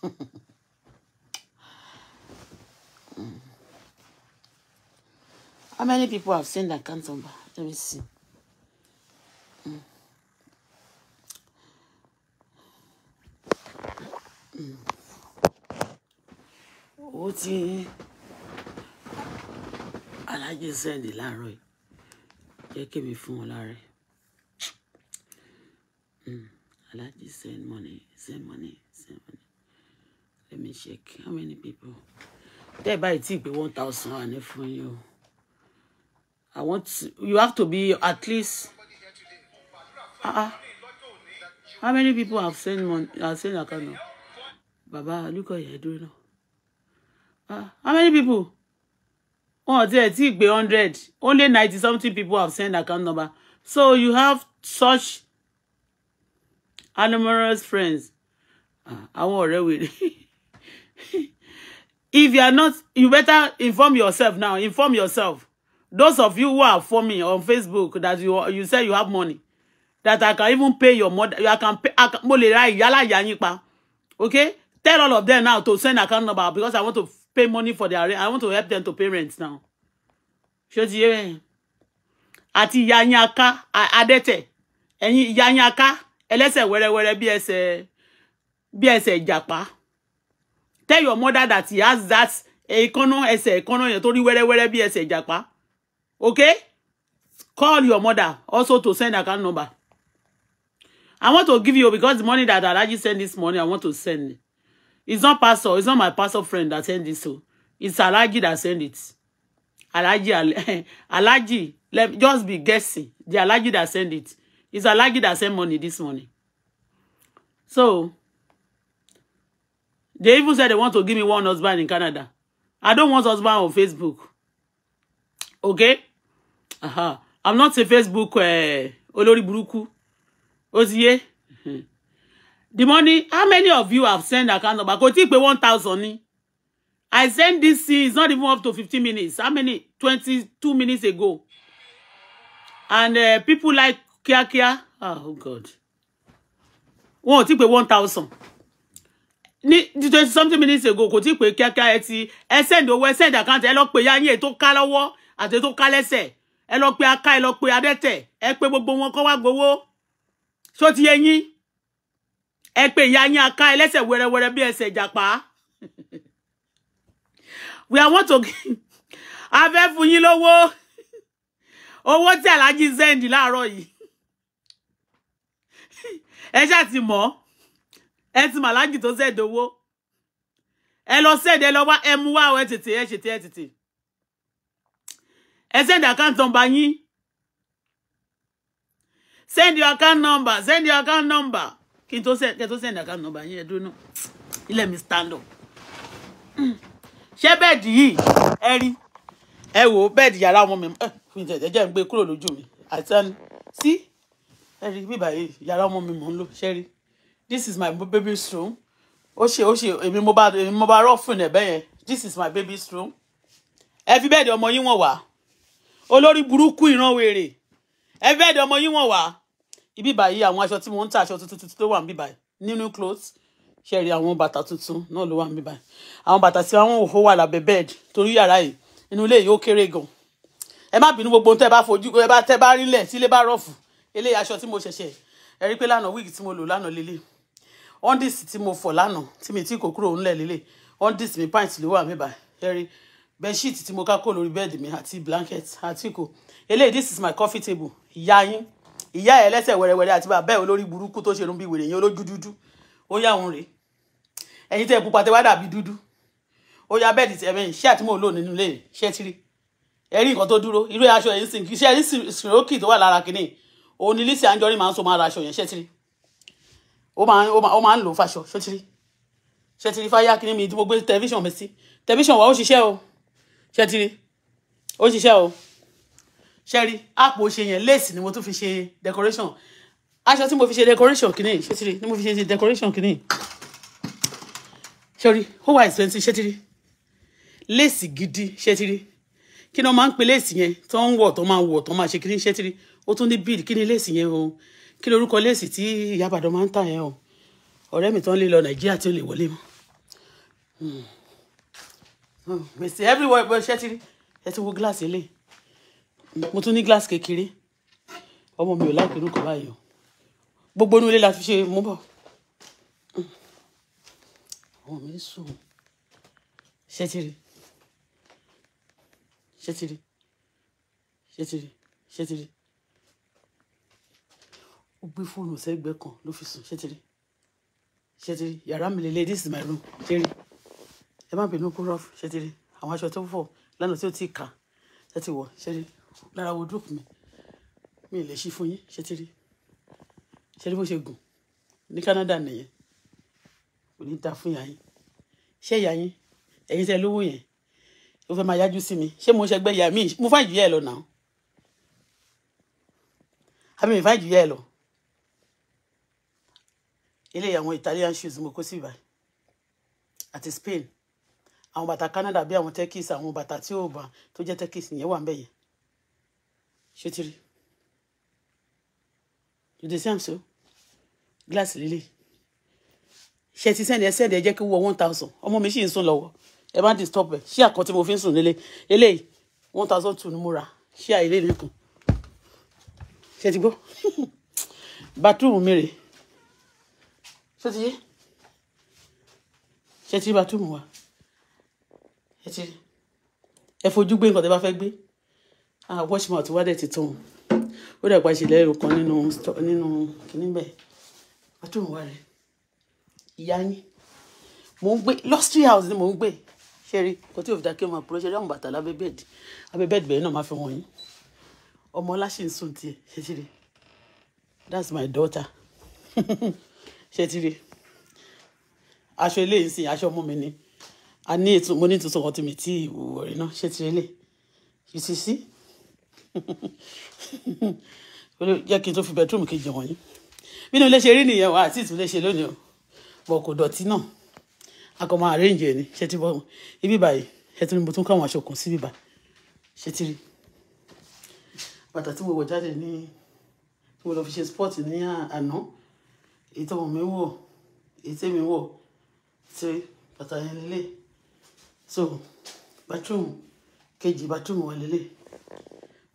How many people have seen that account Let me see. Mm. I like tí send the láàárọ̀ You jẹ́ kémi fún wọn I like Alájẹ send money, send money, send money let me check how many people tẹ́ ẹ̀ báyìí be ì pé one thousand wà ní fún I want to, you have to be at least ah uh, how many people have sent money have sent account now baba look what you're doing now ah how many people Oh, there tiẹ̀ be ì hundred only ninety something people have sent account number so you have such numerous friends I ah, àwọn ọ̀rẹ́ wèrè. if you are not, you better inform yourself now. Inform yourself. Those of you who are forming on Facebook that you you say you have money, that I can even pay your mother, You can pay, I can, yala yanipa. Okay? Tell all of them now to send account number because I want to pay money for their rent. I want to help them to pay rent now. Shoji Àti yanyaka adete. Ẹ̀yin yanyaka ẹlẹ́sẹ̀ wẹ́rẹ́wẹ́rẹ́ bí ẹsẹ̀ bí ẹsẹ̀ ìjàpá. Tell your mother that he has that èékánná ẹsẹ̀ èékánná yẹn tó rí wẹ́rẹ́wẹ́rẹ́ bí ẹsẹ̀ ìjàpá. Okay? Call your mother also to send account number. I want to give you because the money that Alhaji send this money. I want to send It's not pastor. It's not my pastor friend that send this. So it's Alhaji that send it. Alhaji, Al Alhaji, let just be guessing. The Alhaji that send it. It's Alhaji that send money this morning. So They even said they want to give me one husband in Canada. I don't want husband on Facebook. Okay? Uh-huh. I'm not a Facebook uh, eh, Olori Buruku. Oziye. Hmm. The money, how many of you have sent account number? Kò tí pé 1,000 ni. I sent this it's not even up to 15 minutes. How many? 22 minutes ago. And uh, people like kíákíá. Ah, oh, God. Wọ́n ò tí pé 1,000 ní twenty something minutes ago kò tí ì pé kíákíá ẹ ti ẹ send owó ẹ send account ẹ lọ pé yá yín ètò ká lọ́wọ́ àti ètò ká lẹ́sẹ̀ ẹ lọ pé aká ẹ lọ pé adẹ́tẹ̀ ẹ pé gbogbo wọn kọ́ wá gbowó ṣó ti yé yín ẹ pé ìyá yín aká ẹ lẹ́sẹ̀ wẹ́rẹ́wẹ́rẹ́ bí ẹsẹ̀ ìjàpá we are want to a fẹ́ fún yín lówó owó tí alájí send láàárọ̀ yìí ẹ ṣáà ti mọ̀ ọ́ ẹ ti màlájì tó sẹ́ẹ̀dì owó ẹ lọ sẹ́ẹ̀dì ẹ lọ wá ẹ mú wá ẹ tètè ẹ ṣètè ẹ tètè ẹ sẹ́ẹ̀dì account number yín send your account number send your account number kí n tó sẹ́ẹ̀dì kí tó sẹ́ẹ̀dì account number yín ẹ dúró ilẹ̀ mi stand up ṣé bẹ́ẹ̀dì yìí ẹ rí ẹ wò ó bẹ́ẹ̀dì yàrá ọmọ mi fi tẹ̀tẹ̀ jẹ́ ń gbé kúrò lójú mi àti sí ẹ rí bíbá yìí yàrá ọmọ mi mò ń lò ṣẹ́rí this is my baby's room ó ṣe ó ṣe èmi mo bá èmi mo bá rọ́ọ̀fùn ẹ̀ bẹ́yẹn this is my baby's room ẹ fi bẹ́ẹ̀ di ọmọ yín wọ̀n wá olórí burúkú ìran wèrè ẹ fi bẹ́ẹ̀ di ọmọ yín wọ̀n wá ibi báyìí àwọn aṣọ tí mo ń ta aṣọ tuntun tuntun tó wà níbí báyìí nínú clothes ṣe rí àwọn bàtà tuntun náà ló wà níbí báyìí àwọn bàtà tí àwọn òhó wà lábẹ́ bẹ́ẹ̀dì torí yàrá yìí inú ilé yìí ó kéré gan ẹ má bínú gbogbo ohun tẹ́ bá fojú ẹ bá tẹ́ bá rí lẹ̀ tí bá rọ̀fù eléyìí aṣọ tí mo ṣẹ̀ṣẹ̀ ẹ rí pé lánàá wíìgì tí mo lò lánàá lélẹ̀ undis tí mo fọ̀ lánàá tí mi tí kò kúrò ńlẹ̀ lélẹ̀ undis mi pint ló wà mẹ́ba ẹ̀rí bedsheet tí mo ká kó lórí bẹ́ẹ̀dì mi àti blanket àtìkù eléyìí this is my coffee table ìyá yín ìyá ẹ̀ lẹ́sẹ̀ wẹ̀rẹ̀wẹ̀rẹ̀ àti bàbá ẹ̀ olórí burúkú tó ṣe irun bí wèrè yẹn olójú dúdú ó yá òun rèé ẹ̀yin tẹ́ pupa tẹ́ wá dàbí dúdú ó yá bẹ́ẹ̀dì tẹ́ ẹ̀mẹ́yìn ṣé àti mò ń lò nínú ilé ṣẹ́ tiri ẹ̀rí nǹkan tó dúró irú aṣọ ẹ̀yìn sìn kì í ṣe ẹ̀rí sìrókì tó wà lára kìíní òun ni Lizzy Anjorin máa ń so máa ra aṣọ yẹn ṣẹ́ tiri ó máa ń ó máa ń lò ó fàṣọ ṣọtiri ṣọtiri fáyà kí ni mi tí mo gbé tẹlifíṣàn mi sí tẹlifíṣàn wa ó ṣiṣẹ́ o ṣọtiri ó ṣiṣẹ́ o ṣẹ́rí àpò ṣe yẹn léèsì ni mo tún fi ṣe decoration aṣọ tí mo fi ṣe decoration kìíní ṣọtiri ni mo fi ṣe decoration kìíní ṣọrí ó wà expensive ṣẹtiri léèsì gidi ṣẹtiri kí ni wọ́n máa ń pe léèsì yẹn tó ń wọ̀ tó máa wọ̀ tó máa ṣe kìíní ṣẹtiri ó tún ní bíìdì kí ni léèsì yẹn o kí lorúkọ léèsì tí ìyá àbàdàn máa ń tà yẹn o ọ̀rẹ́ mi tán lè lọ nàìjíríà tí ó lè wọlé mọ́ gbèsè hmm. hmm. everywhere bó ṣe ti rí ẹ ti wo gíláàsì ilé mo tún ní gíláàsì kékeré ọmọ mi ò láìpẹ́ orúkọ báyìí o gbogbo inú ilé la fi ṣe mú bọ̀ hmm. ọmọ mi sùn ṣe ti rí ṣe ti rí ṣe ti rí ṣe ti rí ó gbé fóònù sẹ́gbẹ́ kan ló fi sùn ṣẹ́tìrì ṣẹ́tìrì yàrá mi lélẹ̀ this is my room ṣẹ́tìrì ẹ má bínú kó rọ́ọ̀fù ṣẹ́tìrì àwọn aṣọ tó fọ̀ lánàá tí ó ti kà ṣẹ́tì wọ̀ ṣẹ́tìrì lára wo dúpù mi mi lè ṣí fún yín ṣẹ́tìrì ṣẹ́tìrì bó ṣe gùn ní Canada nìyẹn kò ní ta fún yàyín ṣé yàyín ẹ̀yin tẹ́ lówó yẹn ó fẹ́ máa yájú sí mi ṣé mo ṣẹgbẹ́ yà mí mo fà jù yẹ lọ náà àbí mi fà jù yẹ lọ eléyìí àwọn Italian shoes mo kó sí báyìí àti Spain àwọn bàtà Canada bí àwọn turkeys àwọn bàtà tí ò bá tó jẹ́ turkeys nìyẹn wà ń bẹ̀ yẹn ṣé ti rí you dey see so glass lílé ṣe ti sẹ́ni ẹsẹ̀ ẹ̀ jẹ́ kí wọ one thousand ọmọ mi sì ń sùn lọ́wọ́ ẹ má disturb ẹ ṣí àkọ́ tí mo fi ń sùn nílé eléyìí one thousand two ni mo rà ṣí àìlè nìkan ṣe ti gbọ́ bathroom mi rèé ṣé ti yé ṣé ti wa ẹ ẹ fojú gbé nǹkan tẹ bá fẹ́ gbé ah watch mouth wá dẹ̀ ti tó wọn ó dẹ̀ pa ìṣẹ̀lẹ̀ ẹ̀rọ kan nínú nínú kìíní bẹ́ẹ̀ bá túmù wa rẹ̀ ìyá yín mò ń gbé lọ́sítírì house ni mò ń gbé ṣẹ́rí kò tí ò fi dá kí ọmọ àpòrọ́ ṣẹ́rí àwọn bàtà lábẹ́ bẹ́ẹ̀dì abẹ́ bẹ́ẹ̀dì bẹ́ẹ̀ náà máa fi wọ̀nyí ọmọ ọlá ṣì ń sùn tiẹ̀ ṣẹ́ṣẹ́rẹ́ that's my daughter ṣe ti rí aṣọ eléyìí ń sìn aṣọ ọmọ mi ni a ní ètò mo ní tuntun kan tí mi tí ìwúwo rẹ náà ṣe ti rí lè you see see jẹ́ kí n tó fi bedroom kejì wọ̀nyí bínú ilé ṣe rí nìyẹn wà àti ìtúlé ṣe lónìí o bọ̀ kò dọ̀tí náà a kò máa arrange ẹ̀ ni ṣe ti bọ́ ibi báyìí ẹ tún ní mo tún káwọn aṣọ kùn sí ibi ṣe ti rí bàtà tí mo wọ̀ jáde ní mo lọ fi ṣe sport ní àná èyí tọmọ mi wọ èyí tèmi wọ ṣe bàtà yẹn lélẹ̀ so bathroom kejì bathroom wà lélẹ̀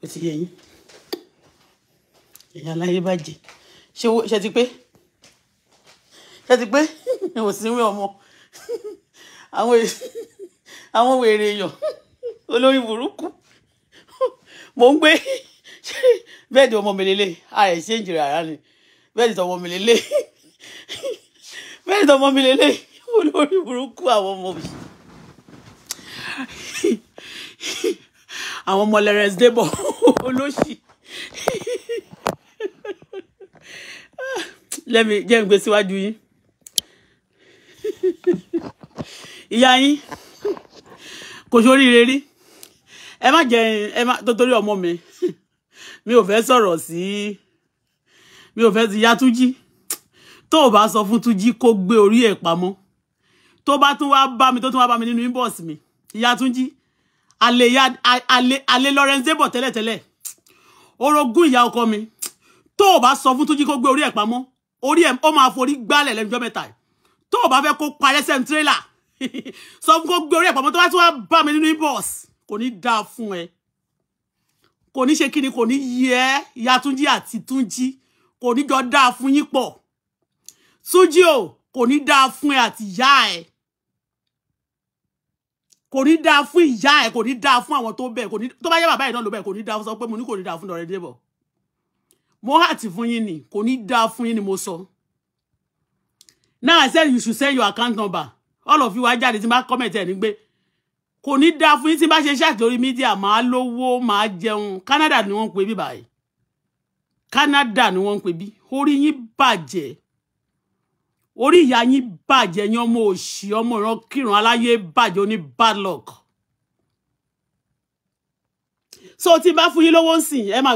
ó ti yẹ yín èèyàn aláyé bàjẹ́ ṣé ṣe ti pé ṣe ti pé kò sí wí ọmọ àwọn e-, àwọn wèrè èèyàn olórí burúkú mò ń gbé bẹ́ẹ̀ ni ọmọ mi lélẹ̀ àìsí ìjìnlẹ̀ rárá ni bẹ́ẹ̀ni tọmọ mi lélẹ̀ bẹ́ẹ̀ni tọmọ mi lélẹ̀ olórí burúkú àwọn ọmọ mi àwọn ọmọ lẹrẹsì débọ olóṣì lẹ́mi jẹ́ ń gbé síwájú yín ìyá yín kò sóríire rí ẹ má jẹ́ ẹ má tó torí ọmọ mi mi ò fẹ́ sọ̀rọ̀ sí. Si mi ò fẹ́ ti yá tuji tó o bá sọ fún túnjí kó gbé orí ẹ̀ pamọ́ tó bá tún wá mi tó tún wá bá mi nínú inbox mi ìyá túnjí àlè ìyá àlè àlè Lawrence Debo tele orogún ìyá ọkọ mi to ba bá sọ fún túnjí kó gbé orí ẹ̀ pamọ́ orí ẹ̀ ó máa forí gbálẹ̀ lẹ́nu jọ́ mẹ́ta tó o bá fẹ́ kó parẹ́ sẹ́ni tírélà sọ fún kó gbé orí ẹ̀ pamọ́ tó bá mi nínú inbox kò ní dáa fún ẹ kò ní ṣe kí ni kò ní yẹ ìyá túnjí kò ní jọ dáa fún yín pọ̀ Túnjí o kò ní dáa fún ẹ àti ìyá ẹ kò ní dáa fún ìyá ẹ kò ní dáa fún àwọn tó bẹ kò ní tó bá yẹ bàbá yìí náà ló bẹ kò ní dáa fún sọ pé mo ní kò ní dáa fún Dọ̀rẹ́ Débọ̀ mo hàtì fún yín ni kò ní dáa fún yín ni mo sọ now I said you should send your account number all of you wá jáde tí n bá comment ẹ̀ ní gbé kò ní dáa fún yín tí n bá ṣe ṣáàtì lórí mídíà lówó màá jẹun Canada ni wọ́n ń pè bí báyìí Canada ni wọ́n ń pè bí orí yín bàjẹ́ orí ìyá yín bàjẹ́ yín ọmọ òṣì ọmọ ìran kíran aláyé bàjẹ́ bad luck so tí n bá fún yín lówó nsìn ẹ má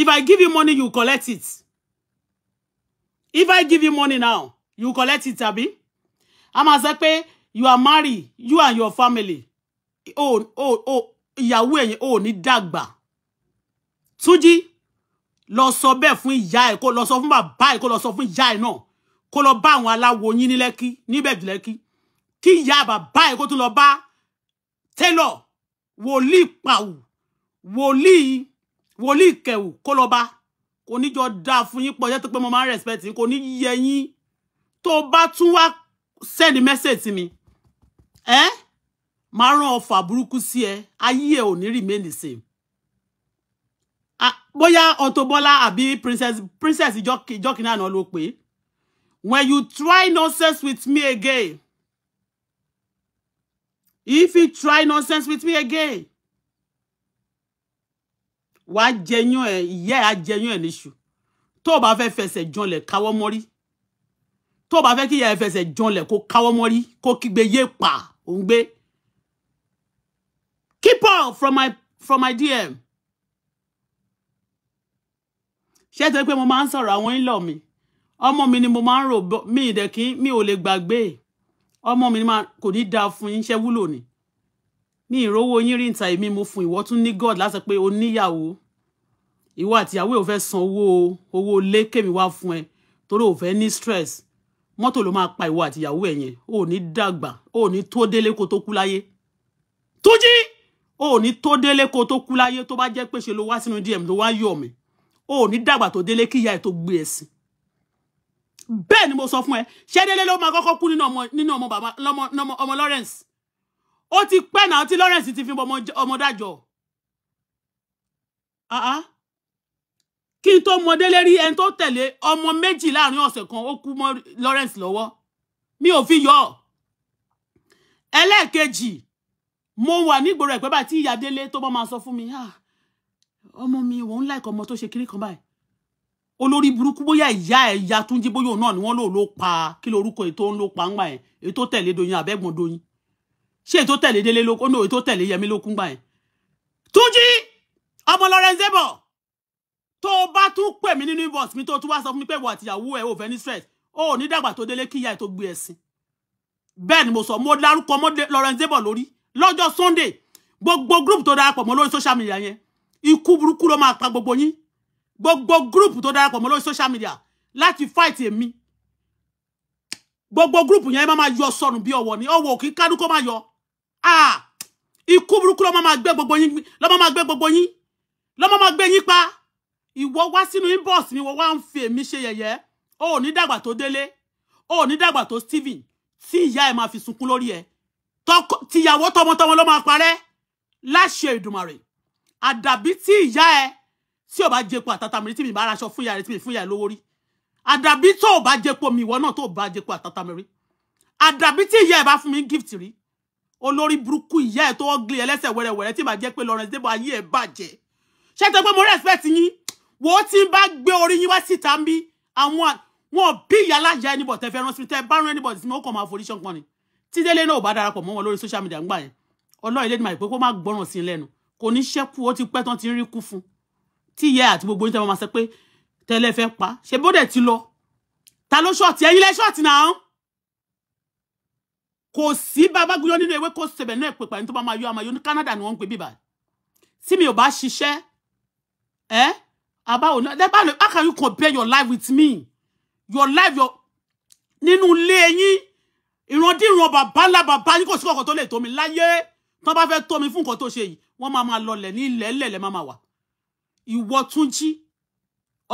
if I give you money you collect it if I give you money now you collect it àbí a máa sọ pé you are married you and your family Oh, oh, oh. ìyàwó ẹ̀yin ò ní dàgbà Túnjí lọ sọ bẹ́ẹ̀ fún ìyá ẹ̀ kó lọ sọ fún bàbá ẹ̀ kó lọ sọ fún ìyá ẹ̀ náà kó lọ bá àwọn aláwo yín ní lẹ́kí níbẹ̀ jù lẹ́kí kí ìyá bàbá ẹ̀ kó tún lọ bá tẹ́lọ̀ wòlíì pàwù wòlíì wòlíì kẹwù kó lọ bá kò ní jọ fún yín pọ̀ jẹ́ tó pé mo máa ń respect kò ní yẹ yín tó bá tún wá send message sí mi ẹ́ máa rán ọfà burúkú sí ẹ ayé ẹ ò ní remain the same bóyá Auto Bola àbí princess princess ìjọkìnrin àná ló pé when you try nonsense with me again if you try nonsense with me again wàá jẹyún ẹ ìyá ẹ á jẹyún ẹ níṣu tó o bá fẹ́ fẹsẹ̀ janlẹ̀ káwọ́ mọ́rí tó o bá fẹ́ kí ìyá ẹ fẹsẹ̀ janlẹ̀ kó káwọ́ mọ́rí kó kígbe yé pa òun gbé keep off from my from my DM ṣé tó pé mo máa ń sọ̀rọ̀ àwọn ńlọ mi ọmọ mi ni mo máa ń rò mí ìdẹ̀kí mi ò lè gbàgbé ọmọ mi kò ní dáa fún yín ṣẹ́ wúlò ni mi ìrówó yín rí ìta èmi mo fún ìwọ tún ní god láti pé o níyàwó ìwọ àtìyàwó ò fẹ́ san owó owó lé kémi wá fún ẹ torí ò fẹ́ ní stress mọ́tò ló máa pa ìwọ àtìyàwó ẹ̀ yẹn ò ní dàgbà ò ní tó délé kó tó kú láyé túnjí ò ní tó délé kó tó kú láyé tó bá jẹ́ pé ṣe ló wá sínú dm ló wá yọ̀ mí o ò ní dàgbà ya délé kí ìyá ẹ̀ tó gbé ẹ̀ sìn bẹ́ẹ̀ ni mo sọ fún ẹ ṣẹ́délé ló máa kọ́kọ́ kú nínú ọmọ bàbá ọmọ Lawrence ó ti pẹ́ náà tí Lawrence ti fi ọmọ dájọ́ ah, ah. kí n tó mọ délé rí ẹni tó tẹ̀lé ọmọ méjì láàrin ọ̀sẹ̀ kan ó kú mọ́ Lawrence lọ́wọ́ mi ò fi yọ ẹlẹ́ẹ̀kejì mo wà nígboro ẹ̀pẹ́ bá tí ìyá délé tó bá máa sọ fún mi ah ọmọ mi òun láìka ọmọ tó ṣe kiri kan báyìí olórí burúkú bóyá ìyá ẹ̀yà túnjí bóyá òun náà ni wọ́n lò ló pa kí lorúkọ ètò ń lò pa ńgbà yẹn ètò tẹ̀lé doyin àbẹ́gbọ̀n doyin ṣé ètò tẹ̀lé délé lókun ní ètò tẹ̀lé yẹmí lókun gbà yẹn túnjí ọmọ lawrence débọ̀ tó o bá tún pè mí nínú inbox mi tó o tún wá sọ fún mi pé ìwọ àtìyàwó ẹ ò fẹ́ ní stress o ò ní dàgbà tó délé kíyà ẹ tó gbé ẹ̀sìn bẹ́ẹ̀ ni mo sọ mo dárúkọ mọ́ lawrence débọ̀ lórí lọ́jọ́ sunday gbogbo group tó darapọ̀ mọ́ lórí social media ikú burúkú ló máa pa gbogbo yín gbogbo group tó darapọ̀ mọ́ lórí social media láti fight èmi gbogbo group yẹn máa máa yọ sọnù bí ọwọ́ ni ọwọ́ kí kádú kó máa yọ ah ikú burúkú ló máa máa gbé gbogbo yín ló máa máa gbé gbogbo yín ló máa máa gbé yín pa ìwọ wá sínú inbox mi wọ́n wá ń fi èmi ṣe yẹ̀yẹ́ o ò ní dàgbà tó délé o ò ní dàgbà tó Steven tí ìyá ẹ̀ máa fi sunkún lórí ẹ̀ tìyàwó tọmọtọmọ ló máa parẹ́ láṣẹ Èdùmàrè àdàbí tí ìyá ẹ tí ò bá jẹpo àtàtà mẹ́rin tí mi bá raṣọ fún ìyá rẹ tí mi fún ìyá rẹ lówó rí àdàbí tó ò bá jẹpo mi ìwọ náà tó ò bá jẹpo àtàtà mẹ́rin àdàbí tí ìyá ẹ bá fún mi gift rí olórí burúkú ìyá ẹ tó wọ́n gbé ẹlẹ́sẹ̀ wẹ́rẹ́wẹ́rẹ́ tí màá jẹ́ pé Lawrence Debo ayé ẹ bàjẹ́ ṣé tẹ pé mo respect yín wò ó tí ń bá gbé orí yín wá síta ń bí àwọn wọn bí ìyá alájà ẹni bọ̀ tẹ fẹ́ ránṣẹ́ tẹ bá rán ẹni bọ̀ tí mo kàn máa forí ṣánpọ́n tí délé náà ò bá darapọ̀ mọ́ wọn lórí social media ń gbà yẹn ọlọ́ọ̀lẹ́dìmọ̀ àìpé kó má gbọ́ràn sí lẹ́nu kò ní ṣẹ́kù ó ti pẹ́ tán ti ń rí kú fún tí ìyá àti gbogbo oníṣẹ́ máa sọ pé tẹ́lẹ̀ fẹ́ pa ṣe bóde ti lọ ta ló ṣọ́ọ̀tì ẹ̀yin lẹ́ ṣọ́ọ̀tì náà kò sí bàbá gúnyọ́ nínú ewé kó sẹ̀bẹ̀ náà pèpà ní tó bá máa yọ àmàyọ ní Canada ni wọ́n ń pè bíbà tí mi ò bá ṣiṣẹ́ ẹ́ àbáwò náà dẹ́gbà lè how can you compare your life with me your life your nínú ilé yín ìrandíran bàbá ńlá bàbá yín kò sí kọ̀ọ̀kan tó lè tó mi láyé tó bá fẹ́ tó mi fún nǹkan tó ṣe yìí wọ́n máa máa lọlẹ̀ ní ilẹ̀ ẹlẹ̀ lẹ́ máa máa wà ìwọ Túnjí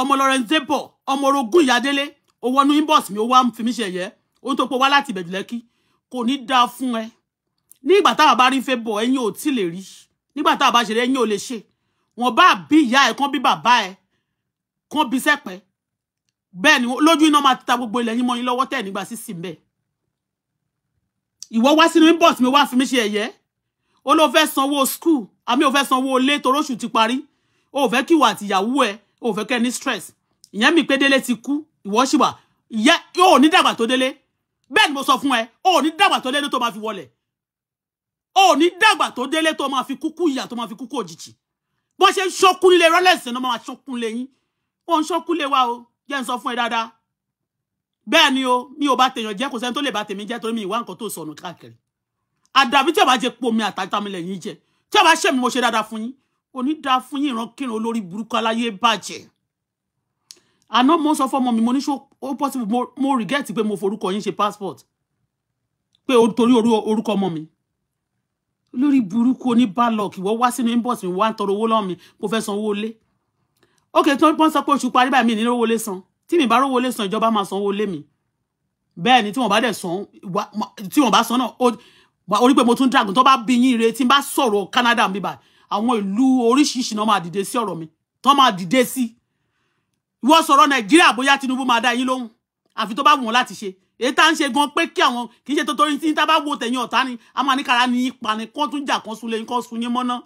ọmọ Lawrence Debo ọmọ orogún ìyádélé owó ọnu inbox mi ó wá fi mí ṣe ẹ̀yẹ ó ń tó pé wá láti ìbẹ̀jú lẹ́kí kò ní dáa fún ẹ ní ìgbà táwa bá rí fẹ́ bọ̀ ẹ̀yin ò tí lè rí nígbà táwa bá ṣeré ẹ̀yin ò lè ṣe wọ́n bá bí ìyá ẹ̀ kán bí bàbá ẹ̀ kán bí sẹ́pẹ́ bẹ́ẹ̀ ni lójú iná máa ta gbogbo ilẹ̀ yín mọ́ yín lọ́wọ́ tẹ̀ nígbà sísì ń bẹ̀ ìwọ wá sínú inbox mi wá fi mí ṣe ẹ̀yẹ ó sanwó school àmì ò fẹ́ sanwó ilé toróṣù ti parí o fẹ́ kíwà àtìyàwó ẹ o fẹ́ kẹ́ ní stress ìyẹn mi pé délé ti kú ìwọ sì wà ìyẹ o ní dàgbà tó délé bẹ́ẹ̀ ni mo sọ fún ẹ o ní dàgbà tó délé tó máa fi wọlẹ̀ o ní dàgbà tó délé tó máa fi kúkú ìyà tó máa fi kúkú òjijì bó ṣe ń ṣọkú nílé rọlẹsì ni wọn máa ṣọkú lé yín wọn ń ṣọkú lé wa o jẹ́ n sọ fún ẹ dáadáa bẹ́ẹ̀ ni o mi ò bá tèèyàn jẹ́ kò sẹ́ni tó lè bá tèmi jẹ́ torí mi ìwà nǹkan tó sọnù káàkiri àdàbí tí ò bá jẹ pomi àtàtàmilẹ̀ yín jẹ́ tí a bá ṣe mi mo ṣe dáadáa fún yín òní dáa fún yín ìrankíran olórí burúkú aláyé bàjẹ́ àná mo sọ fọmọ mi mo ní ṣó ó mo regret pé mo forúkọ yín ṣe passport pé torí orúkọ ọmọ mi lórí burúkú oní balọ̀k ìwọ wá sínú inbox mi wá ń tọrọ owó lọ́wọ́ mi kò fẹ́ san owó lé ókè tí wọ́n sọ pé oṣù parí báyìí mi ní owó lé san tí mi bá rówó lé san ìjọba máa san owó lé mi bẹ́ẹ̀ ni tí wọ́n bá dẹ̀ san tí wọ́n bá san náà orí pé mo tún dàgùn tó bá bí yín ire tí n bá sọ̀rọ̀ Canada mi bá àwọn ìlú oríṣiríṣi náà máa dìde sí ọ̀rọ̀ mi tó máa dìde sí ìwọ sọ̀rọ̀ Nàìjíríà bóyá Tinubu máa dá yín lóhùn àfi tó bá wù wọ́n láti ṣe èyí tá ń ṣe gan pé kí àwọn kì í ṣe tótórí tí tá bá wo tẹ̀yìn ọ̀tá ni a máa ní kára ní ipa ni kán tún jà kán sun lẹ́yìn kán sun yín mọ́ná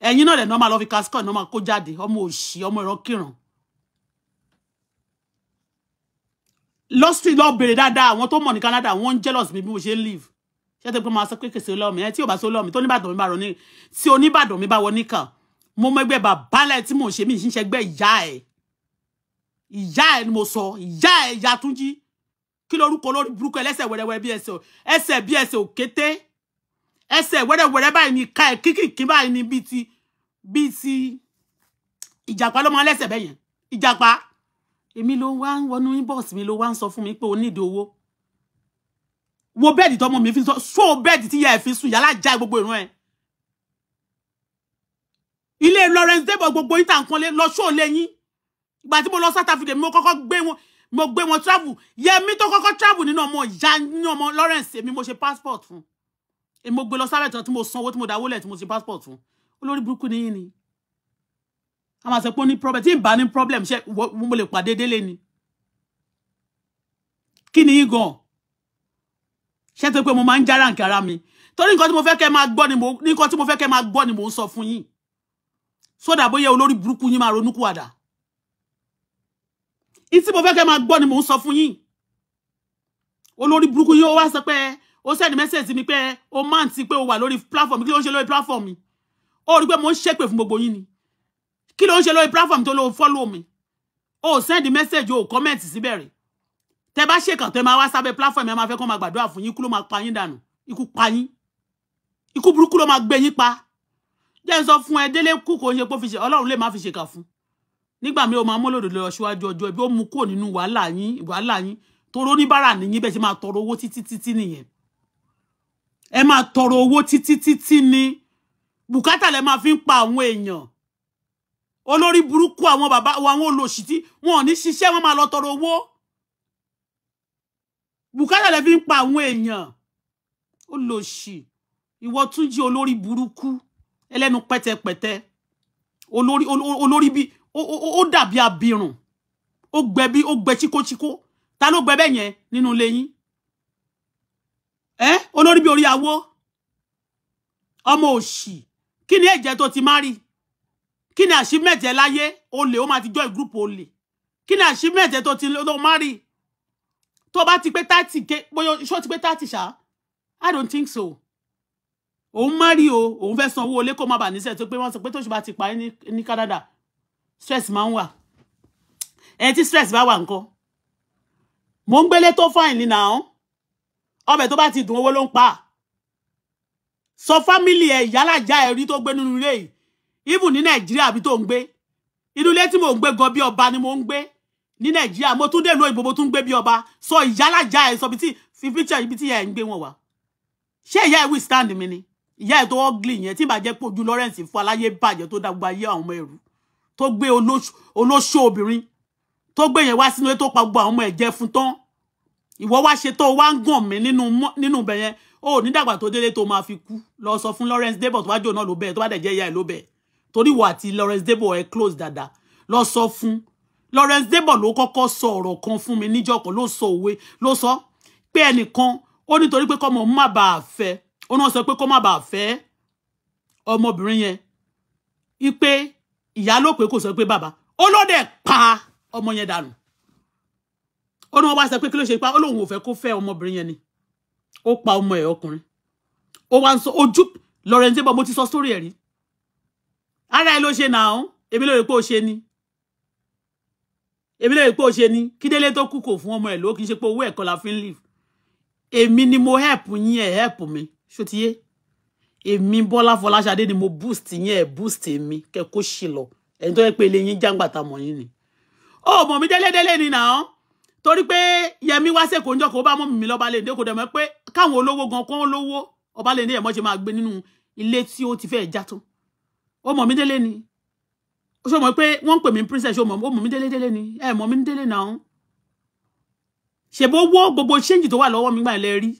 ẹ̀yin náà dẹ̀ náà máa lọ fi kásíkọ̀ náà máa kó jáde ọmọ òṣì ọmọ ìran kìràn. lọ́sítì lọ́ọ́ bèrè dáadáa àwọn tó mọ̀ ní Canada wọ́n ń jealous mi bí mo ṣe ń live ṣé tó pé máa sọ pé kèsì olóòmì ẹ tí ò bá sọ olóòmì tó níbàdàn mi bá rọ ní tí oníbàdàn mi bá wọ níkà mo mẹgbẹ bàbálẹ tí mò ń ṣe mí ìṣiṣẹgbẹ ìyá ẹ ìyá ẹ ni mo sọ ìyá ẹ ìyá túnjí kí lorúkọ lórí burúkú ẹlẹ́sẹ̀ wẹrẹwẹrẹ bí ẹsẹ̀ ẹsẹ̀ bí ẹsẹ̀ òkété ẹsẹ̀ wẹrẹwẹrẹ báyìí ni ká ẹ kíkìkí báyìí ni bíi ti bíi ti ìjàpá ló máa lẹ́sẹ̀ bẹyẹn ìjàpá èmi ló wá ń wọnú inbox mi ló wá ń sọ fún mi pé o nídìí owó wo bẹ́ẹ̀dì tọmọ mi fi sọ so bed tí ìyá ẹ̀ fi sùn yàrá já gbogbo ìran ẹ̀ Ile Lawrence Debo gbogbo yín tàǹkan lé lọ ṣó lẹ́yìn ìgbà ti mo lọ South Africa mo kọ́kọ́ gbé wọn mo gbé wọn travel mi to kọ́kọ́ travel nínú ọmọ ìyá ní ọmọ Lawrence mi mo ṣe passport fún E mo gbé lọ sábẹ̀ tán tí mo sanwó tí mo da lẹ̀ mo ṣe passport fún olórí burúkú ni yín ni a máa sọ pé ó problem tí n bá ní problem ṣe mo le pàdé délé ni Kini ni yín gan ṣé tó pé mo máa ń jára nǹkan ara mi torí nǹkan tí mo fẹ́ kẹ́ máa gbọ́ ni mo nǹkan tí mo fẹ́ kẹ́ máa gbọ́ ni mo ń sọ fún yín sódà bóyá olórí burúkú yín máa ronúkúwàdà ìtí mo fẹ́ kẹ́ máa gbọ́ ni mo ń sọ fún yín olórí burúkú yín ó wá sọ pé ó sẹ́ni mẹ́sẹ̀sì mi pé ó máa ń ti pé ó wà lórí platform kí ló ń ṣe lórí platform mi ó rí pé mo ń ṣépè fún gbogbo yín ni kí ló ń ṣe lórí platform tó lóun follow mi ó sẹ́ni mẹ́sẹ̀jì ó comment síbẹ̀ rẹ̀ tẹ bá ṣèkàn tẹ máa wá sábẹ́ platform ẹ máa fẹ́ kó máa gbàdúrà fún yín ikú ló máa pa yín dànù ikú pa yín ikú burúkú ló máa gbé yín pa jẹ́ n sọ fún ẹ délé kú kò ń ṣe pé fi ṣe ọlọ́run lè má fi ṣèkà fún nígbà mi ò máa mú lòdò lọ síwájú ọjọ́ ibi ó mú kúrò nínú wàhálà yín wàhálà yín toró oníbàárà nìyín bẹ́ẹ̀ ṣe m'a toro owó titi títí nìyẹn ẹ m'a tọrọ owó títí títí ni bùkátà lẹ máa fi ń pa àwọn èèyàn olórí burúkú àwọn bàbá àwọn olòṣì tí wọn ò ní ṣiṣẹ́ wọn máa lọ tọrọ bùkátà lè fi ń pa àwọn èèyàn ó lò sí ìwọ tún jí olórí burúkú ẹlẹ́nu pẹ́tẹpẹ́tẹ olórí olórí bí ó dàbí abirùn ó gbẹ bí ó gbẹ chíkóchíkó ta ló gbẹ bẹ́ẹ̀ yẹn nínú ilé yín ẹ olórí bí orí awó ọmọ òṣì kí ni ẹ̀jẹ̀ tó ti má rí kí ni àṣìmẹ̀jẹ̀ láyé olè ó máa ti jọ ìgúrùpù olè kí ni àṣìmẹ̀jẹ̀ tó ti má rí To bá ti pé thirty ké bóyá ṣó ti pé thirty ṣá i don't think so O má rí o òun fẹ́ san owó olé kó má bàa níṣẹ́ tó pé wọ́n sọ pé tóṣù bá ti parí ní Canada stress máa ń wà ẹ stress ba wà nǹkan mò ń gbélé tó fáìn ní nàá ọbẹ̀ tó bá ti dùn owó ló ń pa sọ fámìlì ẹ̀ ìyálàjá ẹ̀ rí tó gbé nínú ilé yìí ibù ní Nàìjíríà àbí tó ń gbé inú ilé tí mò ń gbé ni mò ń ní nàìjíríà mo tún dènà òyìnbó mo tún gbé bí ọba sọ ìyálàjà ẹ sọ bìtì fi picture ibi tí ìyá ẹ ń gbé wọn wá ṣé ìyá ẹ withstand mi ni ìyá ẹ tó ugly yẹn tí bàjẹ́ pọ̀jù Lawrence fún aláyé bàjẹ́ tó dàgbà ayé àwọn ọmọ ẹ̀rú tó gbé olóṣó obìnrin tó gbé wa wá sínú ẹ tó pa gbogbo àwọn ọmọ ẹ̀ jẹ fún tán ìwọ wá ṣe tó wá ń gàn mí nínú ibẹ̀ yẹn ó nídàgbà tó délé ma máa fi kú lọ sọ fún Lawrence Debo tó bá jò náà ló bẹ̀ tó bá dẹ̀ jẹ́ ìyá ẹ̀ ló bẹ̀ torí ìwọ àti Lawrence Debo ẹ̀ close dada lọ sọ fun. Lawrence Debo ló kọ́kọ́ sọ ọ̀rọ̀ kan fún mi níjọ́ kan ló sọ òwe ló sọ pé ẹnìkan ó nítorí pé kọ́mọ má bàa fẹ́ ó náà sọ pé kó má bàa fẹ́ ọmọbìnrin yẹn ipe ìyá ló pé kò sọ pé bàbá ó ló dẹ̀ pa ọmọ yẹn dànù ó ní wọ́n wá sọ pé kí ló ṣe pa ó lóun ò fẹ́ kó fẹ́ ọmọbìnrin yẹn ni ó pa ọmọ ẹ̀ ọkùnrin ó wá ń sọ ojú Lawrence Debo mo ti sọ sórí ẹ̀ rí ara ẹ ló ṣe nà án èmi ló rè pé ó ni èmi lè pé ó ṣe ni kí délé tó kú kò fún ọmọ ẹ̀ ló kì í ṣe pé owó ẹ̀kọ́ la fi ń live èmi ni mo help yín ẹ̀ help mi ṣòtíyé èmi Bọ́lá Fọláṣadé ni mo boost yín ẹ̀ boost mi kẹ́ kó ṣì lọ ẹni tó yẹ pé ilé yín jàǹgbàtà mọ̀ yín ni ó mọ̀ mí délé délé ni nàá torí pé Yẹmi wá sí èkó ń jọ kó bá mọ́ mi lọ́ba lè dé kó dẹ̀ mọ́ pé káwọn olówó gan kó ń lówó ọba lè ní ẹ̀mọ́ ṣe máa gbé nínú ilé tí ó ti fẹ́ já tó ó mọ̀ mí délé ni ó ṣe mọ̀ pé wọ́n ń pè mí princess ó mọ̀ ó mọ̀ mí délé délé ni ẹ mọ̀ mí délé náà ṣèbó wó gbogbo change tó wà lọ́wọ́ mi gbà lẹ rí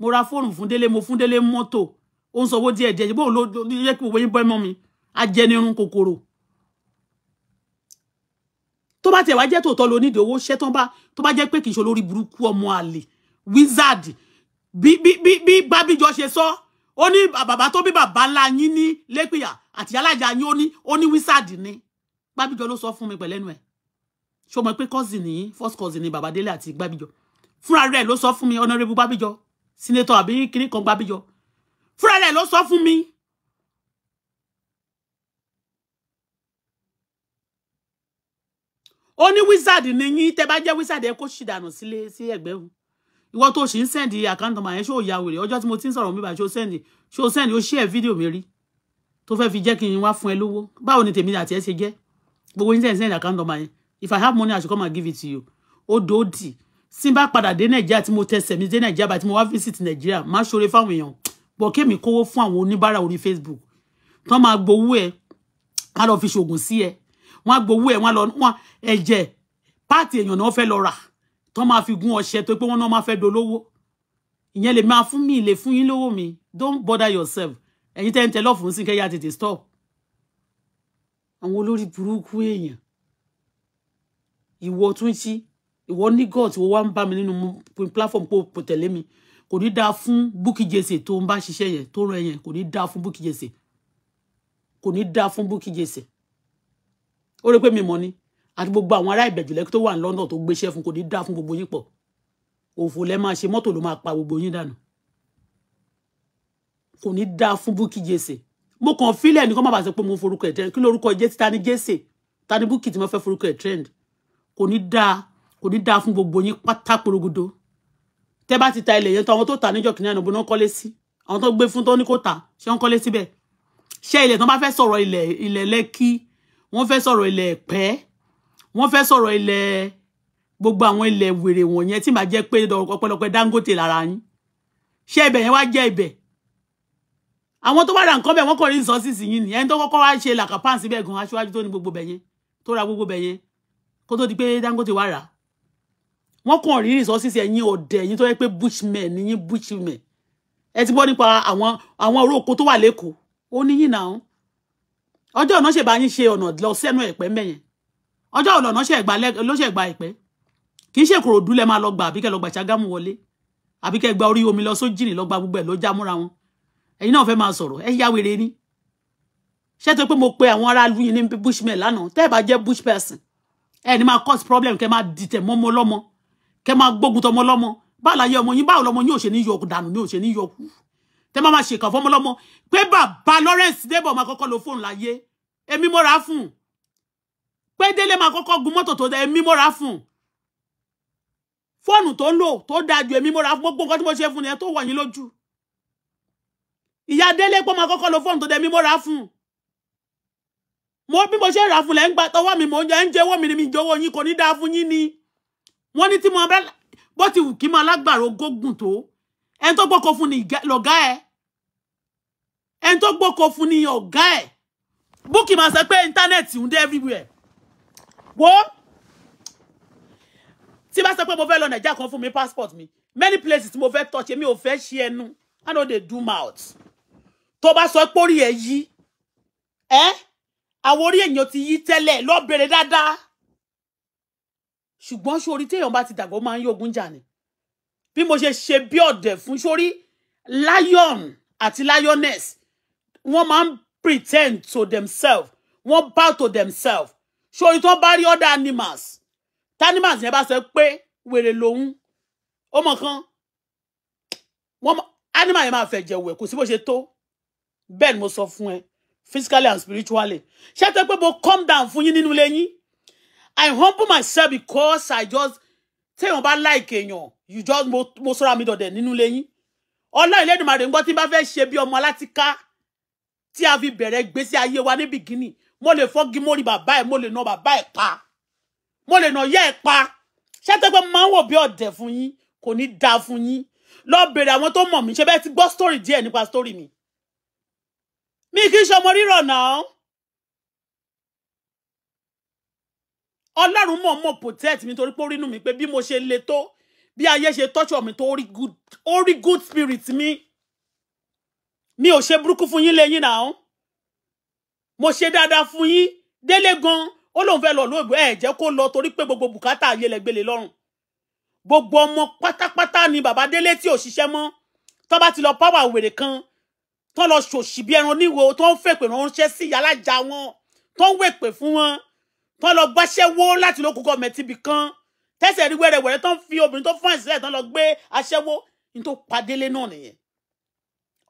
mo ra fóònù fún délé mo fún délé mọ́tò ó ń sanwó díẹ̀ díẹ̀ ṣèbó ló yẹ kí gbogbo yín bọ́ mọ́ mi ajẹnirun kòkòrò tó bá tẹ̀ wá jẹ́ tòótọ́ lo nídìí owó ṣẹ́ tán bá tó bá jẹ́ pé kì í ṣe olórí burúkú ọmọ wizard bi bi bi bi babi ṣe sọ ó ní bàbá tó bi bàbá ńlá yín ní lépìyà àtìyálàjà yín ó ní ó wizard ni gbábíjọ ló sọ fún mi pẹ̀lẹ́nu ẹ̀ ṣó mọ̀ pé cousin ní first cousin ní babadélé àti gbábíjọ fúnra rẹ̀ ló sọ fún mi honorable gbábíjọ senator àbí kiri kan gbábíjọ fúnra rẹ̀ ló sọ fún mi. ó ní wizard ni yín tẹ́ bá jẹ́ wizard ẹ kó ṣì dànù sílé sí ẹ̀gbẹ́ òun ìwọ tó ṣì ń sẹ́ndì àkáǹtì ọmọ yẹn ṣó ya wèrè ọjọ́ tí mo ti ń sọ̀rọ̀ mi bá ṣó sẹ́ndì ṣó sẹ́ndì ó ṣí ẹ̀ fídíò mi rí tó fẹ́ fi jẹ́ kí n wá fún ẹ lówó báwo ni tèmi àti ẹ ṣe jẹ́ gbogbo yín tẹ̀sí account number yẹn if i have money i should come and give it to you ó dòdì tí n bá padà dé nàìjíríà tí mo tẹsẹ̀ mi dé nàìjíríà bàtí mo wá visit nàìjíríà má ṣoore fáwọn èèyàn bọ̀ kémi kówó fún àwọn oníbàárà orí facebook tí wọ́n máa gbowó ẹ̀ wọ́n á lọ fi ṣoògùn sí ẹ̀ wọ́n á gbowó ẹ̀ wọ́n á lọ wọ́n ẹ̀jẹ̀ páàtì èèyàn náà fẹ́ lọ rà tí wọ́n máa fi gún ọṣẹ tó pé wọ́n náà máa fẹ́ dolówó ìyẹn lè máa fún mi lè fún yín lówó mi don't bother yourself ẹ̀yin tẹ́ ń tẹ lọ́fùrún sí kẹ́yà tètè stop àwọn olórí burúkú èèyàn ìwọ Túnjí ìwọ ní god ìwọ wá ń bá mi nínú platform pò pò tẹ̀lé mi kò ní dáa fún Bukky Jesse tó ń bá ṣiṣẹ́ yẹn tó rán yẹn kò ní dáa fún Bukky Jesse kò ní dáa fún Bukky Jesse ó rí pé mi mọ̀ ni àti gbogbo àwọn ará ìbẹ̀jùlẹ̀ tó wà ní London tó gbéṣẹ́ fún kò ní dáa fún gbogbo yín pọ̀ òfò lẹ máa ṣe mọ́tò ló máa pa gbogbo yín dànù kò ní dáa fún Bukky Jesse mo kàn fílẹ̀ nìkan má bàa sọ pé mo forúkọ ẹ̀ trend kí lórúkọ jésì ta ni jésì ta ni búkì tí mo fẹ́ forúkọ ẹ̀ trend kò ní dáa kò ní dáa fún gbogbo yín pátá porogodo tẹ́ bá ti ta ilẹ̀ yẹn tó àwọn tó ta níjọ́ kìnìún àná bó náà kọ́lé sí àwọn tó gbé fún tó ní kó ta ṣé wọ́n kọ́lé síbẹ̀ ṣé ilẹ̀ tó bá fẹ́ sọ̀rọ̀ ilẹ̀ ilẹ̀ lẹ́kí wọ́n fẹ́ sọ̀rọ̀ ilẹ̀ ẹ̀pẹ́ wọ́n fẹ́ sọ̀rọ̀ ilẹ̀ gbogbo àwọn ilẹ̀ wèrè wọ̀nyẹn tí màá jẹ́ pé ọ̀pọ̀lọpọ̀ Dangote lára yín ṣé ibẹ̀ yẹn wá jẹ́ ibẹ̀ àwọn tó wá ra nǹkan bẹ́ẹ̀ wọ́n kàn rí resources yìí ni ẹni tó kọ́kọ́ wá ṣe làkàpá síbẹ̀ gan aṣíwájú tó ní gbogbo bẹ̀yẹn tó ra gbogbo bẹ̀yẹn kó tó di pé Dangote wá rà wọ́n kàn rí resources ẹ̀yin ọ̀dẹ̀ ẹ̀yin tó yẹ pé bushmen ni yín bushmen ẹ ti gbọ́ nípa àwọn àwọn oróko tó wà lẹ́kọ̀ọ́ ó ní yìí náà ọjọ́ ọ̀nà ṣèbá yín ṣe ọ̀nà lọ sẹ́nu ẹ̀pẹ́ mẹ́yẹn ọjọ́ ọ̀nà ló ṣẹ̀gbà ẹ̀pẹ́ kì í ṣe Ìkòròdú lẹ́ máa lọ gbà àbíkẹ́ lọ gbà Ṣàgámù wọlé àbíkẹ́ gba orí omi lọ sójìrì lọ gba gbogbo ẹ̀ ló já wọn ẹ̀yin náà fẹ́ máa sọ̀rọ̀ ẹ yá wèrè ni ṣé tó pé mo pe àwọn ará lu yín ní bushman lánàá tẹ́ ẹ bá jẹ́ bush person ẹ ní máa cause problem kẹ́ máa dìtẹ̀ mọ́mọ lọ́mọ kẹ́ máa gbógun tọmọ lọ́mọ báwo láyé ọmọ yín báwo lọmọ yín ò ṣe ní yọ dànù ní ò ṣe ní yọ kú tẹ́ máa máa ṣèkà fọmọ lọ́mọ pé bàbá Lawrence Débọ̀ máa kọ́kọ́ lo fóònù láyé èmi mo rà á fún pé Délé máa kọ́kọ́ gun mọ́tò tó dá èmi mo rà á fún fóònù tó ń lò tó dáa ju èmi mo rà á fún gbogbo nǹkan tí mo ṣe fún ni ẹ tó wà lójú ìyá délé pọ́ máa kọ́kọ́ lo fóònù tó dẹ̀ mi mo rà fún un mo bí mo ṣe rà fún lẹ́ ń gba tọwọ́ mi mò ń jẹ ń jẹ́wọ́ mi ni mi jọ̀wọ́ yín kò ní dáa fún yín ni wọ́n ní tí mo bá bó ti wù kí máa lágbàro gógùn tó ẹni tó gbọ́kọ̀ fún ni lọ̀gá ẹ̀ ẹni tó gbọ́kọ̀ fún ni ọ̀gá ẹ̀ búkì máa sọ pé íńtánẹ́ẹ̀tì ń dé everywhere wo tí bá sọ pé mo fẹ́ lọ nàìjíríà kan fún mi passport mi many places mo fẹ́ touch èmi ò fẹ́ ṣe ẹnu i no dey do mouth tó bá sọ pórí ẹ yí ẹ àwọn orí èèyàn ti yí tẹ́lẹ̀ lọ bèrè dáadáa ṣùgbọ́n sórí téèyàn bá ti dàgbà ó máa ń yógun jà ni bí mo ṣe ṣe bí ọ̀dẹ̀ fún sórí lion àti lioness wọ́n máa ń pretend to themselves wọ́n bow to themselves sórí tó bá rí other animals Animals yẹn bá sọ pé wèrè lòun ó mọ̀ kan wọ́n animal yẹn máa fẹ̀jẹ̀ wẹ̀ kò sí bó ṣe tó Ben ni mo sọ fún ẹ physically and spiritually ṣé tẹ́ pé mo calm down fún yín nínú i humble myself because i just téèyàn bá like èèyàn you just mo mo sọ́ra mi dọ̀dẹ̀ nínú ilé yín ọlọ́run lẹ́dùnmarè ń gbọ́ tí n bá fẹ́ ṣe bí ọmọ alátìká a fi bẹ̀rẹ̀ gbèsè ayé wa ní bìgínì mo lè fọ́gi mórí bàbá ẹ̀ mo le nà bàbá ẹ̀ pa mo le no yẹ́ ẹ̀ pa ṣé tẹ́ pé mo máa ń wò bí ọ̀dẹ̀ fún yín kò ní dáa fún yín lọ bèrè àwọn tó mọ̀ mí ṣe ti gbọ́ story díẹ̀ nipa story mi mi kì í ṣọmọ rírọ̀ náà ọlọ́run mọ̀ mọ̀ protect mi torí pé ó rínú mi pé bí mo ṣe le tó bí ayé ṣe tọ́jú mi tó ó rí good spirit mi mi ò ṣe burúkú fún yín lẹ́yìn náà mo ṣe dáadáa fún yín délé gan ó lóun fẹ́ lọ lóògbé ẹ̀ jẹ́ kó lọ torí pé gbogbo bùkátà ayé lẹ́gbẹ̀lẹ̀ lọ́rùn gbogbo ọmọ pátápátá ni bàbá délé tí ò ṣiṣẹ́ mọ́ tó ti lọ power wèrè kan tó lọ ṣòṣì bí ẹran níwo tó ń fèpè ránṣẹ́ sí ìyá alájà wọn tó ń wèpè fún wọn tó lọ gbáṣẹ́ wó láti lókun gọọmẹ̀tì ibì kan tẹ́sẹ̀ rí wẹ́rẹ́wẹ́rẹ́ tó ń fi obìnrin tó fún àìsílẹ̀ tó lọ gbé aṣẹ́wó ní tó padélé náà nìyẹn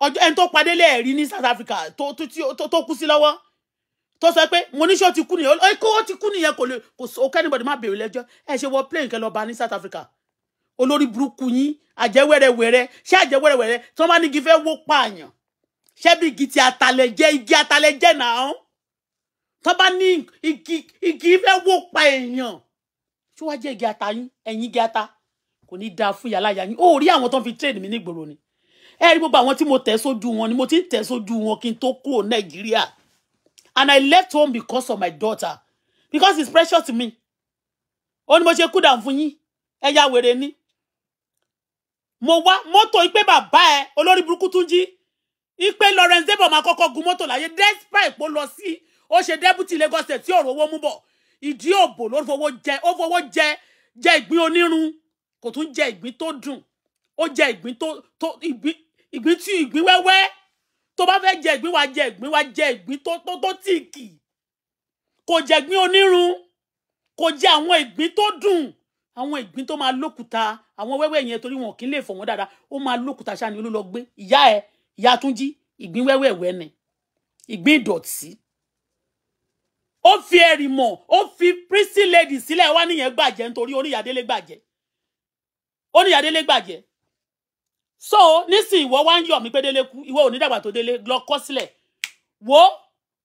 ọjọ́ ẹni tó padélé ẹ̀rí ní South Africa tó kú sí lọ́wọ́ tó sọ pé mo níṣẹ́ ti kú nìyẹn ó ti kú nìyẹn kò lè kò sọ kẹ́nìbọ̀dì má bèrè lẹ́jọ́ ẹ ṣe wọ plane kẹ́ lọ ní South Africa olórí burúkú yín àjẹwẹ́rẹ́wẹ́rẹ́ ṣé àjẹwẹ́rẹ́wẹ́rẹ́ tí wọ́n bá ní kí fẹ́ wó pààyàn ṣé igi ti àtàlẹ̀jẹ́ igi àtàlẹ̀jẹ́ náà tó bá ní igi igi fẹ́ wó pa èèyàn tí wàá jẹ́ igi ata yín ẹ̀yìn igi ata kò ní dáa fún yàrá yín ó àwọn tó ń fi train mi nígboro ni ẹ rí gbogbo àwọn tí mo tẹ̀ sójú wọn ni mo ti ń tẹ̀ sójú wọn kí n tó kúrò nàìjíríà and I left home because of my daughter because it's precious to me ó ní mo ṣe kú dàn fún yín ẹ wèrè ni mo wá mọ́tò yìí pé bàbá ẹ olórí burúkú tún jí ipe Lawrence Debo máa kọ́kọ́ gun mọ́tò láyé despite pé ó lọ sí ó ṣe deputy Lagos state tí òrò owó mú bọ̀ ìdí òbò ló fowó jẹ ó fowó jẹ jẹ ìgbín onírun kò tún jẹ ìgbín tó dùn ó jẹ ìgbín tó tó ìgbín ìgbín tí ìgbín wẹ́wẹ́ tó bá fẹ́ jẹ ìgbín wa jẹ ìgbín wa jẹ ìgbín tó tó tó tìkì kò jẹ ìgbín onírun kò jẹ àwọn ìgbín tó dùn àwọn ìgbín tó máa lókùúta àwọn wẹ́wẹ́ yẹn torí wọn kì í lè fọ̀ dáadáa ó máa lókùúta ṣáà ni olú lọ gbé ìyá ẹ̀ ìyá túnjí ìgbín wẹ́wẹ́wẹ́ ni ìgbín ìdọ̀tí ó fi ẹ̀rì mọ̀ ó fi prissy lady sílẹ̀ wá níyẹn gbàjẹ́ nítorí oníyàdélé gbàjẹ́ oníyàdélé gbàjẹ́ so nísìnyí ìwọ wá ń yọ̀ mí pé délé kú ìwọ ò ní dàgbà tó délé lọ kọ́ wo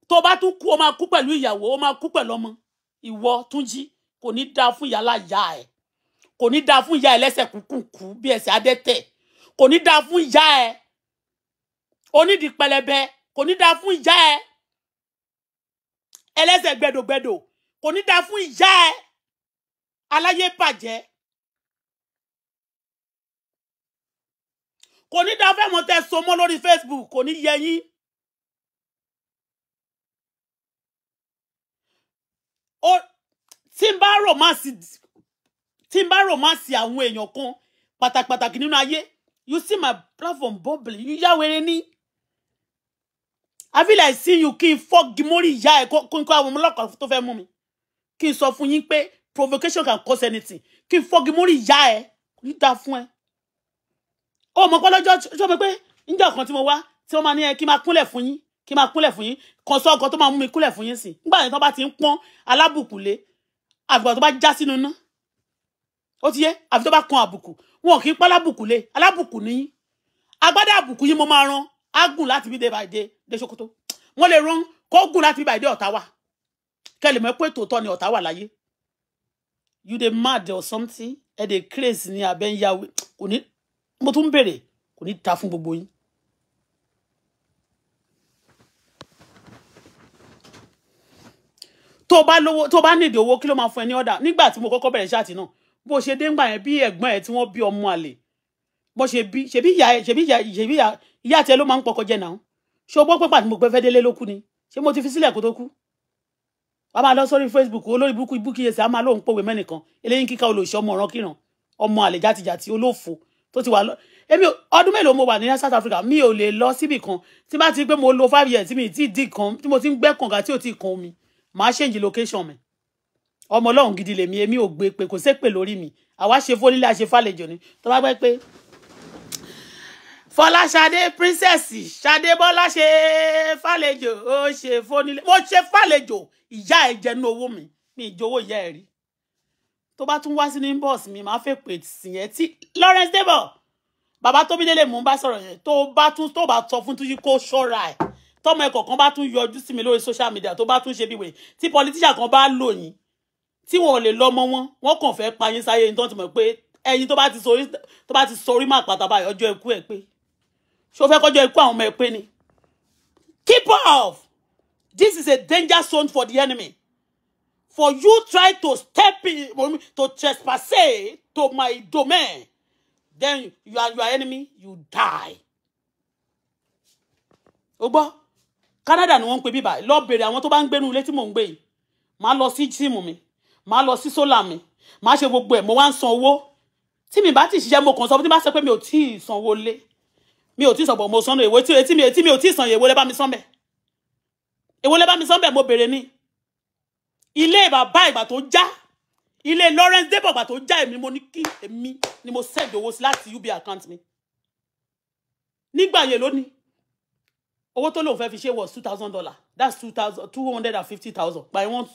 tó bá tún kú o máa kú pẹ̀lú ìyàwó o máa kú pẹ̀lú ọmọ ìwọ túnjí kò ní dáa fún ìyá láyà ẹ kò ní dáa fún ìyá ẹ lẹ́sẹ̀ kúkú kú bí ẹsẹ̀ adẹ́tẹ̀ kò ní onídìí pẹlẹbẹ kò ní dáa fún ìyá ẹ ẹlẹ́sẹ̀ gbẹdògbẹdò kò ní dáa fún ìyá ẹ aláyé bàjẹ́ kò ní dáa fẹ́ tẹ so mọ́ lórí Facebook kò ní yẹ yín. tí n bá romance tí n bá romance àwọn èèyàn kan pàtàkì pàtàkì nínú ayé you see my platform bubbly yíyá wẹrẹ ní I feel like seeing you kí n fọ́ gimori ìyá ẹ̀ kó n kó àwọn ọmọlọ́kọ̀ tó fẹ́ mú mi kí n sọ fún yín provocation can cause anything kí n fọ́ gimori ìyá ẹ̀ kò da fún ẹ. ó mọ pé lọ́jọ́ ṣọ́ mi pé níjọ́ kan tí mo wá tí wọ́n máa ní ẹ kí n máa kúnlẹ̀ fún yín kí n máa kúnlẹ̀ fún yín kan sọ ọkọ tó máa mú mi kúnlẹ̀ fún yín sí nígbà tí wọ́n bá ti ń pọ́n alábùkù lé àbùkù tó bá já sínú ná ó ti yé àbí tó bá kan àbùkù wọn kì pa alábùkù lé alábùkù níyín agbádá àbùkù mo máa rán á gùn láti bí dé dé Sokoto wọ́n lè rán kó gùn láti bí dé Ọ̀tàwà kẹ́lẹ̀ mọ́ pé tòótọ́ ni Ọ̀tàwà láyé you dey mad or something ẹ dey craze ní abẹ́ ń yáwé kò ní mo tún bèrè kò ní ta fún gbogbo yín. tó bá lówó tó bá nídìí owó kí ló máa fún ẹ ní ọ̀dà nígbà tí mo kọ́kọ́ bẹ̀rẹ̀ ṣáàtì náà bó ṣe dé ńgbà yẹn bí ẹ̀gbọ́n ẹ̀ tí wọ́n bí ọmọ àlè bó ṣe bí ṣebí ìyá ṣebí ìyá ṣebí ìyá ìyá àti ẹ ló máa ń pọkọ jẹ náà ṣé o gbọ́ pé pàtó mo délé ló kú ni ṣé mo ti fi sílẹ̀ kó tó kú wàá máa lọ sórí Facebook olórí burúkú ibú kíyèsí a máa lóun pòwe mẹ́nìkan eléyìí kíkà olóòṣì ọmọ ọ̀ràn kíran ọmọ àlè jàtijàti olófo tó ti wà lọ èmi ọdún mélòó mo wà ní South Africa mi ò lè lọ síbì kan tí bá ti pé mo lo five years tí mi ti di kan tí mo ti ń gbẹ́ kànga tí ò ti kan omi màá change location mi ọmọ ọlọ́run gidi lèmi èmi ò gbé pé kò sépè lórí mi àwa ṣe fólílé àṣefàlejò ni tó bá gbẹ́ pé fọláṣadé princess ṣadébọlá ṣe fàlejò ó ṣe fónílé mo ṣe fàlejò ìyá ẹ jẹnu owó mi mi ìjọ̀wọ́ ìyá ẹ rí tó bá tún wá sínú inbox mi máa fẹ́ pè sí yẹn tí Lawrence Debo bàbá tó bí délé mò ń bá sọ̀rọ̀ yẹn tó bá tún tó bá sọ fún Túnjí kó ṣọ́ra ẹ̀ tọmọ ẹ kọ̀ọ̀kan bá tún yọjú sí mi lórí social media tó bá tún ṣe bí tí politician kan bá lò yín tí wọn ò lè lọ́mọ wọn wọn kàn fẹ́ pa yín sáyé ní tó ti mọ̀ pé ẹyin tó bá ti sọ orí màpàtàbà ọjọ́ ikú ẹ̀ pé ṣó fẹ́ kọjọ ikú àwọn ọmọ ẹ ni keep off this is a danger zone for the enemy for you try to step in to trespass to my domain then you are your enemy you die. o gbọ́ Canada ni wọ́n ń pè bíbá lọ bèrè àwọn tó bá ń gbénu ilé tí mò ń gbé yìí màá lọ sí jíìmù mi màá lọ sí sólà mi màá ṣe gbogbo ẹ̀ mo wá ń san owó tí mi bá ti ṣiṣẹ́ mo kàn sọ bí tí bá sọ pé mi ò tí ì sanwó lé mi ò tí sọ̀bọ̀ mo sọ́nà èwo etí mi etí mi ò tí sàn èwo lẹ́bàá mi sọ́nbẹ̀ èwo lẹ́bàá mi sọ́nbẹ̀ mo bèrè ni ilé bàbá ìgbà tó já ilé Lawrence Debo ìgbà tó já èmi mo ní kí èmi ni mo send owó sí láti UBA account mi nígbà yẹn lónìí owó tó lóun fẹ́ fi ṣe was two thousand dollars that's two thousand two hundred and fifty thousand by one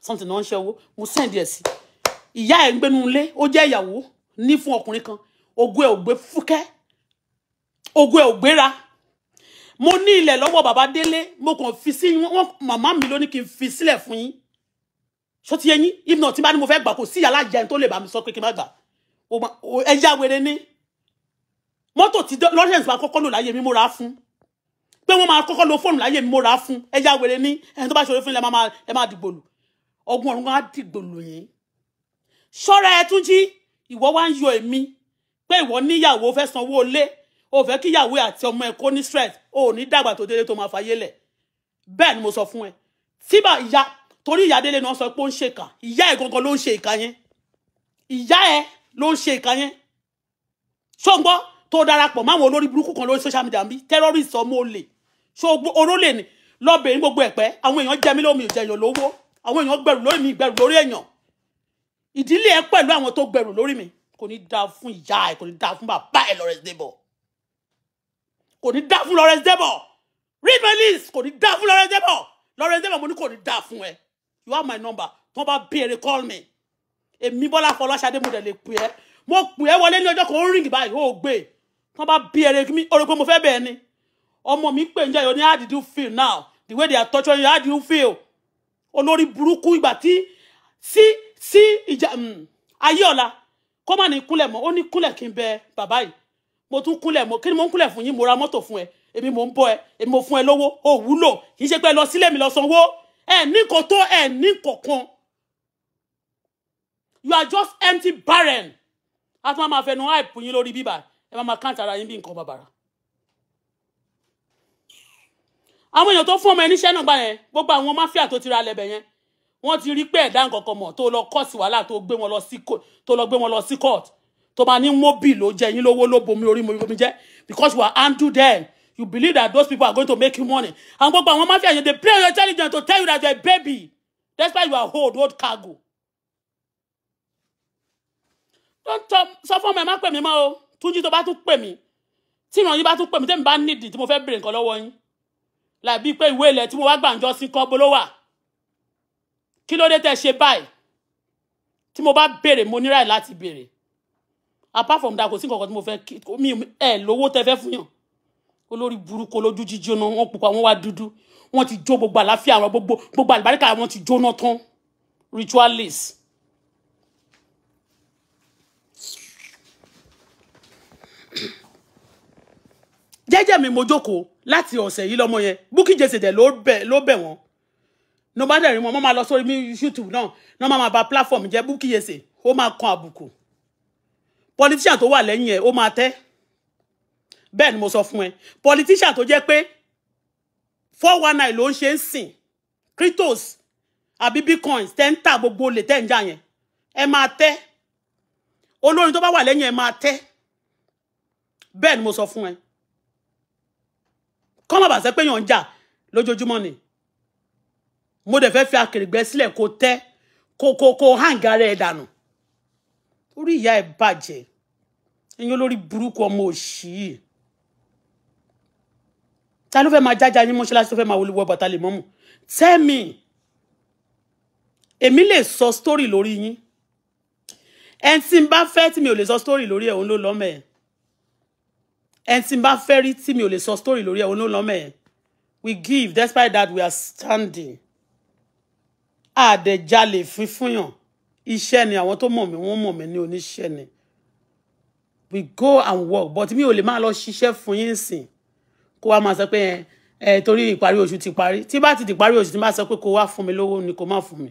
something náà ń owó mo send ẹ̀ sí ìyá ẹ̀ ń gbénu ilé ó jẹ́ ìyàwó ní fún ọkùnrin kan ògùn ẹ̀ ò gbé fúkẹ́ ògo ẹ̀ ò gbéra mo ní ilẹ̀ lọ́wọ́ bàbá délé mo kàn fi sí wọn màmá mi ló ní kí n fi sílẹ̀ fún yín ṣó ti yé yín ibi náà tí bá ní mo fẹ́ gbà kò sí ìyá alájà tó lè bá mi sọ pé kí n má gbà ẹja wèrè ni mọ́tò tí lọ́rẹ́ǹsì máa kọ́kọ́ lò láyé mi mo rà á fún pé wọ́n máa kọ́kọ́ lo fóònù láyé mi mo rà fún ẹja wèrè ni ẹni tó bá ṣòro fún ilẹ̀ ẹ máa dìgbò lù ọgbọ́n ọ̀run á dìgbò lù yín ṣọ́ra ẹ tún jí ìwọ wá ń yọ èmi pé ìwọ níyàwó fẹ́ sanwó ilé o fẹ́ kíyàwó àti ọmọ ẹ kó ní stress o ní dàgbà tó délé tó máa fàyè lẹ̀ bẹ́ẹ̀ ni mo sọ fún ẹ tíbà ìyá torí ìyá délé náà sọ pé ó ń ṣe ìkà ìyá ẹ gangan ló ń ṣe ìkà yẹn ìyá ẹ ló ń ṣe ìkà yẹn ṣó ń gbọ́ tó darapọ̀ máwọn olórí burúkú kan lórí social media mi terrorist ọmọ olè ṣó orólè ni lọ́bẹ̀ẹ́ ní gbogbo ẹ̀pẹ́ àwọn èèyàn jẹ mí lómi ìjẹyàn lówó àwọn èèyàn gbẹ̀rù lórí mi gbẹ̀rù lórí èèyàn ìdílé ẹ pẹ̀lú àwọn tó gbẹ̀rù lórí mi kò ní dáa fún ìyá ẹ kò ní dáa fún bàbá ẹ Lawrence Debo kò ní dá fún Lawrence Debo read my list kò ní dá fún Lawrence Debo Lawrence Debo mo ní kò ní dá fún ẹ you have my number tí wọ́n bá béèrè call me èmi Bọ́lá Fọláṣadé mo dẹ̀ lè pè ẹ́ mo pè ẹ́ wọlé ní ọjọ́ kan ó rìn báyìí ó gbé tí wọ́n bá béèrè mi ó rò pé mo fẹ́ bẹ̀ẹ́ ni ọmọ mi pè ń jẹ́ ìyọ́ni how did you feel now the way they are torturing you how did you feel olórí burúkú ìgbà tí sí sí ìjà mm, ayé ọ̀la kó má ní kúnlẹ̀ mọ́ ó ní kúnlẹ̀ kí n bẹ bàbá yìí mo tún kúnlẹ̀ mo kí ni mo ń kúnlẹ̀ fún yín mo ra mọ́tò fún ẹ èmi mo ń bọ́ ẹ èmi mo fún ẹ lówó ò wúlò kì í ṣe pé lọ sílé mi lọ sanwó ẹ ní tó ẹ ní kọ̀ọ̀kan you are just empty barren a tún máa fẹnu hype yín lórí bíbà ẹ máa máa káǹtì ara yín bí nǹkan bàbàrà. àwọn èèyàn tó fún ọmọ ẹníṣẹ́ náà gbà gbogbo àwọn máfíà tó ti ra lẹ́bẹ̀ yẹn wọ́n ti rí pé ẹ̀dá nǹkan kan mọ̀ tó lọ kọ́ọ̀sì wàhálà tó gbé wọn lọ sí court tó máa ní móbì ló jẹ yín lówó ló bomi orí mo bomi jẹ because you are handled there you believe that those people are going to make you money And gbogbo àwọn mafia yẹn dey play on your intelligence to tell you that you are a baby despite you are old old cargo. don't talk sọ fún mi ẹ má pè mí mọ́ o túnjí tó bá tún pè mí tí ìrànyìn bá tún pè mí tẹ́mi bá nídìí tí mo fẹ́ bèrè nǹkan lọ́wọ́ yín làbí pé ìwé ilẹ̀ tí mo wá gbàǹjọ́ sí kan bolówà kí ló dé tẹ́ ṣe báyìí tí mo bá béèrè mo níra láti béèrè apart from that kò sí nǹkan kan tí mo fẹ́ mi ẹ̀ lówó tẹ fẹ́ fún yàn olórí burúkú olójú jíjóná wọn pupa wọn wá dúdú wọn ti jó gbogbo àlàáfíà wọn gbogbo gbogbo àlùbáríkà wọn ti jóná tán ritualist. jẹ́jẹ́ mi mo jókòó láti ọ̀sẹ̀ yìí lọ́mọ yẹn Bukky Jesse dẹ̀ ló bẹ̀ ló bẹ̀ no bá dẹ̀ rí wọn wọ́n máa lọ sórí YouTube náà no, máa máa ba platform jẹ́ Bukky Jesse ó máa kan àbùkù politician tó wà lẹ́yìn ẹ̀ ó máa tẹ́ bẹ́ẹ̀ ni mo sọ fún ẹ politician tó jẹ́ pé four one nine ló ń ṣe ń sìn cryptos àbí bitcoins ten ń tà gbogbo olè tẹ́ ń jà yẹn ẹ máa tẹ́ olórin tó bá wà lẹ́yìn ẹ máa tẹ́ mo sọ fún ẹ kọ́mọ̀ bá sẹ́ pé yàn ń jà lójoojúmọ́ ni mo dẹ̀ fẹ́ fi akèrègbè sílẹ̀ kó tẹ́ kó kó kó hàǹgà rẹ̀ dànù orí ìyá ẹ̀ ẹ̀yin olórí burúkú ọmọ òṣì yìí ta ló fẹ́ máa jájà yín mọ́ṣáláṣí tó fẹ́ máa wọlé wọ bàtà lè mọ́mù tell me èmi lè sọ story lórí yín ẹni tí n bá fẹ́ tí mi ò lè sọ story lórí ẹ̀ òun ló lọ́mọ ẹ̀ ẹni tí n bá fẹ́ rí tí mi ò lè sọ story lórí ẹ̀ òun ló lọ́mọ ẹ̀ we give despite that we are standing àdẹ̀jalè fífúnyàn iṣẹ́ ni àwọn tó mọ̀ mí wọ́n mọ̀ mí ní oníṣẹ́ ni we go and work but mi ò lè máa lọ ṣiṣẹ́ fún yín sìn kó wa máa sọ pé ẹ torí ìparí oṣù ti parí tí bá ti di ìparí oṣù tí bá sọ pé kó wá fún mi lówó ni kó má fún mi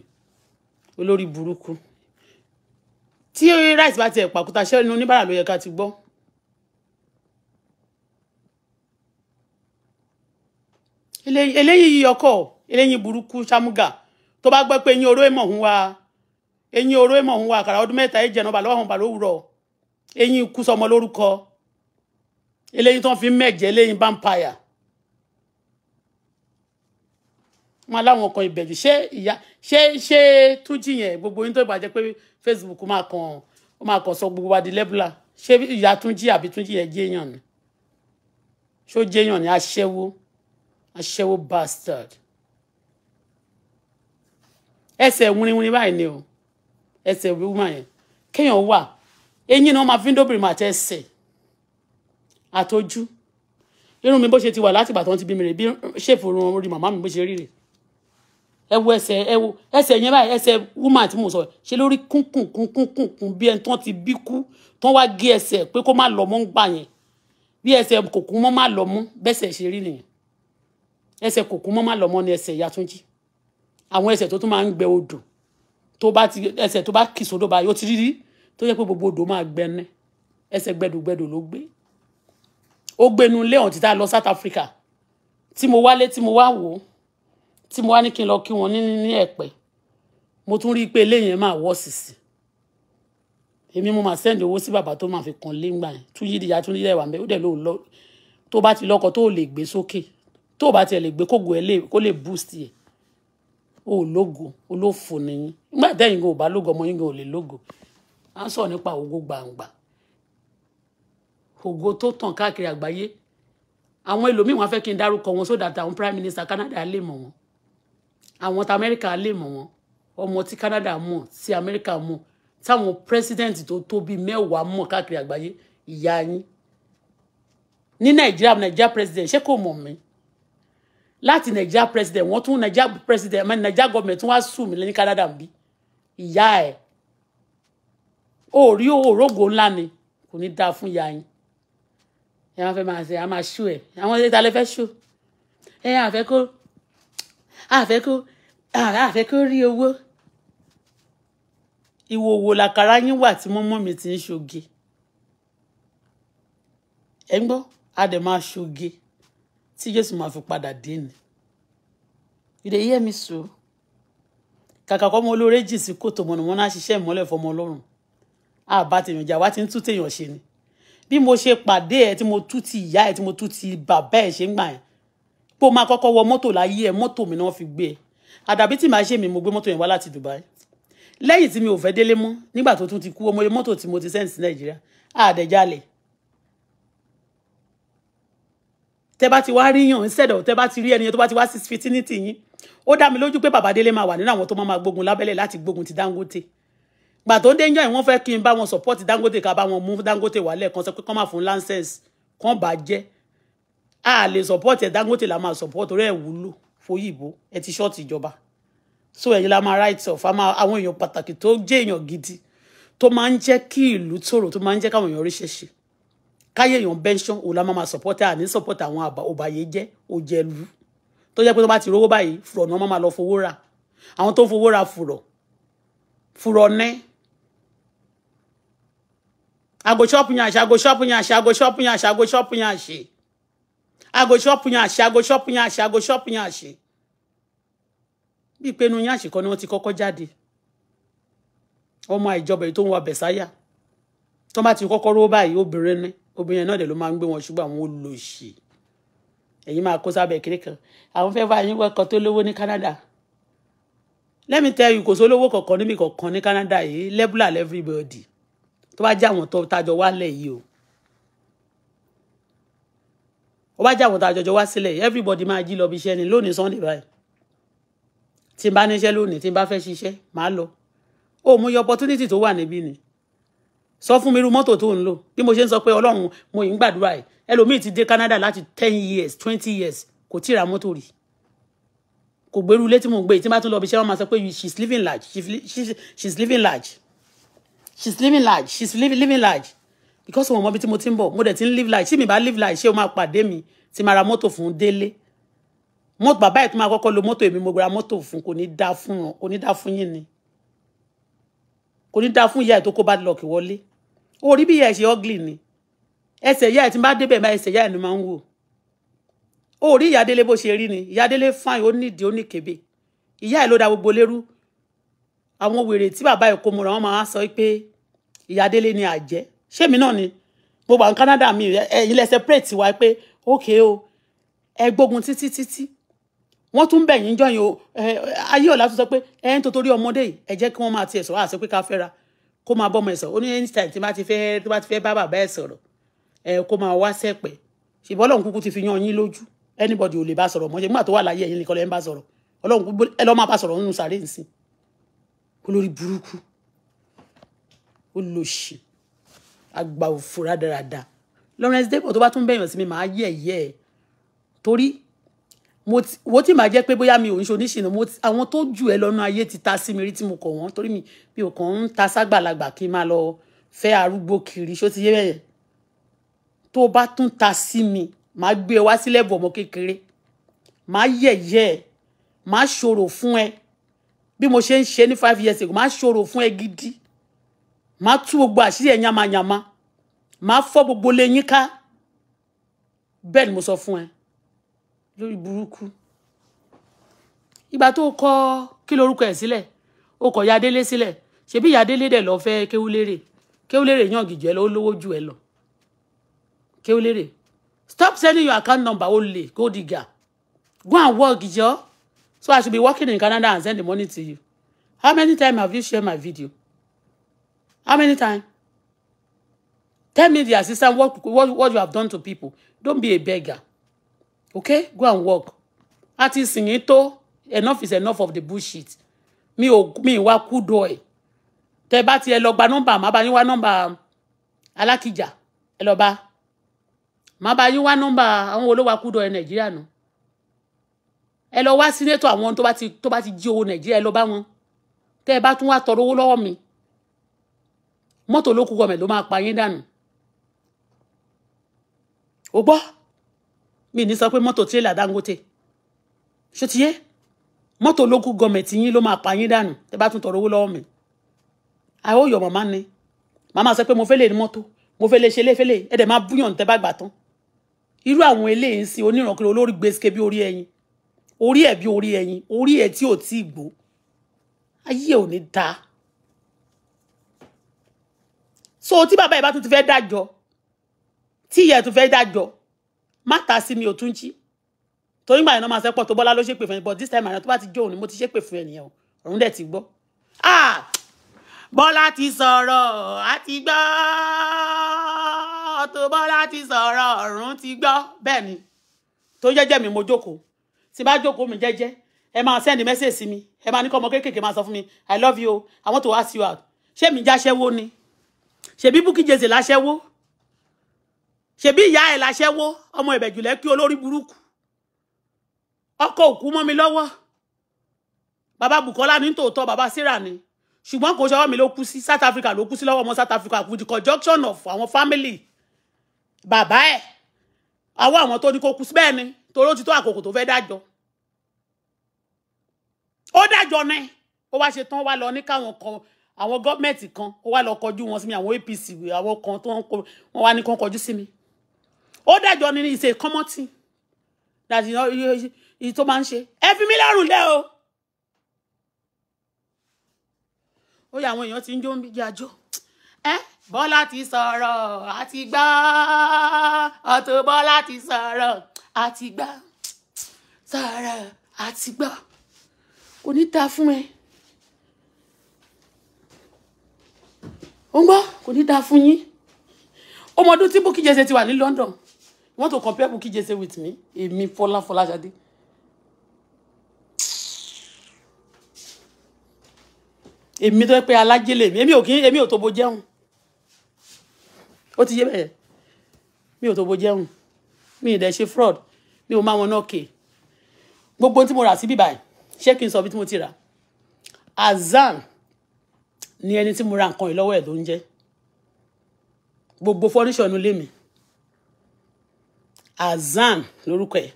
olórí burúkú tí rice bá tiẹ̀ pàkúta ṣẹ́ inú oníbàárà ló yẹ ká ti gbọ́. eléyìí ọkọ eléyìí burúkú ṣámúgà tó bá gbọ́ pé eyín oró èmọ̀ ń wá eyín oró èmọ̀ ń wá àkàrà ọdún mẹ́ta ẹ̀jẹ̀ náà bàlọ́wọ́ àwọn bàlọ́wọ́ rọ̀ eyín ikú sọmọ lórúkọ eléyìí tó ń fi mẹ́jẹ eléyìí vampire wọn aláwọn kan ìbẹ̀jú ṣé ìyá ṣé ṣé tújì yẹn gbogbo yín tó ìbàjẹ́ pé Facebook máa kàn ó máa kàn sọ gbogbo wa di lẹ́bùlà ṣé ìyá túnjí àbí túnjí yẹn jéèyàn ni ṣó jéèyàn ni aṣẹ́wó aṣẹ́wó bastard ẹsẹ̀ wínrínwínrín báyìí ni o ẹsẹ̀ wíwúmọ̀ yẹn kéèyàn wà eyín ni wọ́n máa fi ń dóbìnrin màtẹ́ ẹsẹ̀ àtọ́jú irun mi bó ṣe ti wà láti ìgbà tó ń ti bí mi rè bí ṣèfò irun orí màmá mi bó ṣe rí rè ẹ wo ẹsẹ̀ ẹ wo ẹsẹ̀ yẹn báyìí ẹsẹ̀ woman tí mo sọ ṣe lórí kúnkùn kúnkùn kúnkùn bí ẹni tán ti bí kú tán wá gé ẹsẹ̀ pé kó má lọ mọ́ ń gbà yẹn bí ẹsẹ̀ kòkún mọ́ má lọ mọ́ bẹ́sẹ̀ ṣe rí nìyẹn ẹsẹ̀ kòkún mọ́ má lọ mọ́ ni ẹsẹ̀ Yàtúnjí àwọn ẹsẹ̀ tó tún máa ń gbẹ odò tó bá ti ẹsẹ̀ tó bá kì sódò báyìí ó ti rí rí tó jẹ́ pé gbogbo odò máa gbẹni ẹsẹ̀ gbẹdùgbẹdù ló gbé ó gbénu lé ọ̀hún títà lọ South Africa tí mo wálé tí mo wá wò ó tí mo wá ní kí n lọ kí wọn ní ní ẹ̀pẹ́ mo tún rí i pé eléyìí máa wọ́ sìsì èmi mo máa sẹ́ndì owó sí bàbá tó máa fi kàn lé yẹn tún yídi ya tún yídi ẹ̀wà mẹ́ ó dẹ̀ ló lọ tó bá ti lọ́kọ tó lè gbé sókè tó bá tiẹ̀ lè gbé kógo ẹ̀ kó lè boost yẹ o ò lógo olófò nìyí nígbà tẹ́yìn gan ò bá lógo ọmọ yín gan ò lè lógo à ń sọ̀rọ̀ nípa ògo gbàǹgbà ògo tó tàn káàkiri àgbáyé àwọn ẹlòmíì wọn fẹ́ kí n dárúkọ wọn sódà táwọn prime minister Canada lè mọ̀ wọn àwọn tá Amẹ́ríkà lè mọ̀ wọn ọmọ tí Canada mọ̀ tí Amẹ́ríkà mọ̀ táwọn president tó tó bíi mẹ́wàá mọ̀ káàkiri àgbáyé ìyá yín ní Nàìjíríà Nàìjíríà president ṣé kò mọ̀ mí láti Nàìjíríà president wọ́n tún Nàìjíríà president Nàìjíríà government tún wá sùn mí lẹ́ni Canada bí ìyá ẹ̀ o rí òrógo ńlá ni kò ní dáa fún ìyá yín ẹ máa fẹ́ máa ṣe a máa ṣú ẹ àwọn ilé ìtàlẹ́ fẹ́ ṣú ẹ àfẹ́ kó àfẹ́ kó àfẹ́ kó rí owó ìwòwò làkàrà yín wà tí mọ́mọ́ mi ti ń ṣoge ẹ ń gbọ́ a dẹ̀ máa ṣoge tí Jésù máa fi padà dé ni you dey hear me so kàkà kọ́ ọmọ olóore jì sí kòtò mọ̀nàmọ́ná ṣiṣẹ́ ìmọ́lẹ̀ fọmọ Ọlọ́run àbá tèèyàn jà wá ti ń tú tèèyàn ṣe ni bí mo ṣe pàdé ẹ tí mo tú ti ìyá ẹ tí mo tú ti bàbá ẹ ṣe ń gbà yẹn pé o máa kọ́kọ́ wọ mọ́tò láyé ẹ mọ́tò mi náà fi gbé e àdàbí tí màá ṣe mi mo gbé mọ́tò yẹn wá láti Dubai lẹ́yìn tí mi ò fẹ́ délé mọ́ nígbà tó tún ti kú ọmọ mọ́tò tí mo ti sẹ́ǹsì Nàìjíríà àdẹ̀jálẹ̀ tẹ bá ti wá rí yàn instead of tẹ bá ti rí ẹniyàn tó bá ti wá sí fitinity yín ó dá mi lójú pé bàbá délé máa wà nínú àwọn tó máa gbógun lábẹ́lẹ̀ láti gbógun ti Dangote gbà tó dé yàn wọ́n fẹ́ kí n bá wọn support Dangote ká bá wọn mú Dangote wálẹ̀ kan sọ pé kán máa fún lancers kán bá jẹ́ a lè support ẹ̀ Dangote la máa support rẹ̀ e wúlò fòyìnbó ẹ ti ṣọ́ọ̀tì ìjọba so ẹ̀yin la máa right of. àwọn èèyàn pàtàkì tó jẹ́ èèyàn gidi tó máa ń jẹ́ kí ìlú tòrò tó máa ń jẹ́ káwọn èèyàn rí ṣẹ̀ṣẹ̀ káyé èèyàn bẹ́ńṣán òun la máa máa support àní support àwọn òbàyé jẹ́ òjẹ̀lú tó jẹ́ pé tó bá ti rówó báyìí fùrọ̀ ni wọ́n máa lọ fowó rà àwọn tó ń fowó ra fùrọ̀ fùrọ̀ náà I go chop nyash, I go chop nyash, I go chop nyash, I go chop nyash. I go chop nyash, I go chop nyash, I go chop nyash. Bí pé nu nyash kan ni wọ́n ti kọ́kọ́ jáde. Ọmọ ìjọba èyí tó ń wa bẹ̀sáyà. Tó bá ti kọ́kọ́ rówó báyìí obìnrin ni. Obìnrin náà dẹ̀ ló máa ń gbé wọn ṣùgbọ́n àwọn olóṣì. Ẹ̀yin máa kó sábẹ̀ kiri kan. Àwọn fẹ́ bá yín wẹ́kọ̀ tó lówó ní Canada. Let me tell you, kò sólówó kọ̀ọ̀kan níbi kọ̀ọ̀kan ní Canada yìí, level everybody tó bá jẹ́ àwọn tó tájọ wálẹ̀ yìí o ó bá jẹ́ àwọn tájọjọ wá sílẹ̀ everybody máa jí lọ bí iṣẹ́ ni lónìí sunday báyìí tí n bá níṣẹ́ lónìí tí n bá fẹ́ ṣiṣẹ́ màá lọ ó mú iye opportunity tó wà níbí ni sọ fún mi irú mọ́tò tó ń lò bí mo ṣe ń sọ pé ọlọ́run mo ń gbàdúrà ẹ̀ ẹlòmíì ti dé Canada láti ten years twenty years kò tí ì ra mọ́tò rí kò gbèrú ilé tí mò ń gbé tí n bá tún lọ bí iṣẹ́ wọn máa sọ pé she's living large she's, she's living large she's living large she's living living large because wọn mọ bí tí mo ti ń bọ̀ mo dẹ̀ ti ń live large tí mi bá live large ṣé o máa pàdé mi tí ma ra mọ́tò fún délé mọ́tò bàbá ẹ̀ tó máa kọ́kọ́ lo mọ́tò èmi mo ra mọ́tò fún kò ní dá fún wọn kò ní dá fún yín ni kò ní dá fún ìyá ẹ̀ tó kó bá lọ́ọ̀kì wọlé orí bí ìyá ẹ̀ ṣe ugly ni ẹsẹ̀ ìyá ẹ̀ tí n bá débẹ̀ máa ẹsẹ̀ ìyá ẹ̀ ni máa ń wò orí ìyá délé bó ṣe rí ni ìyá délé fáìn ó nídìí ó ní kébé ìyá ẹ̀ ló da gbogbo lérú àwọn wèrè tí bàbá ẹ̀ kó mọ́ra wọn máa sọ pé ìyá délé ni àjẹ́ ṣémi náà ni mo wà ní Canada mi ilẹ̀ separate wa pé ókè o ẹ gbógun títí títí wọ́n tún bẹ̀ yín jọyìn o ayé ọ̀la tún sọ pé ẹ ń torí ọmọdé yìí ẹ jẹ́ kí wọ́n máa tiẹ̀ sọ̀rọ̀ àti pé ká fẹ́ra kó máa bọ́ ọmọ ẹ̀ sọ̀rọ̀ ó ní anytime tí bá ti fẹ́ tí bá ti fẹ́ bá bàbá ẹ̀ sọ̀rọ̀ ẹ kó máa wá sẹ́pẹ̀ ṣùgbọ́n ọlọ́run kúkú ti fi yan yín lójú anybody ò lè bá sọ̀rọ̀ mọ́ṣẹ́ nígbà tó wà láyé ẹ̀yin nìkan lẹ́ ń bá sọ̀rọ̀ ọlọ́run kúkú ẹ lọ́ máa bá sọ̀rọ̀ nínú sàárè nsìn olórí burúkú olóṣì àgbà òfò rádaràda Lawrence Debo tó bá tún bẹ̀yàn sí mi màá yẹ̀yẹ́ ẹ̀ torí wo tí màá jẹ́ pé bóyá mi ò ń ṣe oníṣìnà àwọn tó jù ẹ lọ́nà ayé ti ta sí mi rí tí mo kọ̀ wọ́n torí mi mi ò kàn ń ta ságbàlagbà kí n máa lọ fẹ́ arúgbó kiri ṣó ti yé bẹ́yẹn tó bá tún ta sí mi màá gbé ẹ wá sílẹ̀ bọ̀ ọmọ kékeré màá yẹ̀yẹ́ ẹ̀ màá ṣòro fún ẹ bí mo ṣe ń ṣe ní five years ago máa ṣòro fún ẹ gidi máa tú gbogbo àṣírí ẹ yamayama máa fọ́ gbogbo lẹ́yìn ká bẹ́ẹ̀ ni mo sọ fún ẹ lórí burúkú ìgbà tó kọ kí lorúkọ ẹ sílẹ̀ ó kọ yadélé sílẹ̀ ṣebí yadélé dẹ̀ lọ fẹ́ kéwúlérè kéwúlérè yàn gìjọ ẹ lọ ó lówó ju ẹ lọ kéwúlérè stop sending your account number ó lè kó dìgà go and work jọ. So I should be working in Canada and send the money to you. How many times have you shared my video? How many times? Tell me the assistant what, what, what you have done to people. Don't be a beggar. Okay? Go and work. Àti sìnyín enough is enough of the bullshit. Me ò mi wá kúdọ̀ ẹ̀. Tẹ bá tiẹ̀ lọ gba nọ́mbà má bá yín wá nọ́mbà Alákìjà ẹ lọ bá. Má bá No? ẹ lọ wá sínétọ̀ àwọn tó bá ti tó bá ti jí owó nàìjíríà ẹ lọ bá wọn tẹ́ ẹ bá tún wá tọrọ owó lọ́wọ́ mi mọ́tò ló kú gọ̀mẹ̀ ló máa pa yín dànù ó gbọ́ mi ní sọ pé mọ́tò tírélà dangote ṣó ti yé mọ́tò ló kú gọ̀mẹ̀ tí yín ló máa pa yín dànù tẹ́ bá tún tọrọ owó lọ́wọ́ mi àìwọ́ yọ̀ màmá ni màmá sọ pé mo fẹ́ lè ní mọ́tò mo fẹ́ lè ṣe léfẹ́lẹ́ ẹ̀ dẹ̀ máa búyàn tẹ́ bá gbà tán irú àwọn eléyìí ń sin onírankin olórí gbèsè bí orí ẹyin orí ẹ̀ bí orí ẹyin orí ẹ̀ tí ò tí ì gbó ayé ò ní da so tí bàbá ẹ̀ bá tún ti fẹ́ dájọ́ tí ìyá ẹ̀ tún fẹ́ dájọ́ má ta sí mi ò tún jí torí màá iná máa sẹ́pọ̀ tó bọ́lá ló ṣépè fún ẹni but this time àná tó bá ti jó òun ni mo ti ṣépè fún ẹnìyẹn o òun dẹ̀ ti gbọ́ ah bọ́lá ti sọ̀rọ̀ á ti gbọ́ tó bọ́lá ti sọ̀rọ̀ ọ̀run ti gbọ́ bẹ́ẹ̀ ni tó jẹ́jẹ́ mi mo jókòó tí bá jókòó mi jẹ́jẹ́ ẹ máa send message sí mi ẹ máa ní kọ́ ọmọ kéékèèké máa sọ fún mi i love you i want to ask you out ṣé mi jáṣẹ́wó ni ṣèbí Bukky Jesse láṣẹ́wó ṣèbí ìyá ẹ̀ láṣẹ́wó ebe ìbẹ̀jùlẹ̀ kí olórí buruku. Oko, òkú mọ́ mi lọ́wọ́ bàbá Bukola ní tòótọ́ bàbá Sarah ni ṣùgbọ́n kò ṣọwọ́ mi ló kú sí South Africa ló kú sí lọ́wọ́ ọmọ South Africa with the conjunction of àwọn family bàbá ẹ̀ àwọn àwọn tó ní kó kú sí bẹ́ẹ̀ ni torí ó ti tó àkókò tó fẹ́ dájọ́ ó dájọ́ ní ó wá ṣe tán wá lọ ní káwọn kan àwọn gọ́ọ̀mẹ̀ntì kan ó wá lọ kọjú wọn sí mi àwọn APC àwọn kan tó ń kó wọn wá ní kán kọjú sí mi ó dájọ́ ní ìṣe kọ́mọ́tì láti iye tó máa ń ṣe ẹ fi mí lọ́rùn lẹ́ o ó yẹ àwọn èèyàn tí ń jó ń bí jájó ẹ Bọ́lá ti sọ̀rọ̀ àti gbá Auto Bọ́lá ti sọ̀rọ̀ àti gbá sọ̀rọ̀ àti gbá kò ní dáa fún ẹ ó ń gbọ́ kò ní dáa fún yín ọmọ tí Bukky Jesse ti wà ní London you want to compare Bukky jese with me èmi Fọlá Fọláṣadé èmi tó yẹ pé alájẹlẹ mi èmi ò kí èmi ò tó bo jẹun ó ti yé bẹ́ẹ̀ mi ò tó bo jẹun mi ì dẹ̀ ṣe fraud mi ò máa wọn náà kè gbogbo tí mo rà sí bíbáyìí ṣé kí n sọ bí tí mo ti rà azan ni ẹni tí mo ra nǹkan yìí lọ́wọ́ ẹ̀ ló ń jẹ́ gbogbo fọ́níṣọ̀ inú ilé mi azan lórúkọ ẹ̀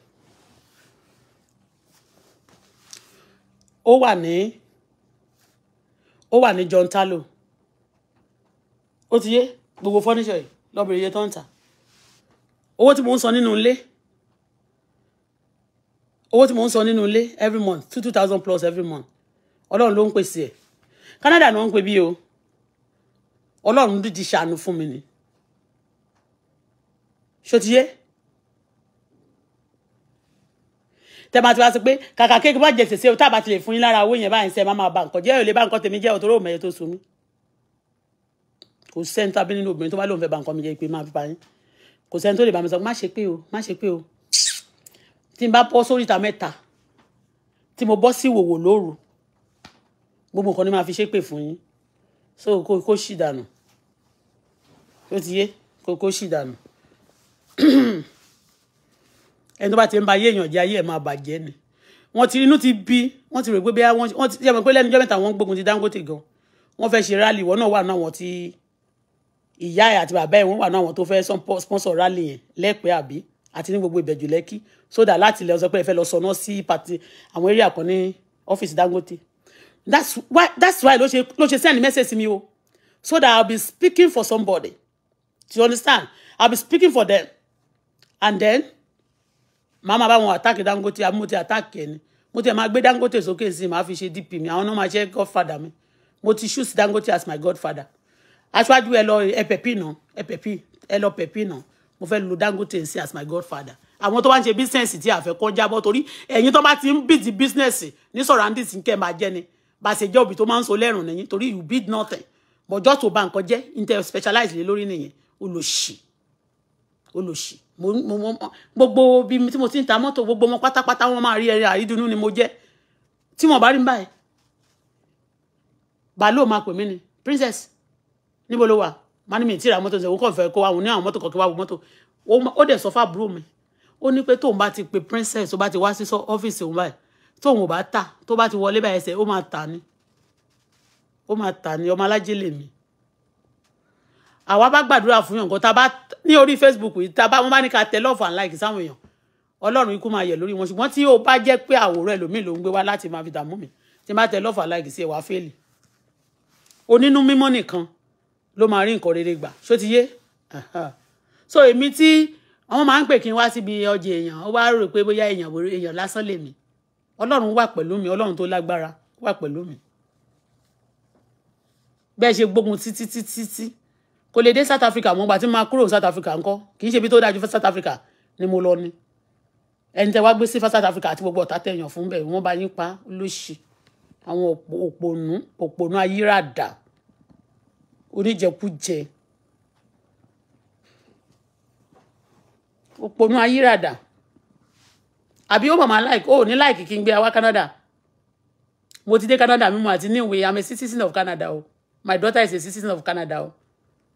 ó wà ní ó wà ní John Talo ó ti yé gbogbo fọ́níṣọ̀ yìí lọ́bìnrin yẹn tó ń tà owó tí mo ń san nínú ilé owó tí mò ń sọ nínú ilé every month two two thousand plus every month ọlọ́run ló ń pèsè ẹ̀ Canada ni wọ́n ń pè bí o ọlọ́run dídí ṣàánú fún mi ni ṣòtíyé tẹ máa ti wá sí pé kàkà kéèkì bá jẹ sèse o tá a bá ti lè fún yín lára owó yẹn báyìí sẹ máa máa ba nǹkan jẹ́ ò lè bá nǹkan tèmi jẹ́ òtòrò òmẹyẹ tó sunú kò sẹ́ni tàbí nínú obìnrin tó bá lóun fẹ́ ba nǹkan mi jẹ́ pé máa fi pa yín kò sẹ́ni tó lè bá mi sọ má ṣe pé o má ṣe pé o tí n bá bọ́ sórí ìta mẹ́ta tí mo bọ́ sí ìwòwò lóru gbogbo nǹkan ni màá fi ṣépè fún yín so kó kó sì dànù ó ti yé kó kó sì dànù ẹni tó bá ti ń ba ayé èèyàn jẹ́ ayé ẹ̀ máa bàjẹ́ ni wọ́n ti inú ti bí wọ́n ti rò pé bẹ́ẹ̀ wọ́n ti yẹ pé lẹ́nu ọjọ́ mẹ́ta wọ́n gbógun ti Dangote gan wọ́n fẹ́ ṣe rally ìwọ náà wà náà wọ́n ti ìyá ẹ̀ àti bàbá ẹ̀ wọ́n wà náà wọ́n tó fẹ́ sponsor rally yẹn lẹ́pẹ́ àbí àti ní gbogbo ìbẹ̀jù lẹ́kì sódà láti lè sọ pé ẹ fẹ́ lọ sọ̀nà sí pàtì àwọn eré àkàn ní ọ́fíìsì Dangote that's why that's why ló ṣe ló ṣe send message sí mi o so that I'll be speaking for somebody do you understand I'll be speaking for them and then màmá bá wọn attack Dangote àbí mo ti attack ẹni mo ti máa gbé Dangote sókè sí màá fi ṣe DP mi àwọn náà máa ṣe godfather mi mo ti choose Dangote as my godfather aṣáájú ẹ lọ ẹ pẹpì náà ẹ pẹpì ẹ lọ pẹpì náà mo fẹ́ lo Dangote sí as my godfather àwọn tó bá ń ṣe bísínẹ́sì tí a fẹ́ kọ́ jábọ́ torí ẹ̀yin tó bá ti ń bìtì bísínẹ́sì ní surroundings nkẹ́ máa jẹ́ ni bá a ṣe jẹ́ òbí tó máa ń so lẹ́rùn nìyẹn torí you bid nothing but just to ba nǹkan jẹ́ intel specialize lé lórí nìyẹn olòṣì olòṣì gbogbo bí tí mo ti ń ta mọ́tò gbogbo wọn pátápátá wọn máa rí ẹrin àrídùnnú ni mo jẹ́ tí wọn bá rí báyìí bàálù máa pè mí ni princess níbo ló wà mani ní mi tí ra mọ́tò ṣe ó kàn fẹ́ kó wa ní àwọn mọ́tò kọ̀ọ̀kan wá wo o ó dẹ̀ sọ fábúrò mi ó ní pé tóun bá ti pe princess tó bá ti wá office ọ́fíìsì òun báyìí tóun ò bá tà tó bá ti wọlé báyìí ẹsẹ̀ ó máa tà ní ó máa tà ní ọmọ alájẹ lè mí àwa bá gbàdúrà fún yàn kan tá a bá ní orí facebook yìí tá a bá wọn bá ní ká love and like sáwọn èèyàn ọlọ́run ikú máa yẹ̀ lórí wọn ṣùgbọ́n tí ó bá jẹ́ pé àwòrán ẹlòmíì ló ń gbé wá láti máa fi dààmú mi tí n bá love and like si ẹ wá fẹ́ẹ̀lì onínú mímọ́ nìkan ló máa rí nǹkan rere gbà ṣó ti yé so èmi tí àwọn máa ń pè kí n wá síbi ọjà èèyàn ó wá rò pé bóyá èèyàn èèyàn lásán lèmi ọlọ́run wà pẹ̀lú mi ọlọ́run tó lágbára wà pẹ̀lú mi bẹ́ẹ̀ ṣe gbógun títí títí tí kò lè dé South Africa mo gbà tí máa kúrò South Africa ńkọ́ kì í ṣe ibi tó dájú fún South Africa ni mo lọ ni ẹni tẹ wá gbé sí South Africa àti gbogbo ọ̀tá tẹ̀yàn fún bẹ́ẹ̀ wọ́n bá yín pa lóṣì àwọn òpònú òpònú ayíràdà oníjẹkújẹ òpònú ayírádà àbí ó màmá like ó ní like kí n gbé wa Canada mo ti dé Canada mímu àti níwèé I'm a citizen of Canada o my daughter is a citizen of Canada o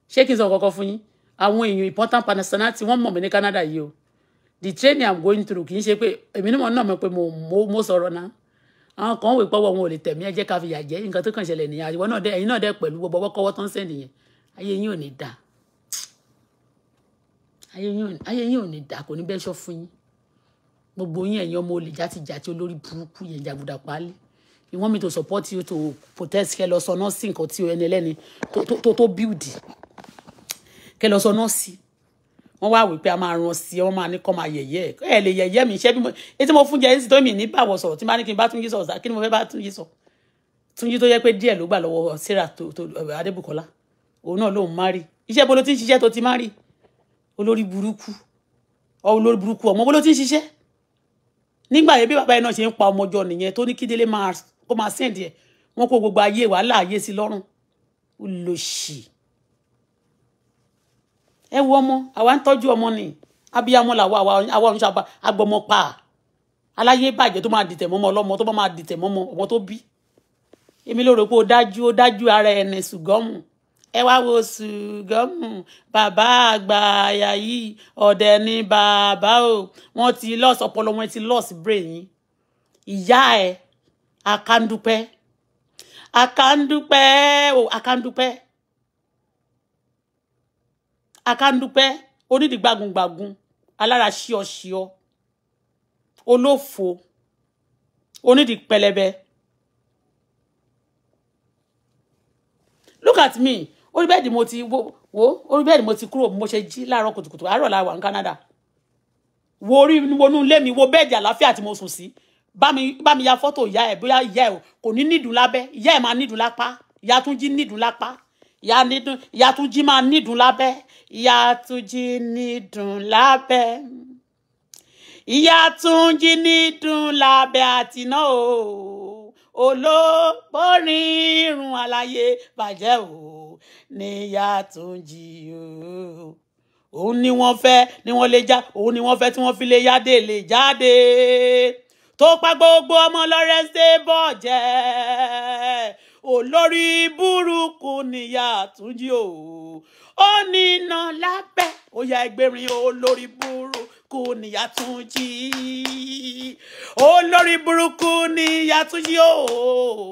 ṣé kí n sọ kọ́kọ́ fún yín àwọn èèyàn important personality wọ́n mọ̀ mí ní Canada yìí o the training I'm going through kì í ṣe pé èmi náà mọ̀ pé mo sọ̀rọ̀ náà àwọn kan wò pọ́wọ́ wọn ò lè tẹ̀mí ẹ ká fi yà jẹ́ nǹkan tó kàn ṣẹlẹ̀ nìyẹn àyẹ̀wò náà dẹ ẹ̀yin náà dẹ pẹ̀lú gbogbo ọwọ́kọ́wọ́ tó ń sẹ́ni yẹn ayé yín ò ní dà ayé yín ò ní dà kò ní bẹ́ẹ̀ ṣọ́ fún yín gbogbo yín ẹ̀yin ọmọ olè játijàti olórí burúkú yẹn jàgùdà pálí you want me to support you to protest kẹ lọ sọ nọ́ọ̀sì nǹkan tí ẹni ẹlẹ́ni tó tó wọ́n wá wípé a máa ran sí ẹ wọ́n máa ní kọ́ máa yẹ̀yẹ́ ẹ ẹ lè yẹ̀yẹ́ mi ṣẹ́ bí mo etí mo fún jẹ ẹ́ sì tó mi ní bàwọ̀ sọ̀rọ̀ tí máa ní kí n bá Túnjí sọ̀rọ̀ kí ni mo fẹ́ bá Túnjí sọ Túnjí tó yẹ pé díẹ̀ ló gbà lọ́wọ́ Sarah tó tó Adébùkọ́lá òun náà lòun má rí iṣẹ́ bolo tí ń ṣiṣẹ́ tó ti má rí olórí burúkú olórí burúkú ọmọ bolo tí ń ṣiṣẹ́ nígbà yẹn bí bàbá yẹn náà ṣe ń pa ọmọjọ nìyẹn tó ní kí délé máa kó máa sẹ́ǹdì ẹ wo ọmọ àwa ń tọ́jú ọmọ ni abiyamọ làwa àwa òun ṣàbà agbọmọ pa aláyé bàjẹ́ tó máa dìtẹ̀ mọ́mọ ọlọ́mọ tó máa dìtẹ̀ mọ́mọ ọmọ tó bí èmi ló rò pé ó dájú ó dájú ara ẹ̀nẹ̀ ṣùgọ́mù ẹ wá wo ṣùgọ́mù bàbá àgbà àyà yìí ọ̀dẹ̀ ni bàbá o wọ́n ti lọ́ọ̀sì ọpọlọ wọn ti lọ́ọ̀sì brain yín ìyá ẹ̀ akandupẹ́ akandupẹ́ o akandupẹ́ akandúpẹ́ onídìí gbagungbagun alára ṣíọ ṣíọ olófo onídìí pẹlẹbẹ look at me orí bẹ́ẹ̀dì mo ti wo orí bẹ́ẹ̀dì mo ti kúrò mo ṣe jí láàárọ̀ kùtùkùtù àárọ̀ la wà ní Canada wo orí wọnú ilé mi wo bẹ́ẹ̀dì àlàáfíà tí mo sùn sí bá mi bá mi ya fọ́tò ìyá ẹ̀ bóyá ìyá ẹ̀ kò ní nídùú lábẹ́ ìyá ẹ̀ máa nídùú lápá ìyá tún jí nídùú lápá ìyá nídùn ìyá túnjí máa nídùn lábẹ́ ìyá túnjí nídùn lábẹ́ ìyá túnjí nídùn lábẹ́ àtìná o olóborin irun àlàyé bàjẹ́ o níyà túnjí o òun ni wọ́n fẹ́ ni wọ́n lè já òun ni wọ́n fẹ́ tí wọ́n fi lè yáde lè jáde tó pa gbogbo ọmọ Lawrence Debo jẹ́ olórí burúkú níyà àtúnjí o ó níná lábẹ́ ó yá ẹgbẹ́rin olórí burúkú níyà àtúnjí olórí burúkú níyà àtúnjí o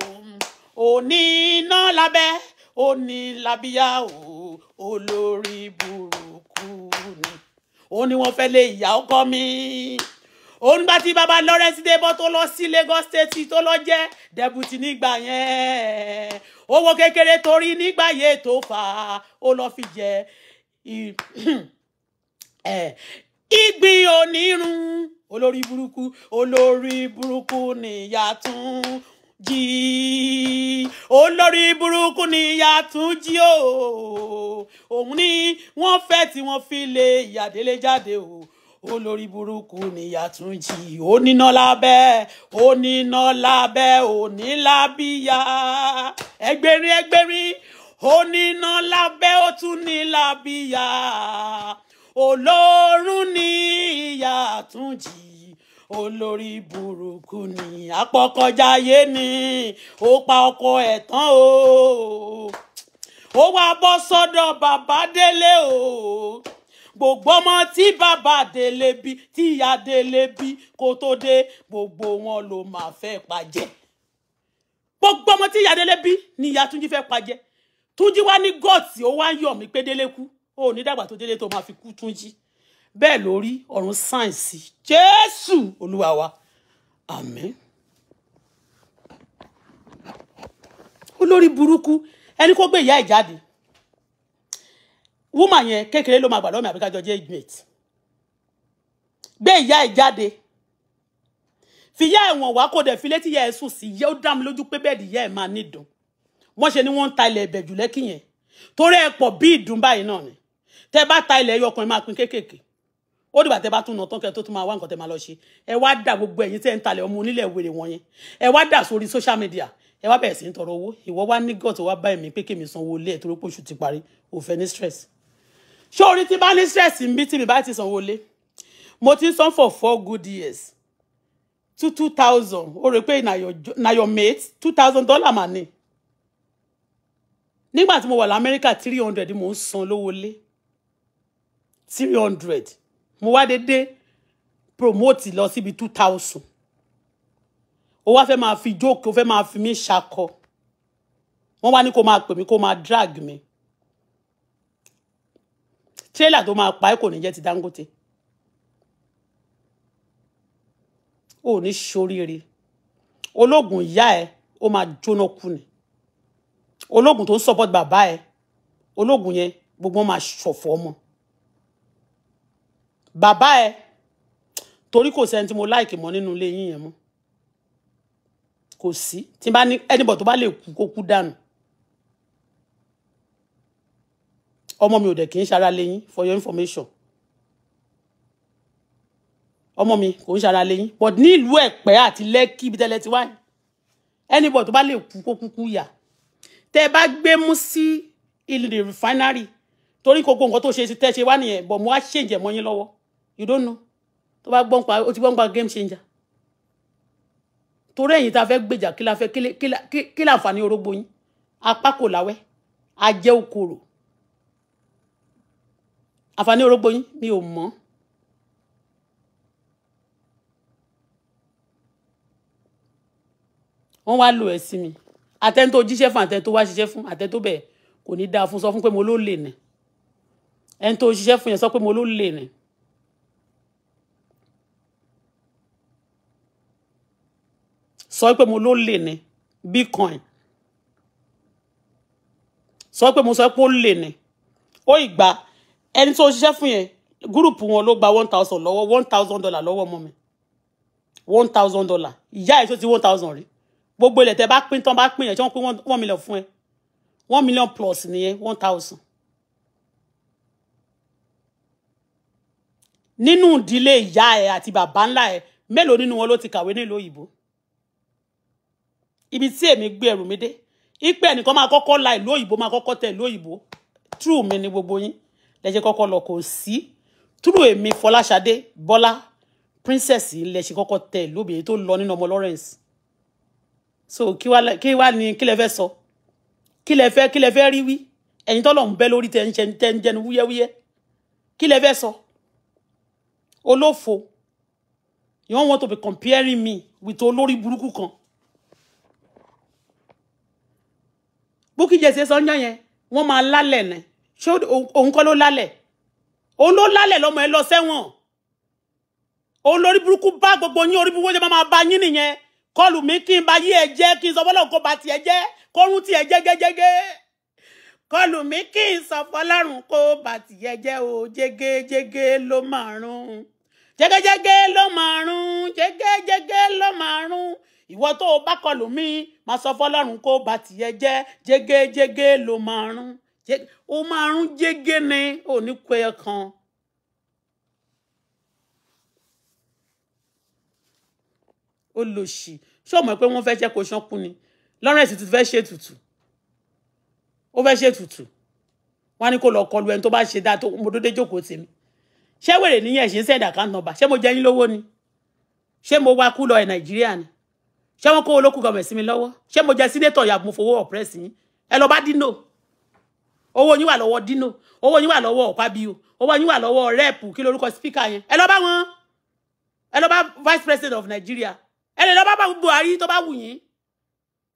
ó níná lábẹ́ ó ní lábíyá o olórí burúkú ni ó ní wọ́n fẹ́ lé ìyá ọkọ mi òun gbà tí baba Lawrence Debo tó lọ sí Lagos State tó lọ jẹ́ deputy nígbà yẹn owó kékeré torí nígbà yẹn tó fà á ó lọ fi jẹ ìgbín eh, onírun olórí burúkú olórí burúkú nìyá tún jí olórí burúkú níyà tún jí o òun ni wọ́n fẹ́ tí wọ́n fi lé ìyàdélé jáde o olórí burúkú níyà tún jì oníná lábẹ́ oníná lábẹ́ onílábíyà ẹgbẹ̀rin ẹgbẹ̀rin oníná lábẹ́ ó tún ní lábíyà olórun níyà tún jì olórí burúkú ni apọkọjáyé ni ó pa ọkọ ẹ̀ tán o ó wá bọ́ sọ́dọ̀ bàbá délé o gbogbo ọmọ tí bàbá délé bí tí ìyá délé bí kó tó dé gbogbo wọn ló máa fẹ́ pàjẹ́ gbogbo ọmọ tí ìyá délé bí ni ìyá túnjí fẹ́ pàjẹ́ túnjí wá ní gọ́ọ̀tì ó wá yọ̀ mí pé délé kú ó ní dàgbà tó délé tó máa fi kú túnjí bẹ́ẹ̀ lórí ọ̀run sáyẹ̀nsì jésù olúwa wa àmín. olórí burúkú ẹni kó gbé ìyá ẹ̀ jáde woman yẹn kékeré ló máa gbà lọ́mọ àbíkájọ jẹ́ inmate gbé ìyá ẹ̀ jáde fìyà ẹ̀wọ̀n wá kó dẹ̀ fi létí ìyá ẹ̀ sùn sí yẹ́ ó dá mi lójú pé bẹ́ẹ̀ ìyá ẹ̀ máa nídùn wọ́n ṣe ni wọ́n ń ta ilẹ̀ ẹ̀bẹ̀ jù lẹ́kì yẹn torí ẹ̀ pọ̀ bí ìdùn báyìí náà ni tẹ́ bá ta ilẹ̀ ẹyọ ọkùnrin máa pín kéékèèké ó dìgbà tẹ́ bá tún nà tán kẹ́ tó tún máa wá nǹkan tẹ́ máa lọ ṣe ẹ wá dà gbogbo ẹ̀yin tẹ́ ń talẹ̀ ọmọ onílẹ̀ wèrè wọn yẹn ẹ wá dà sórí social media ẹ wá bẹ̀rẹ̀ sí ń tọrọ owó ìwọ wá ní gọ̀tọ̀ wá bá ẹ̀mí pé kèmí sanwó ilé ẹ̀ torí pé ti parí òfẹ́ ní stress sórí tí bá ní stress ń bí tí mi bá ti sanwó lé mo ti san for four good years two two thousand o rò pé na your mate two thousand dollar mà Ni nígbà tí mo wà lamẹ́ríkà three hundred mo ń san lówó lé three hundred mo wá dédé promote lọ síbi two thousand O wá fẹ́ máa fi jókòó ó fẹ́ máa fi mí ṣakọ wọ́n wá ní kó máa pè mí kó máa drag mi tírélà tó máa pa ẹ́ kò ti Dangote ò ní ṣoríire ológun ìyá ẹ ó máa jóná kú ni ológun tó ń support bàbá ẹ ológun yẹn gbogbo máa ṣọ̀fọ̀ ọmọ bàbá ẹ torí kò sẹ́ni tí mo láìkì mọ́ nínú ilé yín yẹn mọ́ kò sí tí bá ní ẹnìbọ̀ tó bá lè kú kó kú dànù ọmọ mi ò dẹ̀ kì í ṣara lẹ́yìn for your information ọmọ mi kò ń ṣara lẹ́yìn but ní ìlú Ẹ̀pẹ́ àti Lẹ́kì ibi tẹ́lẹ̀ ti wáyé anybody tó bá lè kú kó kúkú yà tẹ́ ẹ bá gbé mú sí ilé the refinery torí kókó nǹkan tó ṣe tẹ́ ṣe wá nìyẹn but mo wá ṣèǹjẹ̀ mọ́ yín lọ́wọ́ you don't know tó bá gbọ́n pa ó ti gbọ́n pa game changer torí ẹ̀yin tá a fẹ́ gbèjà kí la fẹ́ kí la kí la àǹfààní orógbó yín apá kò láwẹ́ ajẹ́ òkòrò àǹfààní orógbó yín mi ò mọ̀ wọ́n wá lo ẹ̀sìn mi àtẹ́ni tó jíṣẹ́ fún àtẹ́ni tó wá ṣiṣẹ́ fún àtẹ́ni tó bẹ̀ kò ní dáa fún sọ fún pé mo ló lè nì ẹni tó ṣiṣẹ́ fún yẹn sọ pé mo ló lè nì. sọ pé mo ló lè ní bitcoin sọ pé mo sọ pé ó lè ní ó ìgbà ẹni tó ṣiṣẹ́ fún yẹn gúrùpù wọn ló gba one thousand lọ́wọ́ one thousand dollar lọ́wọ́ ọmọ mi one thousand dollar ìyá ẹ̀ tó ti one thousand rí gbogbo ilẹ̀ tẹ́ bá pín tán bá pín yẹn tí wọ́n pín one million fún ẹ one million plus nìyẹn one thousand. nínú ìdílé ìyá ẹ àti bàbá ńlá ẹ mélòó nínú wọn ló ti kàwé nílùú òyìnbó ibi tí èmi gbé ẹrù mi dé ipe ẹnìkan máa kọ́kọ́ la ìlú òyìnbó máa kọ́kọ́ tẹ ìlú òyìnbó true mi ni gbogbo yín lẹ́ṣẹ̀ kọ́kọ́ lọ kò sí túrú èmi Fọláṣadé Bọ́lá princess lẹ́ṣẹ̀ kọ́kọ́ tẹ̀ lóbìnrin tó lọ nínú ọmọ Lawrence so kí wá ní kí lẹ fẹ́ sọ kí lẹ fẹ́ kí lẹ fẹ́ rí wí ẹ̀yin tọ́lọ̀ ń bẹ́ lórí tẹ́ńjẹnu wúyẹ́wúyẹ́ kí lẹ fẹ́ sọ olófo you don't want to be comparing me with olórí burúkú kan Bukky Jesse sọ́njà yẹn wọ́n máa lálẹ̀ náà ṣé òun kọ́ ló lálẹ̀ òun ló lálẹ̀ lọ́mọ ẹ lọ sẹ́wọ̀n òun lórí burúkú bá gbogbo yín orí burúkú jẹ́ máa bá yín nìyẹn kọlù mi kí n ba yí ẹ jẹ́ kí n sọ fọlọ́run kó ba tiẹ̀ jẹ́ kórun tiẹ̀ jẹ́ gẹ́gẹ́gẹ́ kọlù mi kí n sọ fọlọ́run kó ba tiẹ̀ jẹ́ o jégéjégé ló máa rún jégéjégé ló máa rún jégéjégé ló máa rún ìwọ tó o bá kọlù mi máa sọ fọlọ́run kó ba tiẹ̀ jẹ́ jégéjégé ló máa rún ó máa rún jégé ni ò ní kú kan. ó lò sí ṣé o mọ̀ pé wọ́n fẹ́ jẹ́ kó ṣánkú ni Lawrence ti fẹ́ ṣe tutù ó fẹ́ ṣe tutù wọ́n á ní kó lọ kọlu ẹni tó bá ṣe dáa tó mo dódé jókòó tèmi ṣé wèrè níyẹn ṣe ń send account number ṣé mo jẹ lówó ni ṣé mo wá kú lọ ẹ̀ nàìjíríà ni ṣé wọ́n kó olókùn gọ̀mẹ̀ sí mi lọ́wọ́ ṣé mo jẹ sínétọ̀ yàgò mo fowó ọ̀pẹ́rẹ́sì yín ẹ lọ bá dínà. Owo yín wà lọ́wọ́ Dino owó yín wà lọ́wọ́ Ọ̀pábíyó Owo yín wà lọ́wọ́ rẹ́ẹ̀pù kí lorúkọ speaker yẹn ẹ lọ bá wọn ẹ lọ bá vice president of Nigeria ẹ lè ba bá Buhari tó bá wù yín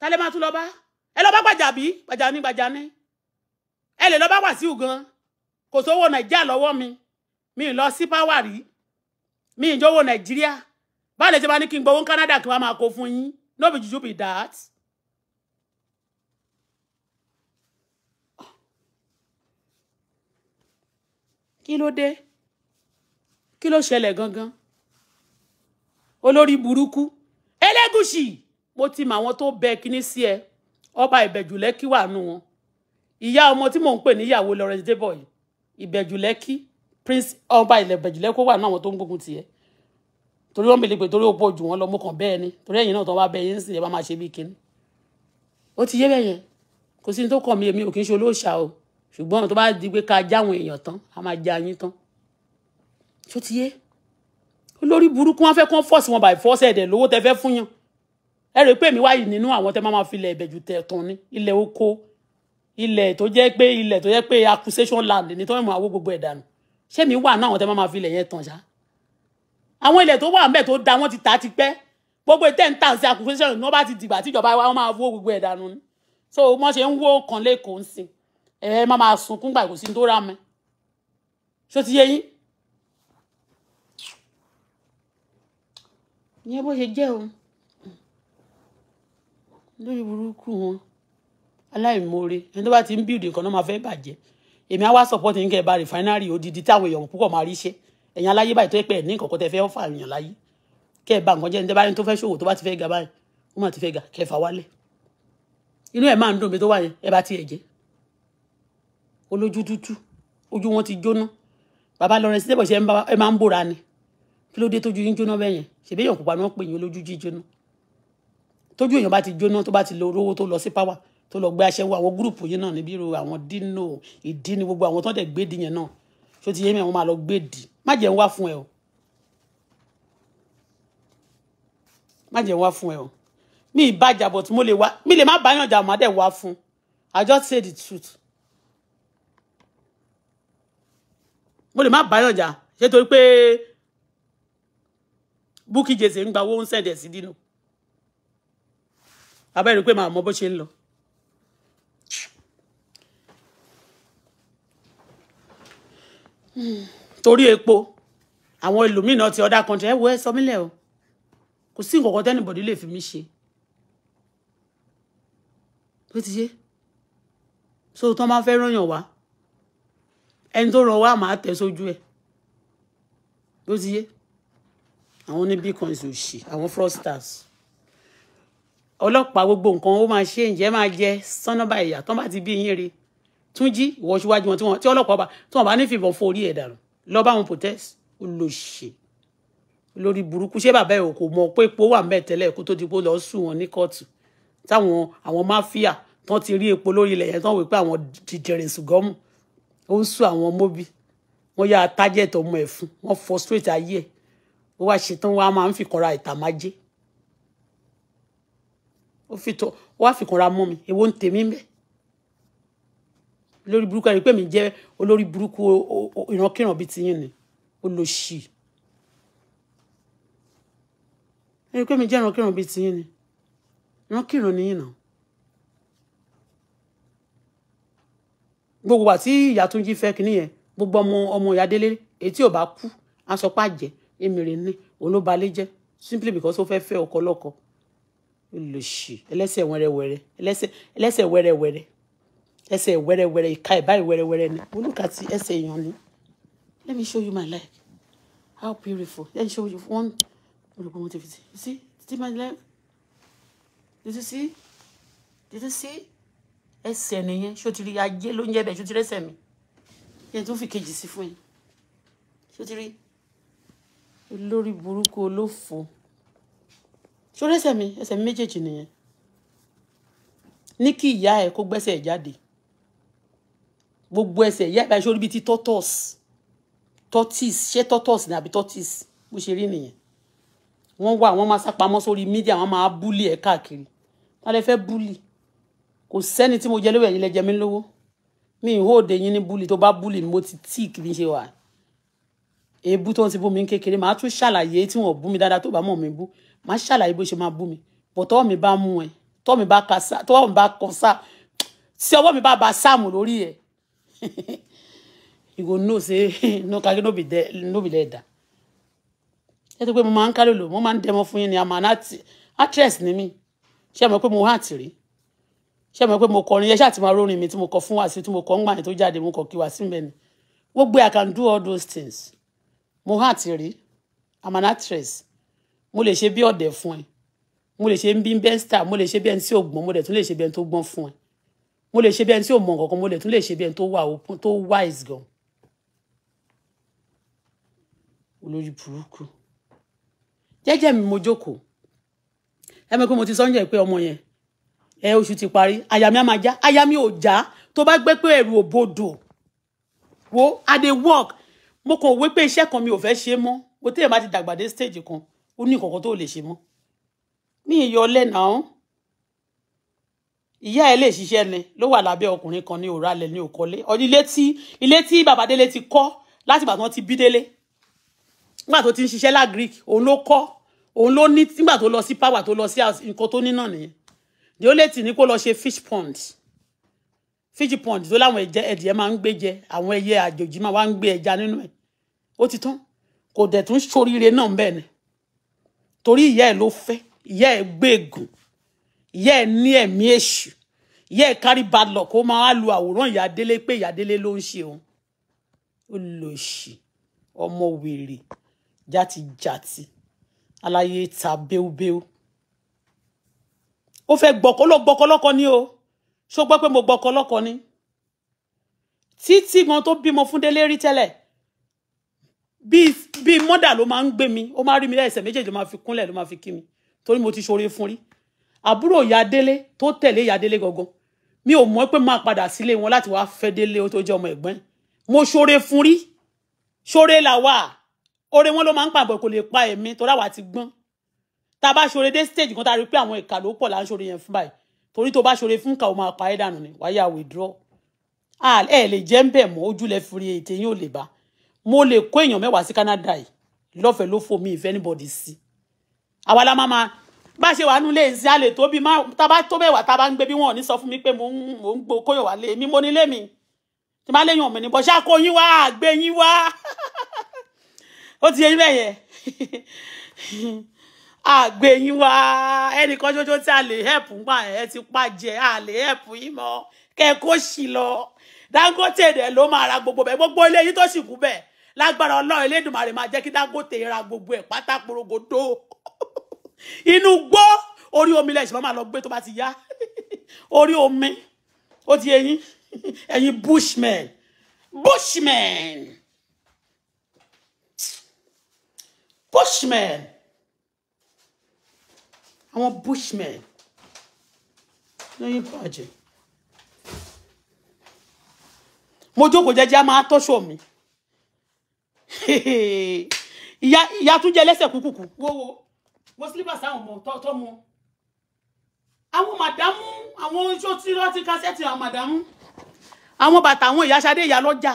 ta lè máa tún lọ bá ba lọ bá Gbàjàbí Gbàjàní Gbàjàní ẹ lè lọ bá Wàsíù gan kò sówó Nàìjíríà lọ́wọ́ mi mi ì si sí power mi ì jówó Nigeria. Ba lè ṣe bá ní kí n gbowó Canada kí wọ́n máa kó fún yín no be juju be that kí ló dé kí ló ṣẹlẹ̀ gangan olórí burúkú Elégùṣì mo ti mọ àwọn tó bẹ kíní sí ẹ ọba ìbẹ̀jùlẹ́kì wà nù wọn ìyá ọmọ tí mò ń pè níyàwó Lawrence Deboy ìbẹ̀jùlẹ́kì prince ọba ilẹ̀ ìbẹ̀jùlẹ́kì wà nù àwọn tó ń gbógun tiẹ̀ torí wọn bèlè pé torí ó pọ̀ jù wọn lọ mo kàn bẹ́ẹ̀ ni torí ẹ̀yin náà tó bá bẹ́ẹ̀ yín sì ẹ bá máa ṣe bí kíní ó ti yé bẹ́ẹ̀ kò sí ní tó kàn mí èmi ò kí ń ṣe olóòṣà o ṣùgbọ́n tó bá di pé ká jáwọn èèyàn tán a máa já yín tán ṣó ti yé olórí burúkú wọn fẹ́ kán fọ́ọ̀sì wọn báyìí fọ́ọ̀sì ẹ̀dẹ̀ lówó tẹ fẹ́ fún yàn ẹ rè pé èmi wáyìí nínú àwọn tẹ máa ma fi ilẹ̀ ìbẹ̀jù tẹ̀ tán ní ilẹ̀ oko ilẹ̀ tó jẹ́ pé ilẹ̀ tó jẹ́ pé accusation land ní tọ́wọ́n mọ àwọ gbogbo ẹ̀ dànù ṣé mi wà náà àwọn tẹ máa ma fi ilẹ̀ yẹn tàn ṣá àwọn ilẹ̀ tó wà ńbẹ̀ tó da wọ́n ti ta ti pẹ́ gbogbo ìtẹ́ ń tàn sí accusation ní wọ́n bá ti dìgbà tíjọba wọn máa wó gbogbo ẹ̀ dànù ni so wọ́n ṣe ń wó kan lẹ́kọ̀ọ́ ń sìn ẹ má máa sunkún gbà kò sí tó rà mọ́ ṣó ti yé yín. ìyẹn bó ṣe jẹ́ o lórí burúkú wọn aláìmoore ẹni tó bá ti ń bíìdì nǹkan náà máa fẹ́ bàjẹ́ èmi á wá support yín kẹ́ ẹ bá rìfáínárì odidi táwọn èèyàn púpọ̀ máa rí ṣe ẹ̀yin aláyé báyìí tó ẹ pẹ́ ẹ̀ ní nǹkan kan tẹ́ fẹ́ fà yàn láyé kẹ́ ẹ bá nǹkan jẹ́ ní tẹ́ bá ní tó fẹ́ ṣòwò tó bá ti fẹ́ ga báyìí wọ́n máa ti fẹ́ ga kẹ́ ẹ fà wálẹ̀ inú ẹ̀ máa ń dùn bí tó wà yẹn ẹ bá tiẹ̀ jẹ́ olójú tútù ojú wọn ti jóná bàbá Lawrence Tébọ̀ ṣe ẹ máa ń bóra ni kí ló dé tójú yín jóná bẹ́yẹn ṣèbí èèyàn pupa ni wọ́n pè yín olójú jíjóná tójú èèyàn bá ti jóná tó bá ti lo rówó tó lọ sí power tó lọ gbé aṣẹ́wó àwọn gúrùpù yín náà níbí ro àwọn dino ìdí ni gbogbo àwọn tó ń dẹ̀ gbé dìyẹn náà ṣó ti yé mi àwọn máa lọ gbé dì má jẹ́ ń wá fún ẹ o má jẹ́ ń wá fún ẹ o mi ì bá jà but mo lè wá mi lè má báyàn jà má dẹ̀ wá fún I just say the truth mo lè má báyàn jà ṣé torí pé Bukky Jesse ń gba owó ń sẹ̀dẹ̀ sí dínú abẹ́rẹ́ pé màá mọ bó ṣe ń lọ. torí epo àwọn ẹlòmíràn ti ọ̀dà kan tẹ́ ẹ wo ẹ sọ mílẹ̀ o kò sí nǹkan kan tẹ́nìbọ̀dì lè fi mí ṣe bó ti ṣe so tó máa fẹ́ rányàn wá ẹni tó rọ wá màá tẹ̀ sójú ẹ̀ ló ti yé àwọn ní bitcoins ò ṣì àwọn fraudsters ọlọ́pàá gbogbo nǹkan ó máa ṣe ǹjẹ́ máa jẹ sọ́nọ́bà ìyá tán bá ti bí yín re tún jí ìwọ síwájú wọn tí ọlọ́pàá bá tí wọn bá ní fìbọn fún orí ẹ̀ dànù lọ bá wọn protest ó lò ṣe lórí burúkú ṣé bàbá ẹ̀ kò mọ̀ pé epo wà ń bẹ tẹ́lẹ̀ kó tó di pé lọ́ọ́ sùn wọn ní kóòtù táwọn àwọn máfíà tán ti rí epo lórí ilẹ̀ yẹn tán wí pé àwọn dìdẹ̀rẹ̀ sùgọ́mù ó ń sún àwọn mọ́bí wọ́n yá target ọmọ ẹ̀ fún wọ́n frustrate ayé ẹ̀ ó wá ṣetán wá máa ń fìkanra ìtàmájé ó fi tọ́ ó wá fìkanra mọ́ mi èwo ń tèmi mẹ́ olórí burúkú ẹni pé mi jẹ́ olórí burúkú ìrankíran bíi tiyín ni ó lọ sí i ẹni pé mi jẹ́ ìrankíran bíi tiyín ni ìrankíran nìyí náà. gbogbo wa tí ìyá Túnjí fẹ́ kínní yẹn gbogbo ọmọ ọmọ ìyá Délé etí ò bá kú á sọ pé ní òun jẹ́ simply because ó fẹ́ẹ́ fẹ́ ọkọ lọ́kọ olùsì ẹlẹ́sẹ̀ wẹ́rẹ́wẹ́rẹ́ ẹlẹ́sẹ̀ wẹ́rẹ́wẹ́rẹ́ ẹsẹ̀ wẹ́rẹ́wẹ́rẹ́ ìka ẹ̀ báyìí wẹ́rẹ́wẹ́rẹ́ ni olùkà ti ẹsẹ̀ èèyàn ni let me show you my life how beautiful let me show you one olùkọ́ mo you see see my life did you see did you see ẹsẹ̀ nìyẹn ṣòtìrí ajé ló ń jẹ́ bẹ́ẹ̀ ṣòtìrí ẹsẹ̀ mi yẹn tó fi kejì sí fún yín ṣòtìrí olórí burúkú olófò ṣòtìrí ẹsẹ̀ mi ẹsẹ̀ mi méjèèjì nìyẹn ní kí ìyá ẹ kó gbẹ́sẹ̀ jáde gbogbo ẹsẹ̀ ìyá ẹ báyìí ṣòrí bíi ti tortoise tortoise ṣé tortoise ni àbí tortoise bó ṣe rí nìyẹn wọ́n wà wọ́n máa sá pamọ́ sórí mídíà wọ́n máa búlì ẹ̀ káàkiri wọ́n lè fẹ́ búlì kò sẹ́ni tí mo jẹ lówó ẹ̀yin lẹ jẹ mí lówó mi ì hóòdè yín ní búlì tó bá búlì mo ti tíì kì í ṣe wà èébú tó ń ti bú mi kékeré màá tún ṣàlàyé tí wọn bú mi dáadáa tó bá mọ̀ mi bú màá ṣàlàyé bó ṣe máa bú mi bọ̀ tọ́wọ́ mi bá mú ẹ tọ́wọ́ mi bá kasa tọ́wọ́ mi bá kan sá tí ọwọ́ mi bá ba sáàmù lórí ẹ̀ you go know say no kage no be there no be there da ẹ tó pé mo máa ń kálò lò mo máa ń dẹmọ fún yín ni àmà actress ni mí ṣé ẹ mọ̀ pé mo hàn tì ṣé mo pé mo kọrin yẹn ṣáà ti máa rórin mi tí mo kọ fún Wàsíù tí mo kọ ń gbà yẹn tó jáde mo kọ kí Wàsíù mẹ́ni wọ́n gbé I can do all those things mo hàn ti rí I'm an actress mo lè ṣe bí ọ̀dẹ̀ fún ẹ mo lè ṣe bí bẹ́ẹ̀ star mo lè ṣe bí ẹni tí ò gbọ́n mo lè tún lè ṣe bí ẹni tó gbọ́n fún ẹ mo lè ṣe bí ẹni tí ò mọ nǹkan mo lè tún lè ṣe bí ẹni tó wà open tó wise gan olórí burúkú jẹ́jẹ́ mi mo jókòó ẹ mọ̀ pé mo ti sọ́njẹ́ pé ọmọ yẹn ẹ oṣù ti parí àyà mi á máa já àyà mi ò já tó bá gbé pé ẹ̀rù ò bodò wo i dey work mo kàn wé pé iṣẹ́ kan mi ò fẹ́ ṣe mọ́ mo tẹ́lẹ̀ bá ti dàgbà dé stage kan ó ní ìkọ̀kọ̀ tó lè ṣe mọ́ mi ì yọ lẹ́nà ọ́n ìyá ẹ lè ṣiṣẹ́ ni ló wà lábẹ́ ọkùnrin kan ní òrálẹ̀ ní òkọ́lé ilé tí ilé tí bàbá délé ti kọ́ láti ìgbà tí wọ́n ti bí délé nígbà tó ti ń ṣiṣẹ́ lágric òun ló kọ́ òun ló ní nígbà tó lọ sí power tó lọ sí nǹkan tó ní náà nìyẹn the only thing ni kó lọ ṣe fish pond fish pond tó láwọn ẹ̀jẹ̀ ẹ̀dìyẹ máa ń gbé jẹ àwọn ẹyẹ àjòjì máa wá ń gbé ẹja nínú ẹ̀ ó ti tán kò dẹ̀ tún ṣoríire náà ń bẹ̀ ni torí ìyá ẹ̀ ló fẹ́ ìyá ẹ̀ gbẹ̀gùn ìyá ẹ̀ ní ẹ̀mí èṣù ìyá ẹ̀ kárí balọ̀ kó máa lu àwòrán ìyá délé pé ìyá délé ló ń ṣe òun ó lò ṣì ọmọ wèrè játijàti aláyé ta bẹ́úbẹ́ú O fẹ́ gbọ̀kọ́ ló gbọ̀kọ́ lọ́kọ ni o ṣó gbọ́ pé mo gbọ̀kọ́ lọ́kọ ni títí mo tó bímọ fún délé rí tẹ́lẹ̀ bíi bíi mọ́dà ló máa ń gbé mi O ma rí mi lẹ́sẹ̀ meje ló ma fi kúnlẹ̀ ló máa fi kí mi torí mo ti ṣoore fún rí àbúrò ìyá délé tó tẹ̀lé ìyá délé gangan mi o mo pé ma padà sílé wọn láti wáá fẹ́ délé ó tó jẹ́ ọmọ ẹ̀gbọ́n mo ṣoore fún rí ṣoore là wà oore wọn ló máa ń pàbọ̀ kò lè pa ẹ̀mí torí àwa ti gbọ́n tá bá ṣoore dé stage kan tá a rí pé àwọn ìka ló pọ̀ là ń ṣoore yẹn fún báyìí torí tó bá ṣoore fún ìka máa pa ẹ́ dànù ni wáyà withdraw ẹ lè jẹ́ ń bẹ̀ mọ́ ojúlẹ̀ fúri ètè yín ò lè bá mo lè kó èèyàn mẹ́wàá sí Canada yìí lọ́fẹ̀ẹ́ ló fò mí if anybody sí àwa la máa máa bá a ṣe wà nílé ìsìn a lè tó bí má tá a bá tó bẹ́ẹ̀ wà tá bá ń gbé bí wọ́n ò ní sọ fún mi pé mò ń gbó kóyàn wá lé mi mo nílé mi tí má léyìn ọ̀mìnì bọ́ ṣáko yín wá àgbé yín wá ó ti yẹ yín bẹ́ẹ̀ yẹn àgbẹ̀yìn wa ẹnìkan ṣoṣo tí a lè help ńgbà ẹ ti pàjẹ́ a lè help yín mọ́ kẹ́kọ̀ọ́ sì lọ Dangote dẹ̀ ló máa ra gbogbo bẹ́ẹ̀ gbogbo ilé yìí tó sì kú bẹ́ẹ̀ lágbára Ọlọ́run Elédùmarè máa jẹ́ kí Dangote ra gbogbo ẹ̀ pátá porogodo inú gbó orí omi lẹ́sìn máa lọ gbé tó bá ti yá orí omi ó ti ẹ̀yin ẹ̀yin bushman, bushman, bushman àwọn bushmen lẹ́yìn bàjẹ́ mo jókòó jẹ́jẹ́ a máa tọ́ṣọ mi ìyá ìyá tún jẹ lẹ́sẹ̀ kúkúkú wọ́wọ́ wo slippers àwọn ọmọ tọ́ mu àwọn màdámù àwọn oṣù tí wọ́n ti kásẹ́ẹ̀tì àwọn màdámù àwọn bàtà àwọn ìyá Ṣadé ìyá lọ́jà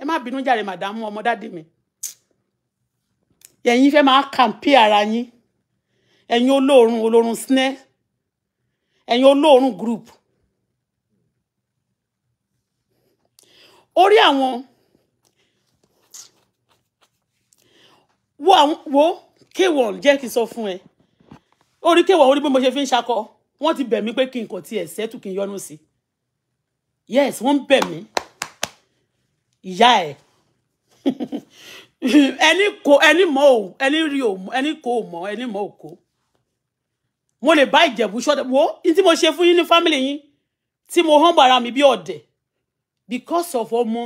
ẹ má bínú jàre màdámù ọmọ dáde mi ẹ̀yin fẹ́ máa kàǹpì ara yín ẹ̀yin olóorun olóorun snẹ́ ẹ̀yin olóorun group orí àwọn wo àwọn wo K1 jẹ́ kí n sọ fún ẹ orí K1 orí bí mo ṣe fi ń ṣakọ wọ́n ti bẹ̀ mí pé kí n kò tiẹ̀ sẹ́tù kí n yọnu sí yes wọ́n ń bẹ̀ mí ìyá ẹ̀ ẹni kò ẹni mọ ò ẹni rí ò mọ ẹni kò mọ ẹni mọ ò kò mo lè bá ìjẹ̀bú ṣọ́dẹ̀ wo ní tí mo ṣe fún yín ní family yín tí mo hàn bàrà mi bí ọ̀dẹ̀ because of ọmọ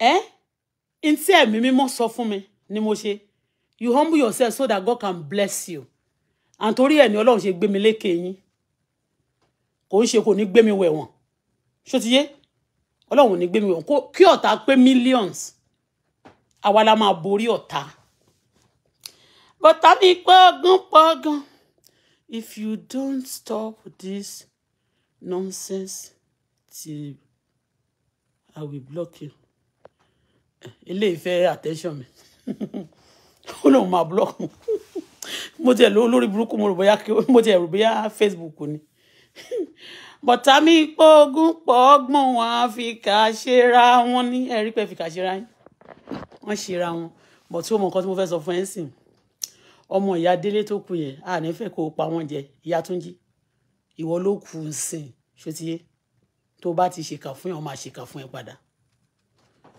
ẹ n tí ẹ̀mí mímọ́ sọ fún mi ni mo ṣe you humble yourself so that God can bless you and torí ẹ̀ ni ọlọ́run ṣe gbé mi lékè yín kò ń ṣe kò ní gbé mi wẹ̀wọ̀n ṣó ti yé ọlọ́run ò ní gbé mi wẹ̀wọ̀n kí ọ̀tá pé millions àwa la máa borí But I mean, pogun, pogun. If you don't stop this nonsense, till I will block you. Eh, eléyìí fẹ́ attention mi. Ó lóun máa block mu. Mo tiẹ̀ lówó lórí burúkú mo rò bóyá mo tiẹ̀ rò bóyá Facebook ni. Bọ̀tá mi pogun pọ̀gbọ̀n wọn á fi kà ṣera wọn ní ẹ̀rí pẹ́ fi kà ṣera yín. Wọ́n ṣera wọn. Bọ̀ tí ó mọ nǹkan tí mo fẹ́ sọ fún ẹ̀ sìn ọmọ ìyá délé tó kù yẹn a ní fẹ́ kó o pa wọ́n jẹ ìyá túnjí ìwọ ló kù ń sìn ṣótiyé tó bá ti ṣèkà fún yẹn wọ́n máa ṣèkà fún ẹ padà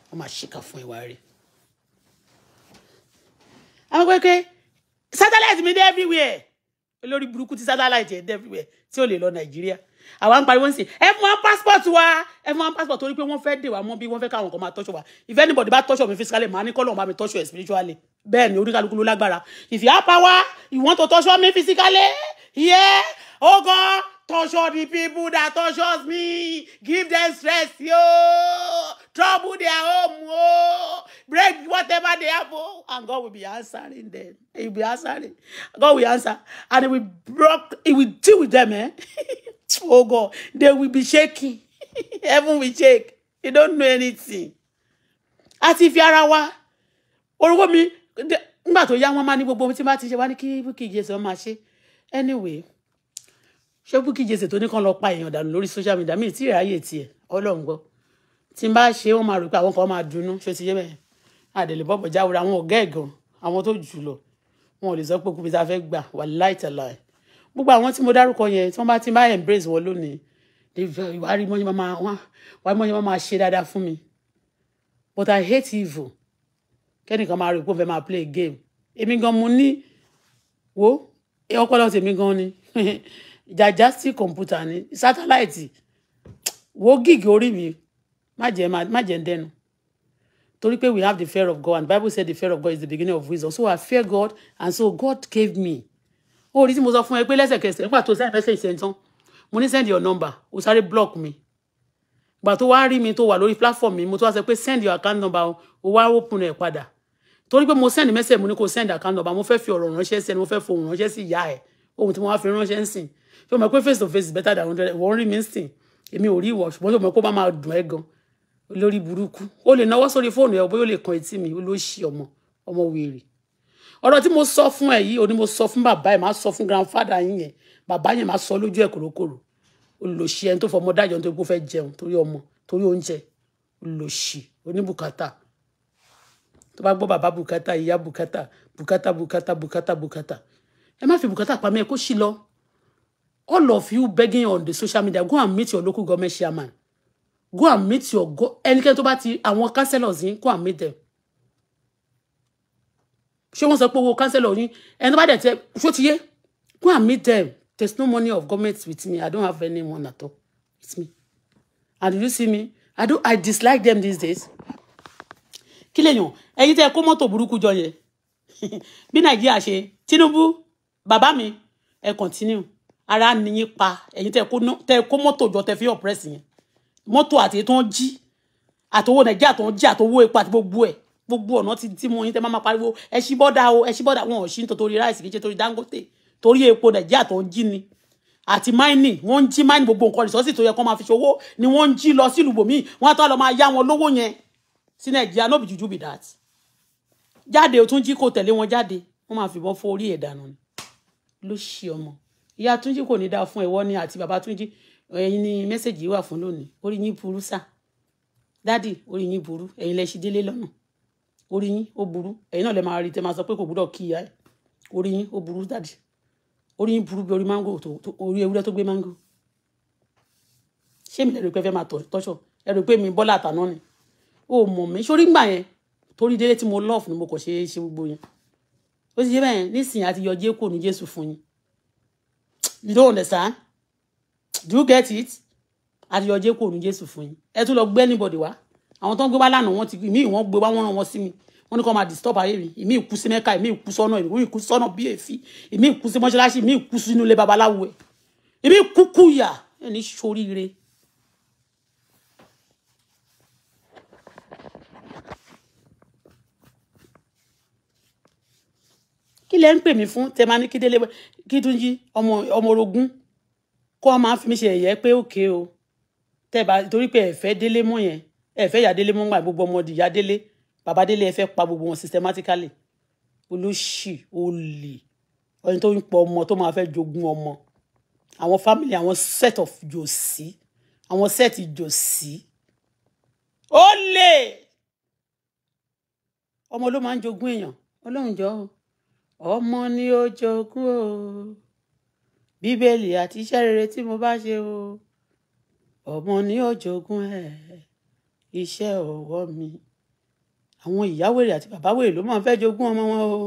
wọ́n máa fún ẹ wá àwọn pẹ́pẹ́ satellite mi dé everywhere olórí burúkú ti satellite yẹn dé everywhere tí ò lè lọ nàìjíríà àwa ń pariwo ń sìn ẹ fún wa passport wa ẹ fún wa passport torí pé wọ́n fẹ́ dè wá mọ́ bí wọ́n fẹ́ káwọn kan máa tọ́ṣọ wa if anybody bá tọ́ṣọ mi physically màá ní kọ́lọ̀ bá mi tọ́ṣọ ẹ̀ spiritually bẹ́ẹ̀ ni oníkálukú ló lágbára if you have power you want to tọ́ṣọ mi physically yeah oh God torture the people that tortures me give them stress yo trouble their home oh break whatever they have oh and God will be answering them he will be answering God will answer and he will block he will deal with them eh Oh God, they will be shaking. Heaven will shake. You don't know anything. Àti fi ara wa. Orúkọ mi nígbà tó yá wọn máa ní gbogbo ohun tí bá ti ṣe wá ní kí Bukky Jesse máa ṣe. Anyway, ṣé Bukky Jesse tó ní kàn lọ pa èèyàn dànù lórí social media mi tí ìráyè tiẹ̀ Ọlọ́run gbọ́. Tí n bá ṣe wọ́n máa rò pé àwọn kan máa dunnú ṣé ti yé bẹ́ẹ̀. Àdèlè bọ́bọ̀ jáwèrè àwọn ọ̀gá ẹ̀gàn àwọn tó jù lọ. Wọn ò lè sọ pé okùnfin ta fẹ́ gbà wà láìtàláì gbogbo àwọn tí mo dárúkọ yẹn tí wọ́n bá ti máa embrace wọn lónìí ìwà rí mọ́yìn máa wá wà mọ́yìn máa ṣe dáadáa fún mi but I hate evil kẹ́nìkan máa rí pé ó fẹ́ máa play game èmi gan mo ní wo ọpọlọ tèmi gan ni jàjà sí kọ̀ǹpútà ni sátáláìtì wo gig orí mi má jẹ́ ń dẹnu torí pé we have the fear of God and the Bible said the fear of God is the beginning of wisdom so I fear God and so God gave me ó rí tí mo sọ fún ẹ pé lẹ́sẹ̀kẹsẹ̀ nígbà tó send message send tán mo ní send your number ó sáré block mi ìgbà tó wá rí mi tó wà lórí platform mi mo tó wá sọ pé send your account number ó wá open ẹ̀ padà torí pé mo send message mo ní kó send account number mo fẹ́ fi ọ̀rọ̀ ránṣẹ́ sí ẹni mo fẹ́ fohùn ránṣẹ́ sí ìyá ẹ̀ ohun tí mo wá fi ránṣẹ́ ń sìn ṣé o mọ̀ pé face to face is better than hundred wọ́n rí mi ń sìn èmi ò rí ìwọ ṣùgbọ́n ṣé o mọ̀ pé ó bá máa dùn ẹ́ gan lórí burúkú o lè náwó sórí fóònù ẹ bóyá o lè kan etí mi ó ló ṣì ọmọ ọmọ wèrè ọ̀rọ̀ tí mo sọ fún ẹ yìí òní mo sọ fún bàbá ẹ̀ máa sọ fún grandfather yín yẹn bàbá yẹn máa sọ lójú ẹ̀ kòrókòrò olùlòṣì ẹni tó fọmọ dájọ́ nítorí pé ó fẹ́ jẹun torí ọmọ torí oúnjẹ olùlòṣì oníbùkátà tó bá gbọ́ bàbá bùkátà ìyá bùkátà bùkátà bùkátà bùkátà bùkátà ẹ má fi bùkátà pamẹ́ kó ṣì lọ all of you begging on the social media go and meet your local government chairman go and meet your go ẹnikẹ́ni tó bá ti àwọn councillors yín go and meet them ṣé wọ́n sọ pé owó councilor yín ẹni bá dẹ̀ tẹ ṣó ti yé go and meet them there is no money of government with me i don't have any money at all with me and you see me i do i dislike them these days kí lèèyàn ẹ̀yin tẹ kó mọ́tò burúkú jọ yẹn bí nàìjíríà ṣe tinubu bàbá mi ẹ continue ara nìyí pa ẹ̀yin tẹ kó mọ́tò jọ tẹ fi oppress yẹn mọ́tò àti tó ń jí àtowó nàìjíríà tó ń jí àtowó epo àti gbogbo ẹ̀ gbogbo ọ̀nà ti dí mú yín tẹ́ máa ma pariwo ẹ ṣí bọ́dà o ẹ ṣí bọ́dà wọn ò ṣí nítorí ráìsì kìí ṣe torí Dangote torí epo Nàìjíríà tó ń jí ni àti mining wọ́n ń jí mining gbogbo nǹkan rìsọ́ọ̀sì tó yẹ kó máa fi ṣòwò ni wọ́n ń jí lọ sílùú bòmí wọ́n á tó máa yá wọn lówó yẹn sí Nàìjíríà no be juju be jáde ó tún jí kó tẹ̀lé wọn jáde wọ́n máa fìbọn fọ́ orí ẹ̀ dànù ni ló ṣe ọmọ ìyá Túnjí kò ní dáa fún ẹ̀wọ́ ni àti bàbá Túnjí ẹ̀yin ni mẹ́sẹ̀gì wà fún lónìí orí yín burú sà dádì orí yín burú ẹ̀yin lẹ ṣì délé lọ́nà orí yín ó burú ẹ̀yin náà lè máa rí tẹ́ máa sọ pé kò gbúdọ̀ kí ìyá ẹ̀ orí yín ó burú dàdí orí yín burú bí orí máńgò tó orí ewúrẹ́ tó gbé máńgò ṣé mi lè rò pé fẹ́ máa tọ́ṣọ̀ ẹ rò pé mi Bọ́lá àtàná ni ó mọ̀ mí sórí ń gbà yẹn torí délé tí mo lọ́ọ̀fù ni mo kàn ṣe é ṣe gbogbo yẹn ó ti ṣe bẹ́ẹ̀ nísìnyí àti yọ jẹ́ ní Jésù fún yín you don't understand do you get it àti yọ jẹ́ kò ní Jésù fún yín ẹ tún lọ gbé anybody wá àwọn tó ń gbé wá lánàá wọn ti ìmí wọn gbé wá wọn ràn wọn sí mi wọn ní kó máa disturb ayé mi ìmí ìkú sí mẹ́ka ìmí ìkú sọ́nà ìmí ìkú sọ́nà bí èéfì ìmí ìkú sí mọ́ṣáláṣí ìmí ìkú sínú ilé babaláwo ẹ̀ ìmí ìkú kú yà ẹ̀ ní soríire kí lẹ ń pè mí fún tẹ máa ní kí délé kí tún yí ọmọ ọmọ orogún kó máa fi mí ṣe ẹ̀yẹ pé òkè o tẹ bá torí pé ẹ̀fẹ́ délé mọ́ yẹn ẹ fẹ́ yàdélé mọ́ gbà gbogbo ọmọdé yàdélé babadélé ẹ fẹ́ pa gbogbo wọn systematically olóṣì olè ọni tó ń pọ ọmọ tó máa fẹ́ jogún ọmọ àwọn family àwọn set of jòsí àwọn set jòsí olè ọmọ ló máa ń jogún èèyàn ọlọ́run jọ ọmọ ni ó jogún o bíbélì àti iṣẹ́ rere tí mo bá ṣe o ọmọ ni ó jogún ẹ̀ iṣẹ́ ọwọ́ mi àwọn ìyáwèrè àti bàbáwèrè ló máa fẹ́ jogún ọmọ wọn o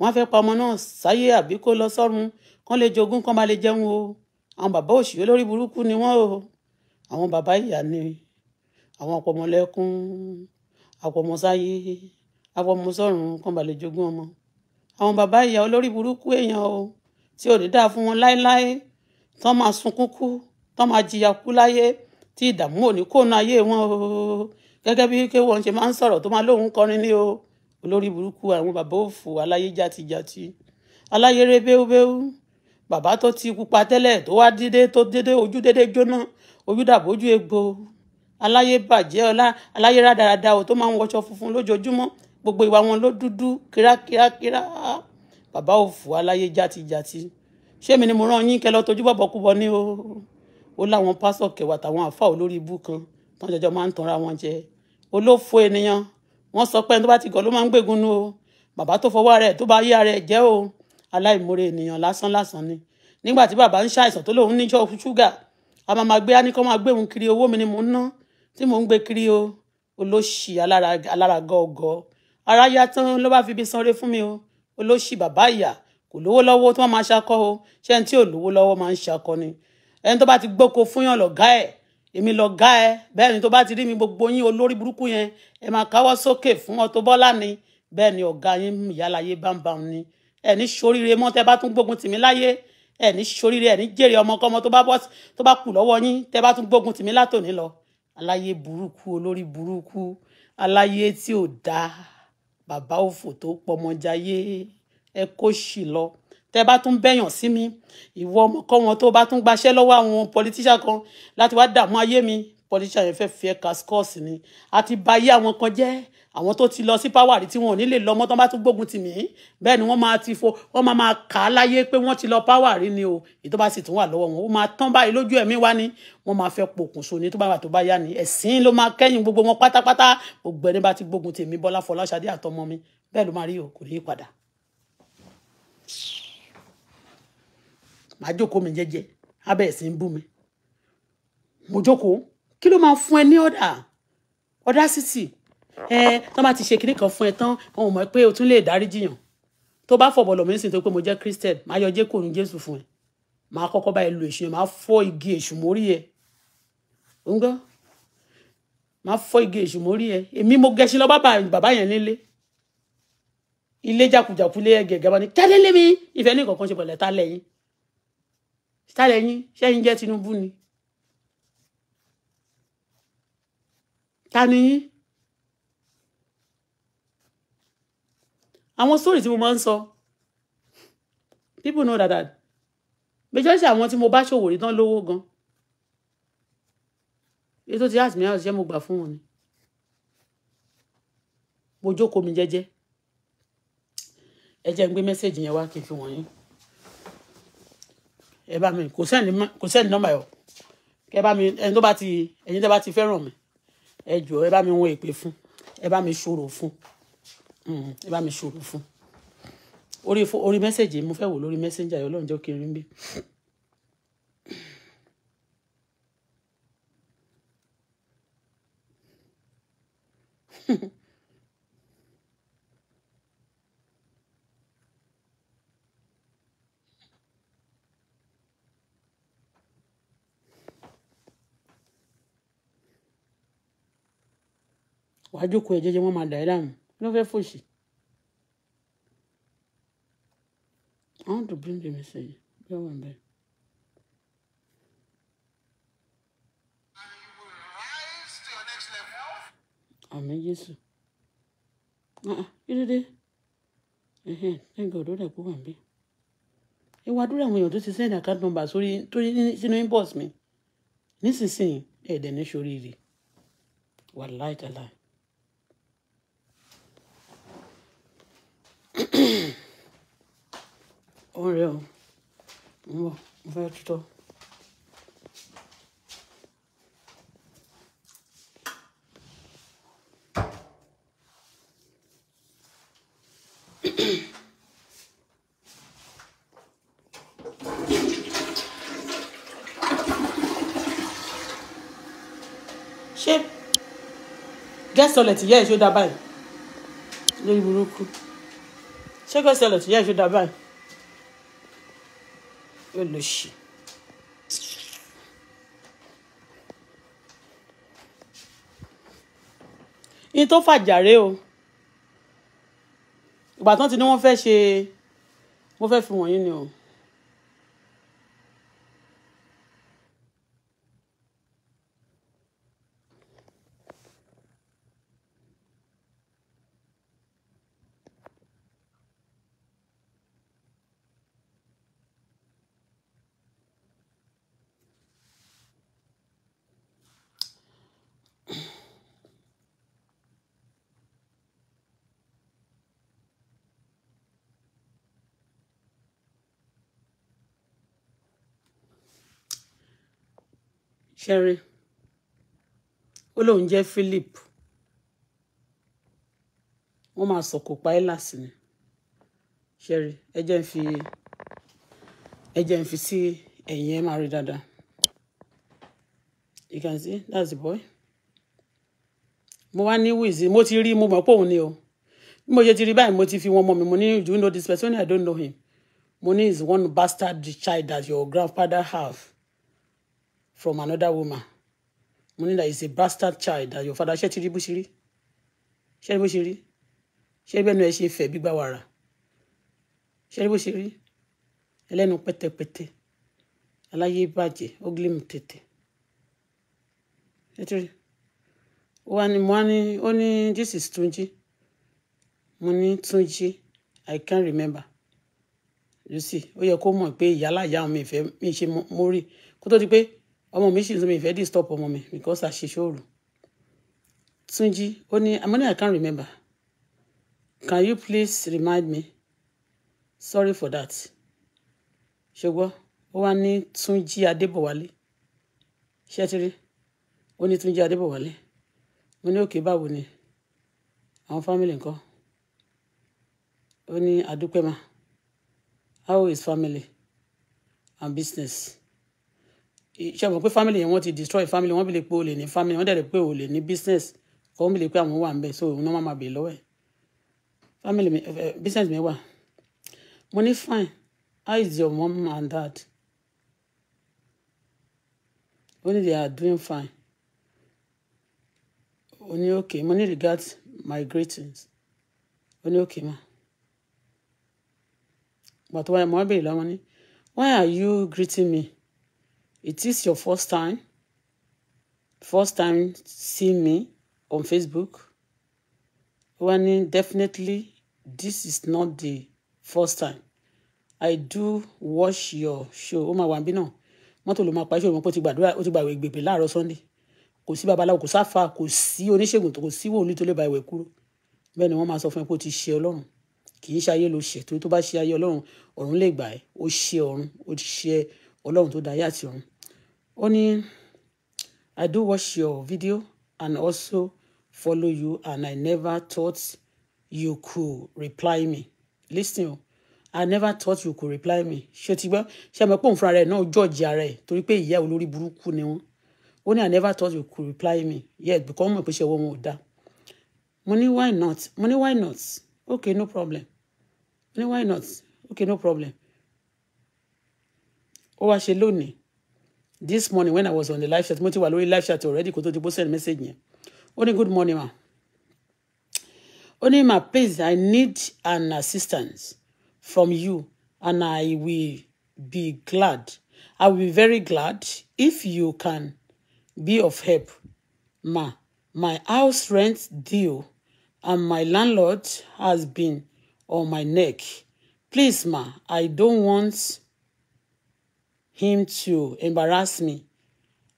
wọ́n fẹ́ pa ọmọ náà sáyé àbí kó lọ sọ́run kán lè jogún kán máa lè jẹun o àwọn bàbá òṣìṣẹ́ lórí burúkú ni wọ́n o àwọn bàbá ìyá ni àwọn àpọ̀mọlẹ́kún àpọ̀mọsáyé àpọ̀mọsọ́run kán máa lè jogún ọmọ àwọn bàbá ìyá olórí burúkú èèyàn o tí ò ní dáa fún wọn láéláé tán máa sunkún kú tán máa jìyà kú láyé tí ìdààmú ò ní kóná ayé wọn o gẹ́gẹ́ bí ké wọn ṣe máa ń sọ̀rọ̀ tó máa lóun kọrin ní o olórí burúkú àwọn bàbá òfò aláyé játijàti aláyé rẹ béúbéú bàbá tó ti pupa tẹ́lẹ̀ tó wá dédé tó dédé ojú dédé jóná ojú dàbójú egbò aláyé bàjẹ́ ọlá aláyé rádaràda ò tó máa ń wọṣọ funfun lójoojúmọ́ gbogbo ìwà wọn ló dúdú kírákírákírá bàbá òfò aláyé játijàti ṣé mi ni mo rán yín kẹ lọ tójú bọ̀bọ̀ kú bọ ní o ó láwọn pásọ̀ kẹwà àtàwọn àfa olórí ibú kan tán jọjọ máa ń tanra wọn jẹ olófo ènìyàn wọn sọ pé ẹni tó bá ti gọ̀ ló máa ń gbégun nú o bàbá tó fọwọ́ rẹ̀ tó bá yí ara ẹ̀ jẹ́ o aláìmoore ènìyàn lásán lásán ni nígbà tí bàbá ń ṣàìsàn tó lóun níjọ ṣúgà a máa máa gbé á ní kó máa gbé òun kiri owó mi ni mò ń ná tí mò ń gbé kiri o olóṣì alára gọ́ọ̀gọ́ ara yá tán ló bá fi ibi sanre fún mi o olóṣì bàbá ìyà kò lówó lọ́wọ́ tó máa ṣakọ́ o ṣé ẹni tí ò lówó lọ́wọ́ máa ń ṣakọ́ ni ẹni tó bá ti gboko fún yàn lọ̀gá ẹ̀ èmi lọ̀gá ẹ̀ bẹ́ẹ̀ ni tó bá ti rí mi gbogbo yín olórí burúkú yẹn ẹ máa káwọ́ sókè fún Auto Bola ni bẹ́ẹ̀ ni ọ̀gá yín ìyáláyé bámbam ni ẹ̀ ní ṣoríire mọ́ tẹ́ bá tún gbógun tìmí láyé ẹ̀ ní ṣoríire ẹ̀ ní jèrè ọmọkọ́mọ tó bá bọ́ tó bá kù lọ́wọ́ yín tẹ́ bá tún gbógun tìmí látòní lọ aláyé burúkú olórí burúkú aláyé tí ò dáa bàbá òfò tó pọmọjáyé ẹ kó ṣì lọ tẹ́ bá tún bẹ̀yàn sí mi ìwọ ọmọ kọ́ wọn tó bá tún gbaṣẹ́ lọ́wọ́ àwọn pọlitíṣà kan láti wá dààmú ayé mi pọlitíṣà yẹn fẹ́ fi ẹ́ kaskọ́ọ̀sì ni àti bayé àwọn kan jẹ́ àwọn tó ti lọ sí páwàrí tí wọn ò ní lè lọ ọmọ tó bá tún gbógun tì mí bẹ́ẹ̀ ni wọ́n máa ti fo wọ́n máa máa kà á láyé pé wọ́n ti lọ páwàrí ni o èyí tó bá sì tún wà lọ́wọ́ wọn ó máa tán báyìí lójú ẹ̀mí wá ní wọ́n máa fẹ́ pokùnso ní tó bá wà tó bá yá ni ẹ̀sìn ló máa kẹ́yìn gbogbo wọn pátápátá gbogbo ẹni bá ti gbógun tì mí Bọ́lá Fọláṣadé àtọmọ mi bẹ́ẹ̀ ló máa rí o ní í padà. màá jókòó mi jẹ́jẹ́ abẹ́ ẹ̀sìn ń bú mi mo jókòó kí ló máa fún ẹ ní ọ̀dà ọ̀dà sítì ẹ tán bá ti ṣe kinní kan fún ẹ tán wọn ò mọ̀ pé o tún lè dáríjìyàn tó bá fọ̀bọ̀ lọ̀ mí ń sìn tó pé mo jẹ́ christian màá yọ jẹ́kọ̀ọ́ ní jésù fún ẹ màá kọ́kọ́ bá ẹ lu èṣù yẹn màá igi èṣù mórí ẹ ń gbọ́ màá igi èṣù mórí ẹ èmi mo gẹṣin lọ bàbá bàbá yẹn nílé ilé jákujàku lé gaba ni kẹ́lẹ́lẹ́mi ìfẹ́ ní ìkọ̀kan ṣe pẹ̀lẹ́ tá lẹ́yìn ṣálẹ̀ yín ṣẹ́yìn jẹ́ Tinubu ni ta ni yín àwọn sórí tí mo máa ń sọ people know that that méjọ́sí àwọn tí mo bá ṣòwò rí tán lówó gan ètò tí àtìmí àwọn òṣìṣẹ́ mo gbà fún wọn ni mo jókòó mi jẹ́jẹ́ ẹ jẹ́ ń gbé mẹ́sẹ̀gì yẹn wá kí n fi wọ̀nyí ẹ bá mi kò sẹ́ni kò sẹ́ni nọ́mbà yọ kẹ bá mi ẹni tó bá ti ẹni tó bá ti fẹ́ràn mi ẹ jọ ẹ bá mi wọn èpè fún ẹ bá mi ṣòro fún mm-hmm, ẹ bá mi ṣòro fún orí orí mẹ́sẹ̀gì mo fẹ́ wò lórí mẹ́sẹ̀njà yọ lọ́njọ́ kiri ń bí. Mm-hmm. wàá jókòó ẹ jẹ́jẹ́ wọn máa dà ẹ dànù kí ló fẹ́ fòṣì. I want to bring the message. Go on there. àmì jésù ah, ah, kí ló dé thank God ó dẹ̀ kó wà ń bí ìwà àdúrà àwọn èèyàn tó ti send account number sórí torí sínú inbox mi nísinsìnyí ẹ̀ẹ́dẹ̀ ní sóríire wà láìtàláì ọ̀rẹ́ o ń bọ̀ mo fẹ́ tutọ́. ṣé gẹ́sọ̀lẹ̀ tìyẹ́ ẹ̀ ṣó dá báyìí lórí burúkú ṣẹ́kẹ́ sẹlẹ̀ tó yẹ ṣe dà báyìí ó lè ṣe. in tó fàjàre o ìgbà tán ti ní wọ́n fẹ́ ṣe mo fẹ́ fi wọ̀nyí ni o. Sherry, ó lóun jẹ́ Philip wọ́n máa sọ̀kò pa ẹ́ lásì ni ṣẹ́rí ẹ jẹ́ ń fi ẹ jẹ́ ń fi sí ẹ̀yìn ẹ máa rí dáadáa you can see that's the boy mo wá ní wíìzì mo ti rí mo mọ̀ pé òun ni o bí mo ṣe ti rí báyìí mo ti fi wọn mọ̀ mi mo ní do you know this person I don't know him mo ní is one bastard child that your grandfather have from another woman mo that is a bastard child that your father ṣe ti rí bó ṣe rí ṣe rí bó ṣe rí ṣe rí bẹ́ẹ̀ ni ẹ ṣe fẹ́ gbígbá wàrà ṣe rí bó ṣe rí ẹlẹ́nu pẹ́tẹpẹ́tẹ aláyé bàjẹ́ oglim tètè nítorí ó wá ní mo wá ní ó ní this is Túnjí mo ní Túnjí I can't remember you see ó yẹ kó mọ̀ pé ìyá aláya mi ìfẹ́ mi ṣe mórí kó tó di pé ọmọ mi sì ń sọ mi ìfẹ́ disturb ọmọ mi because àṣìṣe òru túnjí ó ní amúnì i can't remember can you please remind me sorry for that ṣùgbọ́n ó wá ní túnjí adébọ̀wálé ṣẹ́tírí ó ní túnjí adébọ̀wálé mo ní òkè báwo ni àwọn fámìlì nǹkan ó ní adúpẹ́ ma how is family and business ṣe mọ̀ pé family yẹn wọ́n ti destroy family wọ́n bìlẹ̀ pé o lè ní family wọ́n dẹ̀ pé o lè ní business kọ́ wọ́n bìlẹ̀ pé àwọn wà ń so òun náà má má bè lọ́wọ́ ẹ̀ family mi eh, eh, business mi wà mo ní fine how is your mom and dad ó ní they are doing fine ó ní okay mo ní regard my greetings ó ní okay ma gbàtọ́ wáyé mo wá bèrè lọ́wọ́ ní why are you greeting me. It is your first time, first time seeing me on Facebook. When definitely this is not the first time. I do watch your show. Ó máa wà bí náà. Mọ́tò ló máa pa iṣẹ́ òun kó ti gbàdúrà ó ti gbàwé gbèbè láàárọ̀ Sunday. Kò sí babaláwo kò sáfà kò sí oníṣègùn tó kò sí wòlíì tó lè ba ìwẹ̀ kúrò. Bẹ́ẹ̀ ni wọ́n máa sọ fún ẹ pé ó ti ṣe Ọlọ́run kì í ṣe ayé ló ṣe torí tó bá ṣe ayé ọlọ́run ọ̀run lè gbà ẹ́ ó ṣe ọ̀run ó ṣe ọlọ́run tó dáyé àti ọ̀run ó ní i do watch your video and also follow you and i never thought you could reply me listen o i never thought you could reply me ṣé ti gbọ́ ṣé àmọ́ pòun fúnra rẹ̀ náà jọ̀ọ̀jì ara ẹ̀ torí pé ìyá olórí burúkú ni wọ́n ó ní i never thought you could reply me yet because mo mọ̀ pé ṣe wọ́n wọn ò dá mo why not Money why not okay no problem Money why not okay no problem ó wá ṣe lónìí this morning when i was on the live chat mo ti wà lórí live chat already kó tó ti bó send message yẹn ó ní good morning ma ó ní ma please i need an assistance from you and i will be glad i will be very glad if you can be of help ma my house rent deal and my landlord has been on my neck please ma i don't want him to embarrass me.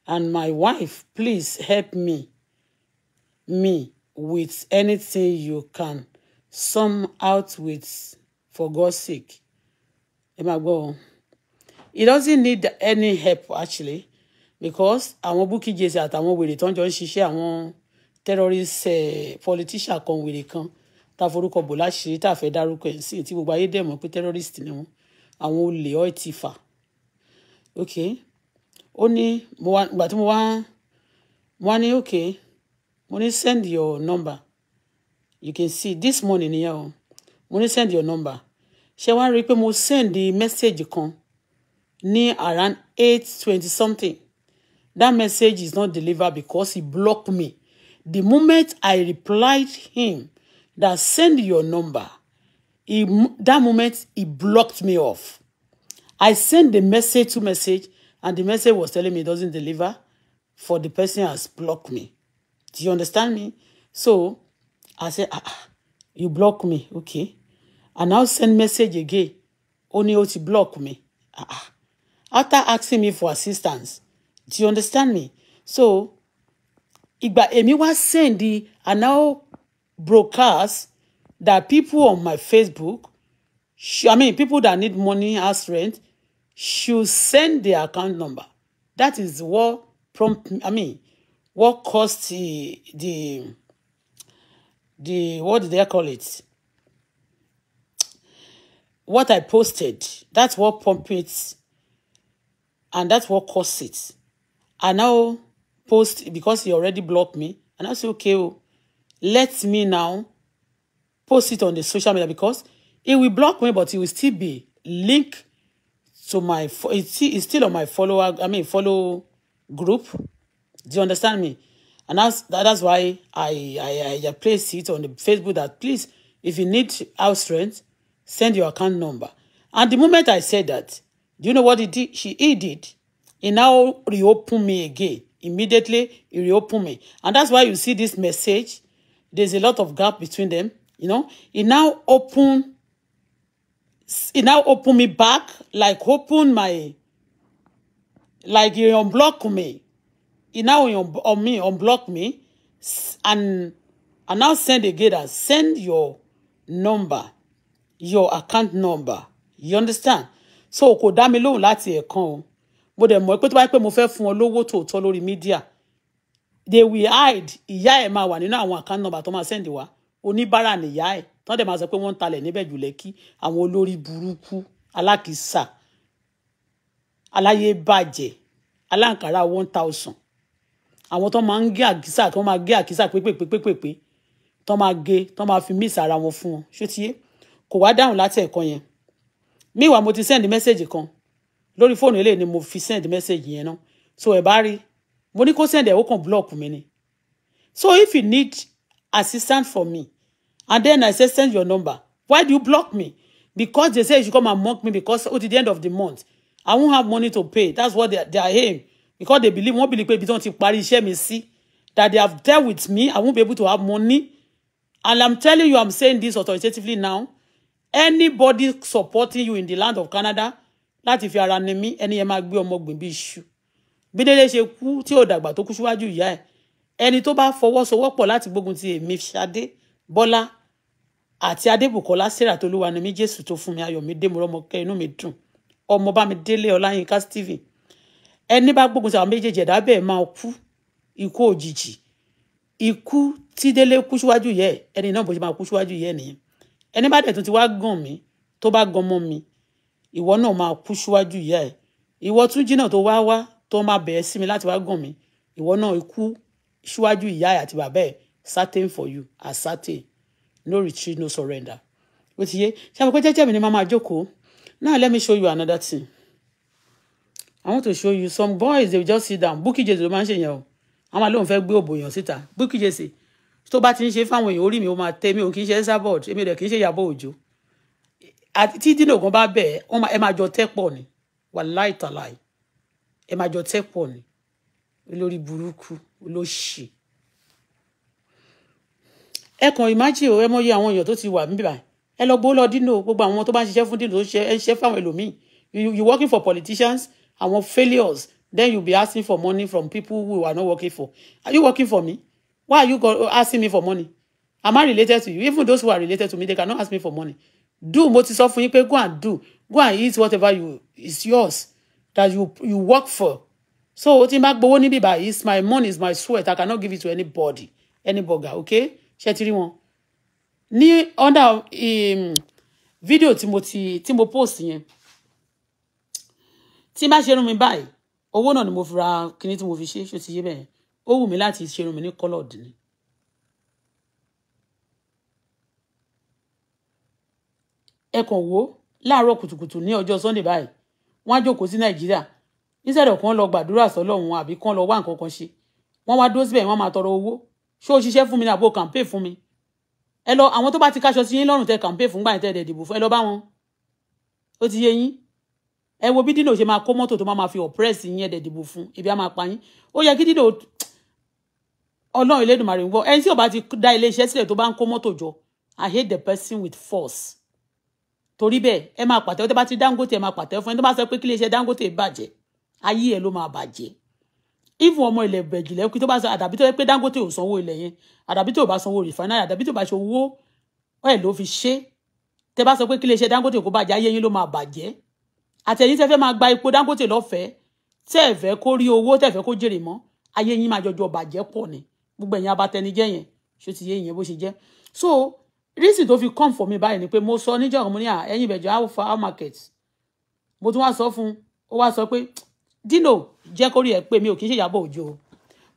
And my wife, please help me, me with anything you can sum out with for God's sake. Ẹ máa He doesn't need any help actually because àwọn Bukky Jesse àtàwọn wèrè tó ń jọ ń ṣiṣẹ́ àwọn terrorist uh, politician kan wèrè kan tá a forúkọ bò láṣìírí tá a fẹ́ dárúkọ ẹ̀ sí tí gbogbo ayé terrorist ni wọ́n àwọn olè ọ̀ ti okay ó ní mo wá ìgbà tí mo wá mo wá ní okay mo ní send your number you can see this morning nìyẹn o mo ní send your number ṣé wá rí i pé mo send message kan ní around eight twenty something that message is not delivered because he blocked me the moment I replied him that send your number he, that moment he blocked me off I sent the message to message, and the message was telling me it doesn't deliver for the person has blocked me. Do you understand me? So I said, ah, ah you block me, okay. And now send message again. Only ó to block me. Ah, ah, after asking me for assistance. Do you understand me? So Igba Emi was send the I now broadcast that people on my Facebook, I mean people that need money, as rent, should send the account number. That is what prompt. I mean, what caused the the the what did they call it? What I posted. That's what prompted, and that's what caused it. I now post because he already blocked me, and I say okay, well, oh, let me now post it on the social media because it will block me, but it will still be linked to my it's, still on my follower I mean follow group. Do you understand me? And that's that's why I I, I place it on the Facebook that please if you need house rent send your account number. And the moment I said that, do you know what he did? She he did. He now reopened me again. Immediately he reopened me, and that's why you see this message. There's a lot of gap between them. You know, he now opened he now open me back like open my like he unblock me he now un on me unblock me and I now send again that send your number your account number you understand so kò dá mi lóhùn láti ẹ̀kan o mo dẹ̀ mọ̀ pé tó bá pẹ́ mo fẹ́ fún ọ lówó tòótọ́ lórí mídíà they will hide ìyá ẹ̀ máa wà nínú àwọn account number tó máa send wa oníbàárà nìyá ẹ̀ tán dẹ̀ máa sọ pé wọ́n ń talẹ̀ níbẹ̀ jù lẹ́kí àwọn olórí burúkú alákìísà aláyé bàjẹ́ aláǹkárá one thousand àwọn tó máa ń gé àkísà tó máa gé àkísà pépépépépépé tó máa gé tó máa fi míìsì ara wọn fún wọn ṣótiyé kò wá dáhùn láti ẹ̀kọ́ yẹn meanwhile mo ti send message kan lórí fóònù eléyìí ni mo fi send message yẹn náà so ẹ̀ bá rí mo ní kó send ẹ̀ ó kàn block mi ni so if you need assistance for me And then I said, send your number. Why do you block me? Because they say you should come and mock me because oh, to the end of the month, I won't have money to pay. That's what they, they are aim. Because they believe, won't believe pé ibi tí wọ́n ti parí iṣẹ́ mi sí, that they have dealt with me, I won't be able to have money. And I'm telling you, I'm saying this authoritatively now. Anybody supporting you in the land of Canada, that if you are an enemy, any máa gbé ọmọ gbìn bí iṣu. Bí Délé ti o dagba to dàgbà tó kú síwájú ìyá ẹ̀. Ẹni tó bá fọwọ́sowọ́pọ̀ láti gbógun ti èmi Ṣadé Bọ́lá àti adébùkọ́lá sarah tolúwanimí jésù tó fún mi ayọ̀ mi démúrọ́ ọmọ kẹ́ inú mi dùn ọmọ bá mi délé ọláyínká stephen ẹni bá gbógun ti àwọn méjèèjì ẹ̀dá bẹ́ẹ̀ máa kú ikú òjijì ikú tí délé kú síwájú yẹ ẹni náà bó ṣe máa kú síwájú yẹ nìyẹn ẹni bá dẹ̀ tún ti wá gàn mí tó bá gan mọ́ mi ìwọ náà máa kú síwájú yẹ ìwọ tún jìnnà tó wá wá tó máa bẹ̀ẹ́ sí mi láti wá gàn mí ìwọ náà ikú síwájú ìyá àti bàbá ẹ̀ certain for you as certain no retreat no surrender ó ti yé ṣé àmọ́ pé jẹ́jẹ́ mi ni màá jókòó now let me show you another thing i want to show you some boys they just sit down Bukky Jesse ló máa ń ṣe yẹn o àwọn àlóhùn fẹ́ gbé òbò yàn síta Bukky Jesse tó bá ti ń ṣe fáwọn èèyàn orí mi ó máa tẹ́ mi ò kì í ṣe ẹ́sàbọ̀d èmi rẹ̀ kì í ṣe Ìyábọ̀ Òjó àti tí dínà ògùn bá bẹ̀ ẹ máa jọ tẹ́ pọ̀ ni wàláì tàláì ẹ máa jọ tẹ́ pọ̀ ni olórí burúkú olóṣì ẹ kàn imagine o àwọn èèyàn tó ti wà níbà ẹ lọ gbó lọ dínà gbogbo àwọn tó bá ń ṣiṣẹ́ fún dínà tó ń ṣiṣẹ́ fáwọn ẹlòmíì you working for politicians àwọn failures then you be asking for money from people who are not working for are you working for me why are you asking me for money am I related to you even those who are related to me they cannot ask me for money do mo ti sọ fún yín pé go and do go and eat whatever you is yours that you you work for so o ti ma gbowó níbí báyìí it's my money is my sweat I cannot give it to anybody any burger okay ṣe ti rí wọn ní under fídíò um, tí mo ti tí mo post yẹn tí n bá ṣe irun mi báyìí owó náà ni mo fi ra kinní tí mo fi ṣe ṣó ti yé bẹ́ẹ̀ ó wù mí láti ṣe irun mi ní coloured ni. ẹ kàn wò ó láàárọ̀ kùtùkùtù ní ọjọ́ sunday báyìí wọ́n á jókòó sí nàìjíríà nísàlẹ̀ kan lọ gbàdúrà sọ́lọ́run àbí kan lọ wá nǹkan kan ṣe wọ́n wá dúró síbẹ̀ wọ́n máa tọrọ owó ṣé o ṣiṣẹ́ fún mi ní àbò campaign fún mi ẹ lọ àwọn tó bá ti káṣọ sí yín lọ́rùn tẹ campaign fún gbà yín tẹ ẹ̀dẹ̀ ìdìbò fún ẹ lọ bá wọn ó ti yé yín ẹ wo bí dídò ṣe máa kó mọ́tò tó máa fi oppress yín ẹ̀dẹ̀ ìdìbò fún ibi á máa pa yín ó yẹ kí dídò ọlọ́run Elédùmarè ń gbọ́ ẹni tí ò bá ti dá iléeṣẹ́ sílẹ̀ tó bá ń kó mọ́tò jọ I hate the person with force torí bẹ́ẹ̀ ẹ máa pàtẹ́wọ́ tó bá ti Dangote ẹ máa pàtẹ́wọ́ fún ẹni tó bá sọ pé kí iléeṣẹ́ Dangote bàjẹ́ ayé ẹ ló máa bàjẹ́ even ọmọ ilẹ̀ bẹ̀jìlẹ̀ kí tó bá àdàbí tó yẹ pé Dangote ò sanwó ilẹ̀ yẹn àdàbí tó bá sanwó refinery àdàbí tó bá ṣe owó ẹ̀ ló fi ṣe tẹ bá sọ pé kí lè ṣe Dangote kó bàjẹ́ ayé yín ló máa bàjẹ́ àtẹ̀yìn tẹ́ fẹ́ máa gba epo Dangote lọ́fẹ̀ẹ́ tẹ́ ẹ̀ fẹ́ kó rí owó tẹ́ ẹ̀ fẹ́ kó jèrè mọ́ ayé yín máa jọjọ bàjẹ́ pọ̀ ni gbogbo ẹ̀yin abatẹnijẹ́ yẹn ṣó ti yé ìyẹn bó ṣe jẹ́ so reason tó fi come for me báyìí ni pé mo sọ níjọ́ ọ̀hún ní à ẹ̀yìn ìbẹ̀jọ́ how far how market mo tún wá sọ fún ó wá sọ pé Dino jẹ́ kó rí ẹ pé mi ò kí ń ṣe Ìyábọ̀ Òjó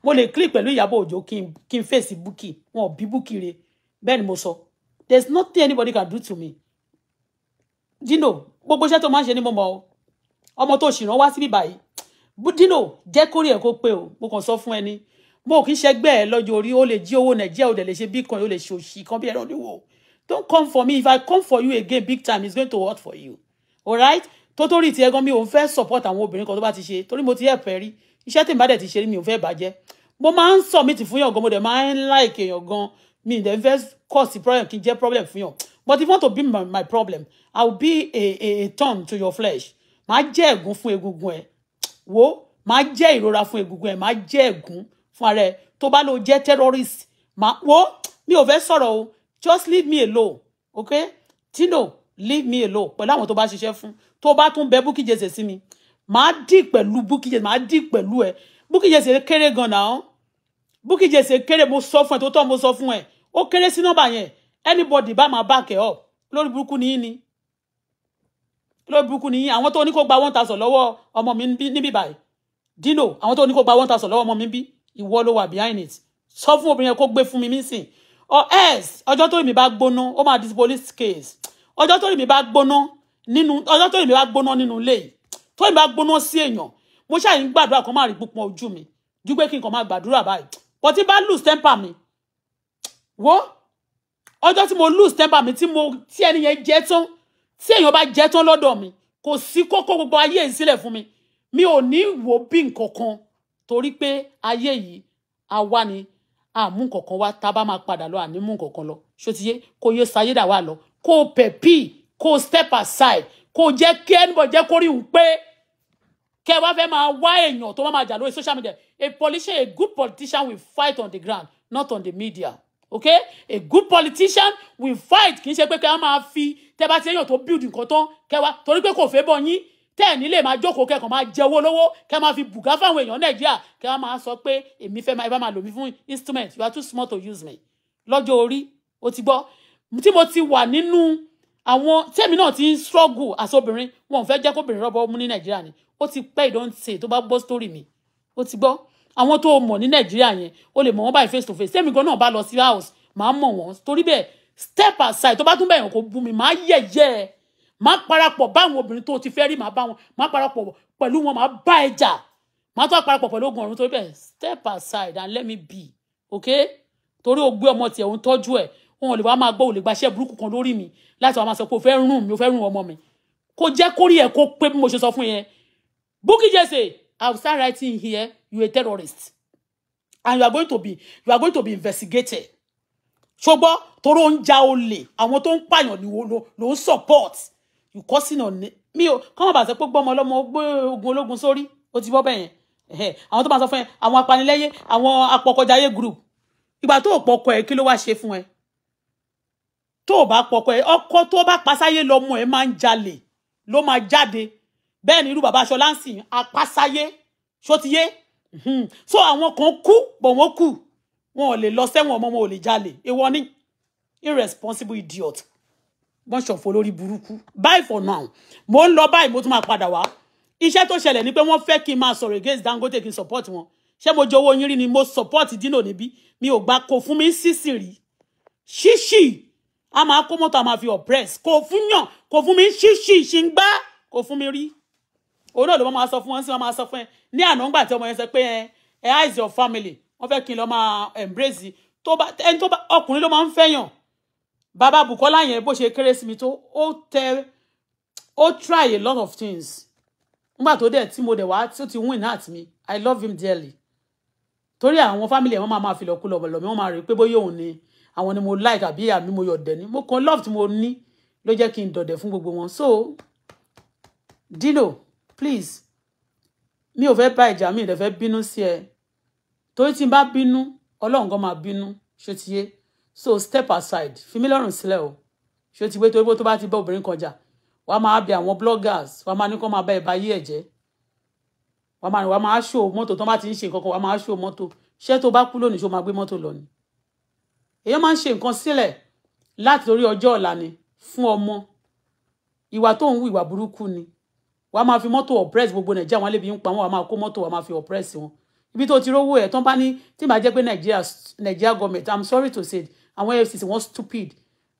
mo lè click pẹ̀lú Ìyábọ̀ Òjó kí n kí n fèsì búkì wọn ò bí búkì re bẹ́ẹ̀ ni mo sọ there is nothing anybody can do to me Dino gbogbo iṣẹ́ tó máa ń ṣe ni mo mọ̀ ọ́ ọmọ tó ṣìràn wá síbí báyìí Dino jẹ́ kó rí ẹ kó pé o mo kàn sọ fún ẹni mo kì í ṣẹgbẹ́ ẹ lọ́jọ́ orí ó lè jí owó nàìjíríà ó dẹ̀ lè ṣe bitcoin ó lè ṣe òṣì kan bí ẹran níwò don't come for me if I come for you again big time it's going to hurt for you all right tó tó rí ti ẹgan mi ò fẹ́ support àwọn obìnrin kan tó bá ti ṣe torí mo ti help ẹ rí iṣẹ́ tí n bá dẹ̀ ti ṣe mi ò fẹ́ bàjẹ́ mo máa ń submit fún yàn gan mo dẹ̀ máa ń like èèyàn gan mi dẹ̀ ń fẹ́ cause problem kí n jẹ́ problem fún yàn but if you want to be my, my problem i will be a a, a thorn to your flesh màá jẹ́ ègún fún egungun ẹ wo màá jẹ́ ìrora fún egungun ẹ màá jẹ́ ègún fún ara ẹ tó bá lọ jẹ́ terrorist màá wo mi ò fẹ́ sọ̀rọ̀ o just leave me alone okay tino leave me alone pẹ̀lú àwọn tó bá ṣiṣẹ́ fún tó bá tún bẹ Bukky Jesse sí mi màá dì pẹ̀lú Bukky Jesse màá dì pẹ̀lú ẹ Bukky Jesse kéré gan náà Bukky Jesse kéré mo sọ fún ẹ tó tọ́ mo sọ fún ẹ ó kéré sí nọ́mbà yẹn anybody bá máa back ẹ up lórí burúkú ni yín ni lórí burúkú ni yín àwọn tó ní kó gba one thousand lọ́wọ́ ọmọ mi níbí báyìí Dino àwọn tó ní kó gba one thousand lọ́wọ́ ọmọ mi bí ìwọ ló wà behind it sọ fún obìnrin yẹn kó gbé fún mi mí sìn or else ọjọ́ tó rí mi bá gbóná ó máa di police case ọjọ́ tó rí mi bá gbóná nínú ọjọ́ tó ìmí wá gbóná nínú ilé yìí tó ìmí wá gbóná sí èèyàn mo ṣáà ń gbàdúrà kan máa rí púpọ̀ ojú mi ju pé kí n kàn máa gbàdúrà báyìí but tí bá lose temper mi wo ọjọ́ tí mo lose temper mi tí mo tí ẹni yẹn jẹ́ tán tí èèyàn bá jẹ́ tán lọ́dọ̀ mi kò sí kókó gbogbo ayé yìí sílẹ̀ fún mi mi ò ní wò bí nǹkan kan torí pé ayé yìí àwa ni àmú nǹkan kan wá tá a bá máa padà lọ àní mú nǹkan kan lọ ṣó ti yé kò yé sayédà wà lọ kò pẹ̀ píì kó step aside kó jẹ́ kí anybody jẹ́ kó rí òun pé kẹ́ wá fẹ́ máa wá èèyàn tó máa jà lórí social media a politician a good politician will fight on the ground not on the media okay a good politician will fight kì í ṣe pé kẹ́ wá máa fi tẹ́ bá ti èèyàn tó build nǹkan tán kẹ́ wá torí pé kò fẹ́ bọ̀ yín tẹ́ ẹ̀ nílé máa jókòó kẹ́kọ̀ọ́ máa jẹ owó lówó kẹ́ máa fi bùgá fáwọn èèyàn nàìjíríà kẹ́ wá máa sọ pé èmi fẹ́ máa ẹ bá máa lò mí fún instrument you are too small to use me lọ́jọ́ orí o ti gbọ́ tí mo ti wà nínú àwọn tèmi náà ti ń struggle as obìnrin wọn ò fẹ́ jẹ́ kóbìnrin rọ́bọ mú ní nàìjíríà ni ó ti pẹ́ ìdọ́ǹtì tó bá gbọ́ story mi ó ti gbọ́ àwọn tó mọ̀ ní nàìjíríà yẹn ó lè mọ̀ wọ́n báyìí face to face tèmi gan náà bá lọ sí house màá mọ̀ wọ́n torí bẹ́ẹ̀ step aside tó bá tún bẹ̀yàn kó bú mi màá yẹ̀yẹ́ ẹ̀ màá parapọ̀ báwọn obìnrin tó ti fẹ́ rí màá bá wọn màá parapọ̀ pẹ̀lú wọn màá bá ẹ jà màá tó parapọ̀ pẹ̀lú ogun ọ̀run step aside and let me be okay torí o gbé ọmọ tiẹ̀ òun tọ́jú ẹ̀ wọn ò lè wá máa gbọ́ ò gbaṣẹ́ burúkú kan lórí mi láti wá máa sọ pé o fẹ́ rún mi o fẹ́ rún ọmọ mi kò jẹ́ kórìí ẹ̀ kó pé bí mo ṣe sọ fún yẹn Bukky Jesse I will start writing here you a terrorist and you are going to be you are going to be investigated ṣùgbọ́n toró ń ja olè àwọn tó ń pààyàn ló ń support you causing on me. ò kọ́ mọ̀ bá sọ pé gbọ́mọ ọlọ́mọ gbé ogun ológun sórí ó ti bọ́ bẹ́ẹ̀ yẹn àwọn tó máa sọ fún ẹ àwọn apanilẹ́yẹ àwọn apọkọjáyé group ìgbà tó pọkọ ẹ kí ló wá ṣe fún ẹ tó o bá pọkọ ẹ ọkọ tó o bá pasáyé lọmọ ẹ máa ń jalè ló máa jáde bẹ́ẹ̀ ni irú bàbá aṣọ láǹsìn apásáyé ṣótiyé hmm. so àwọn kan kú bọ̀ wọ́n kú wọn ò lè lọ sẹ́wọ̀n ọmọ wọn ò lè jalè èèwọ̀ ni irresponsible idiot wọ́n ṣọ̀fọ̀ lórí burúkú bye for now mo ń lọ báyìí mo tún máa padà wá iṣẹ́ tó ṣẹlẹ̀ ni pé wọ́n fẹ́ kí n máa sọ̀rọ̀ against Dangote kí n support wọn ṣé mo jẹ owó yín rí ni mo support Dino níbí mi ò gbà kó fún mi sísì rí ṣíṣì a máa kó mọ́tò a máa fi oppress kò fún yàn kò fún mi ṣíṣì ṣìǹgbá kò fún mi rí òun náà ló máa sọ fún wọn sí wọn máa sọ fún ẹ ní àná ńgbà tí ọmọ yẹn sọ pé ẹ ẹ eyes your family wọn fẹ́ kí n lọ máa embrace tó bá ẹni tó bá ọkùnrin ló máa ń fẹ́yàn bàbá Bùkọ́lá yẹn bó ṣe kéré sí mi tó ó tẹ ó try a lot of things nígbà tó dẹ̀ tí mo dẹ̀ wá tí ó ti win heart mi i love him dearly torí àwọn family ẹ̀ wọ́n máa máa fi lọ́kú lọ́bọ̀lọ́mí wọ́n máa rí i pé bóyá òun ni àwọn ni mo like àbí àmì mo yọ̀dẹ̀ ni mo kan love tí mo ní ló jẹ́ kí n dọ̀dẹ̀ fún gbogbo wọn so Dino please mi ò fẹ́ bá ìjà mi ìdẹ̀ fẹ́ bínú sí ẹ torí tí n bá bínú ọlọ́run gan máa bínú ṣó ti yé so step aside fi mí lọ́rùn sílẹ̀ o ṣó ti gbé torí pé tó bá ti bá obìnrin kan jà wàá máa bẹ àwọn bloggers wàá máa ní kó máa bá ẹ bá yí ẹ jẹ́ wàá máa wàá máa ṣó mọ́tò tó bá ti ń ṣe nǹkan kan wàá máa ṣó mọ́tò ṣé tó bá kú lónìí ṣó máa gbé mọ́tò lọ ni èèyàn máa ń ṣe nǹkan sílẹ̀ láti torí ọjọ́ ọ̀la ni fún ọmọ ìwà tó ń hu ìwà burúkú ni wà á máa fi mọ́tò oppress gbogbo nàìjíríà wọn lébi ń pa wọn wà á máa kó mọ́tò wà á máa fi oppress wọn ibi tó ti rówó ẹ̀ tán bá ní tí màá jẹ́ pé nàìjíríà nàìjíríà government i'm sorry to say àwọn efcc wọn stupid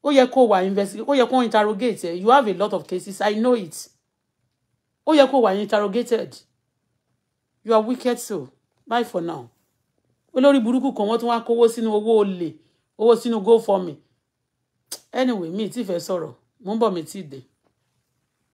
ó yẹ kó wà investigate ó yẹ kó interrogate you have a lot of cases i know it ó yẹ kó wà interrogated you are wicked so bye for now olórí burúkú kan wọ́n tún wá kówó sínú owó olè owó sínú go for me anyway mi ì tí fẹ́ sọ̀rọ̀ mo ń bọ̀ mi tí dé.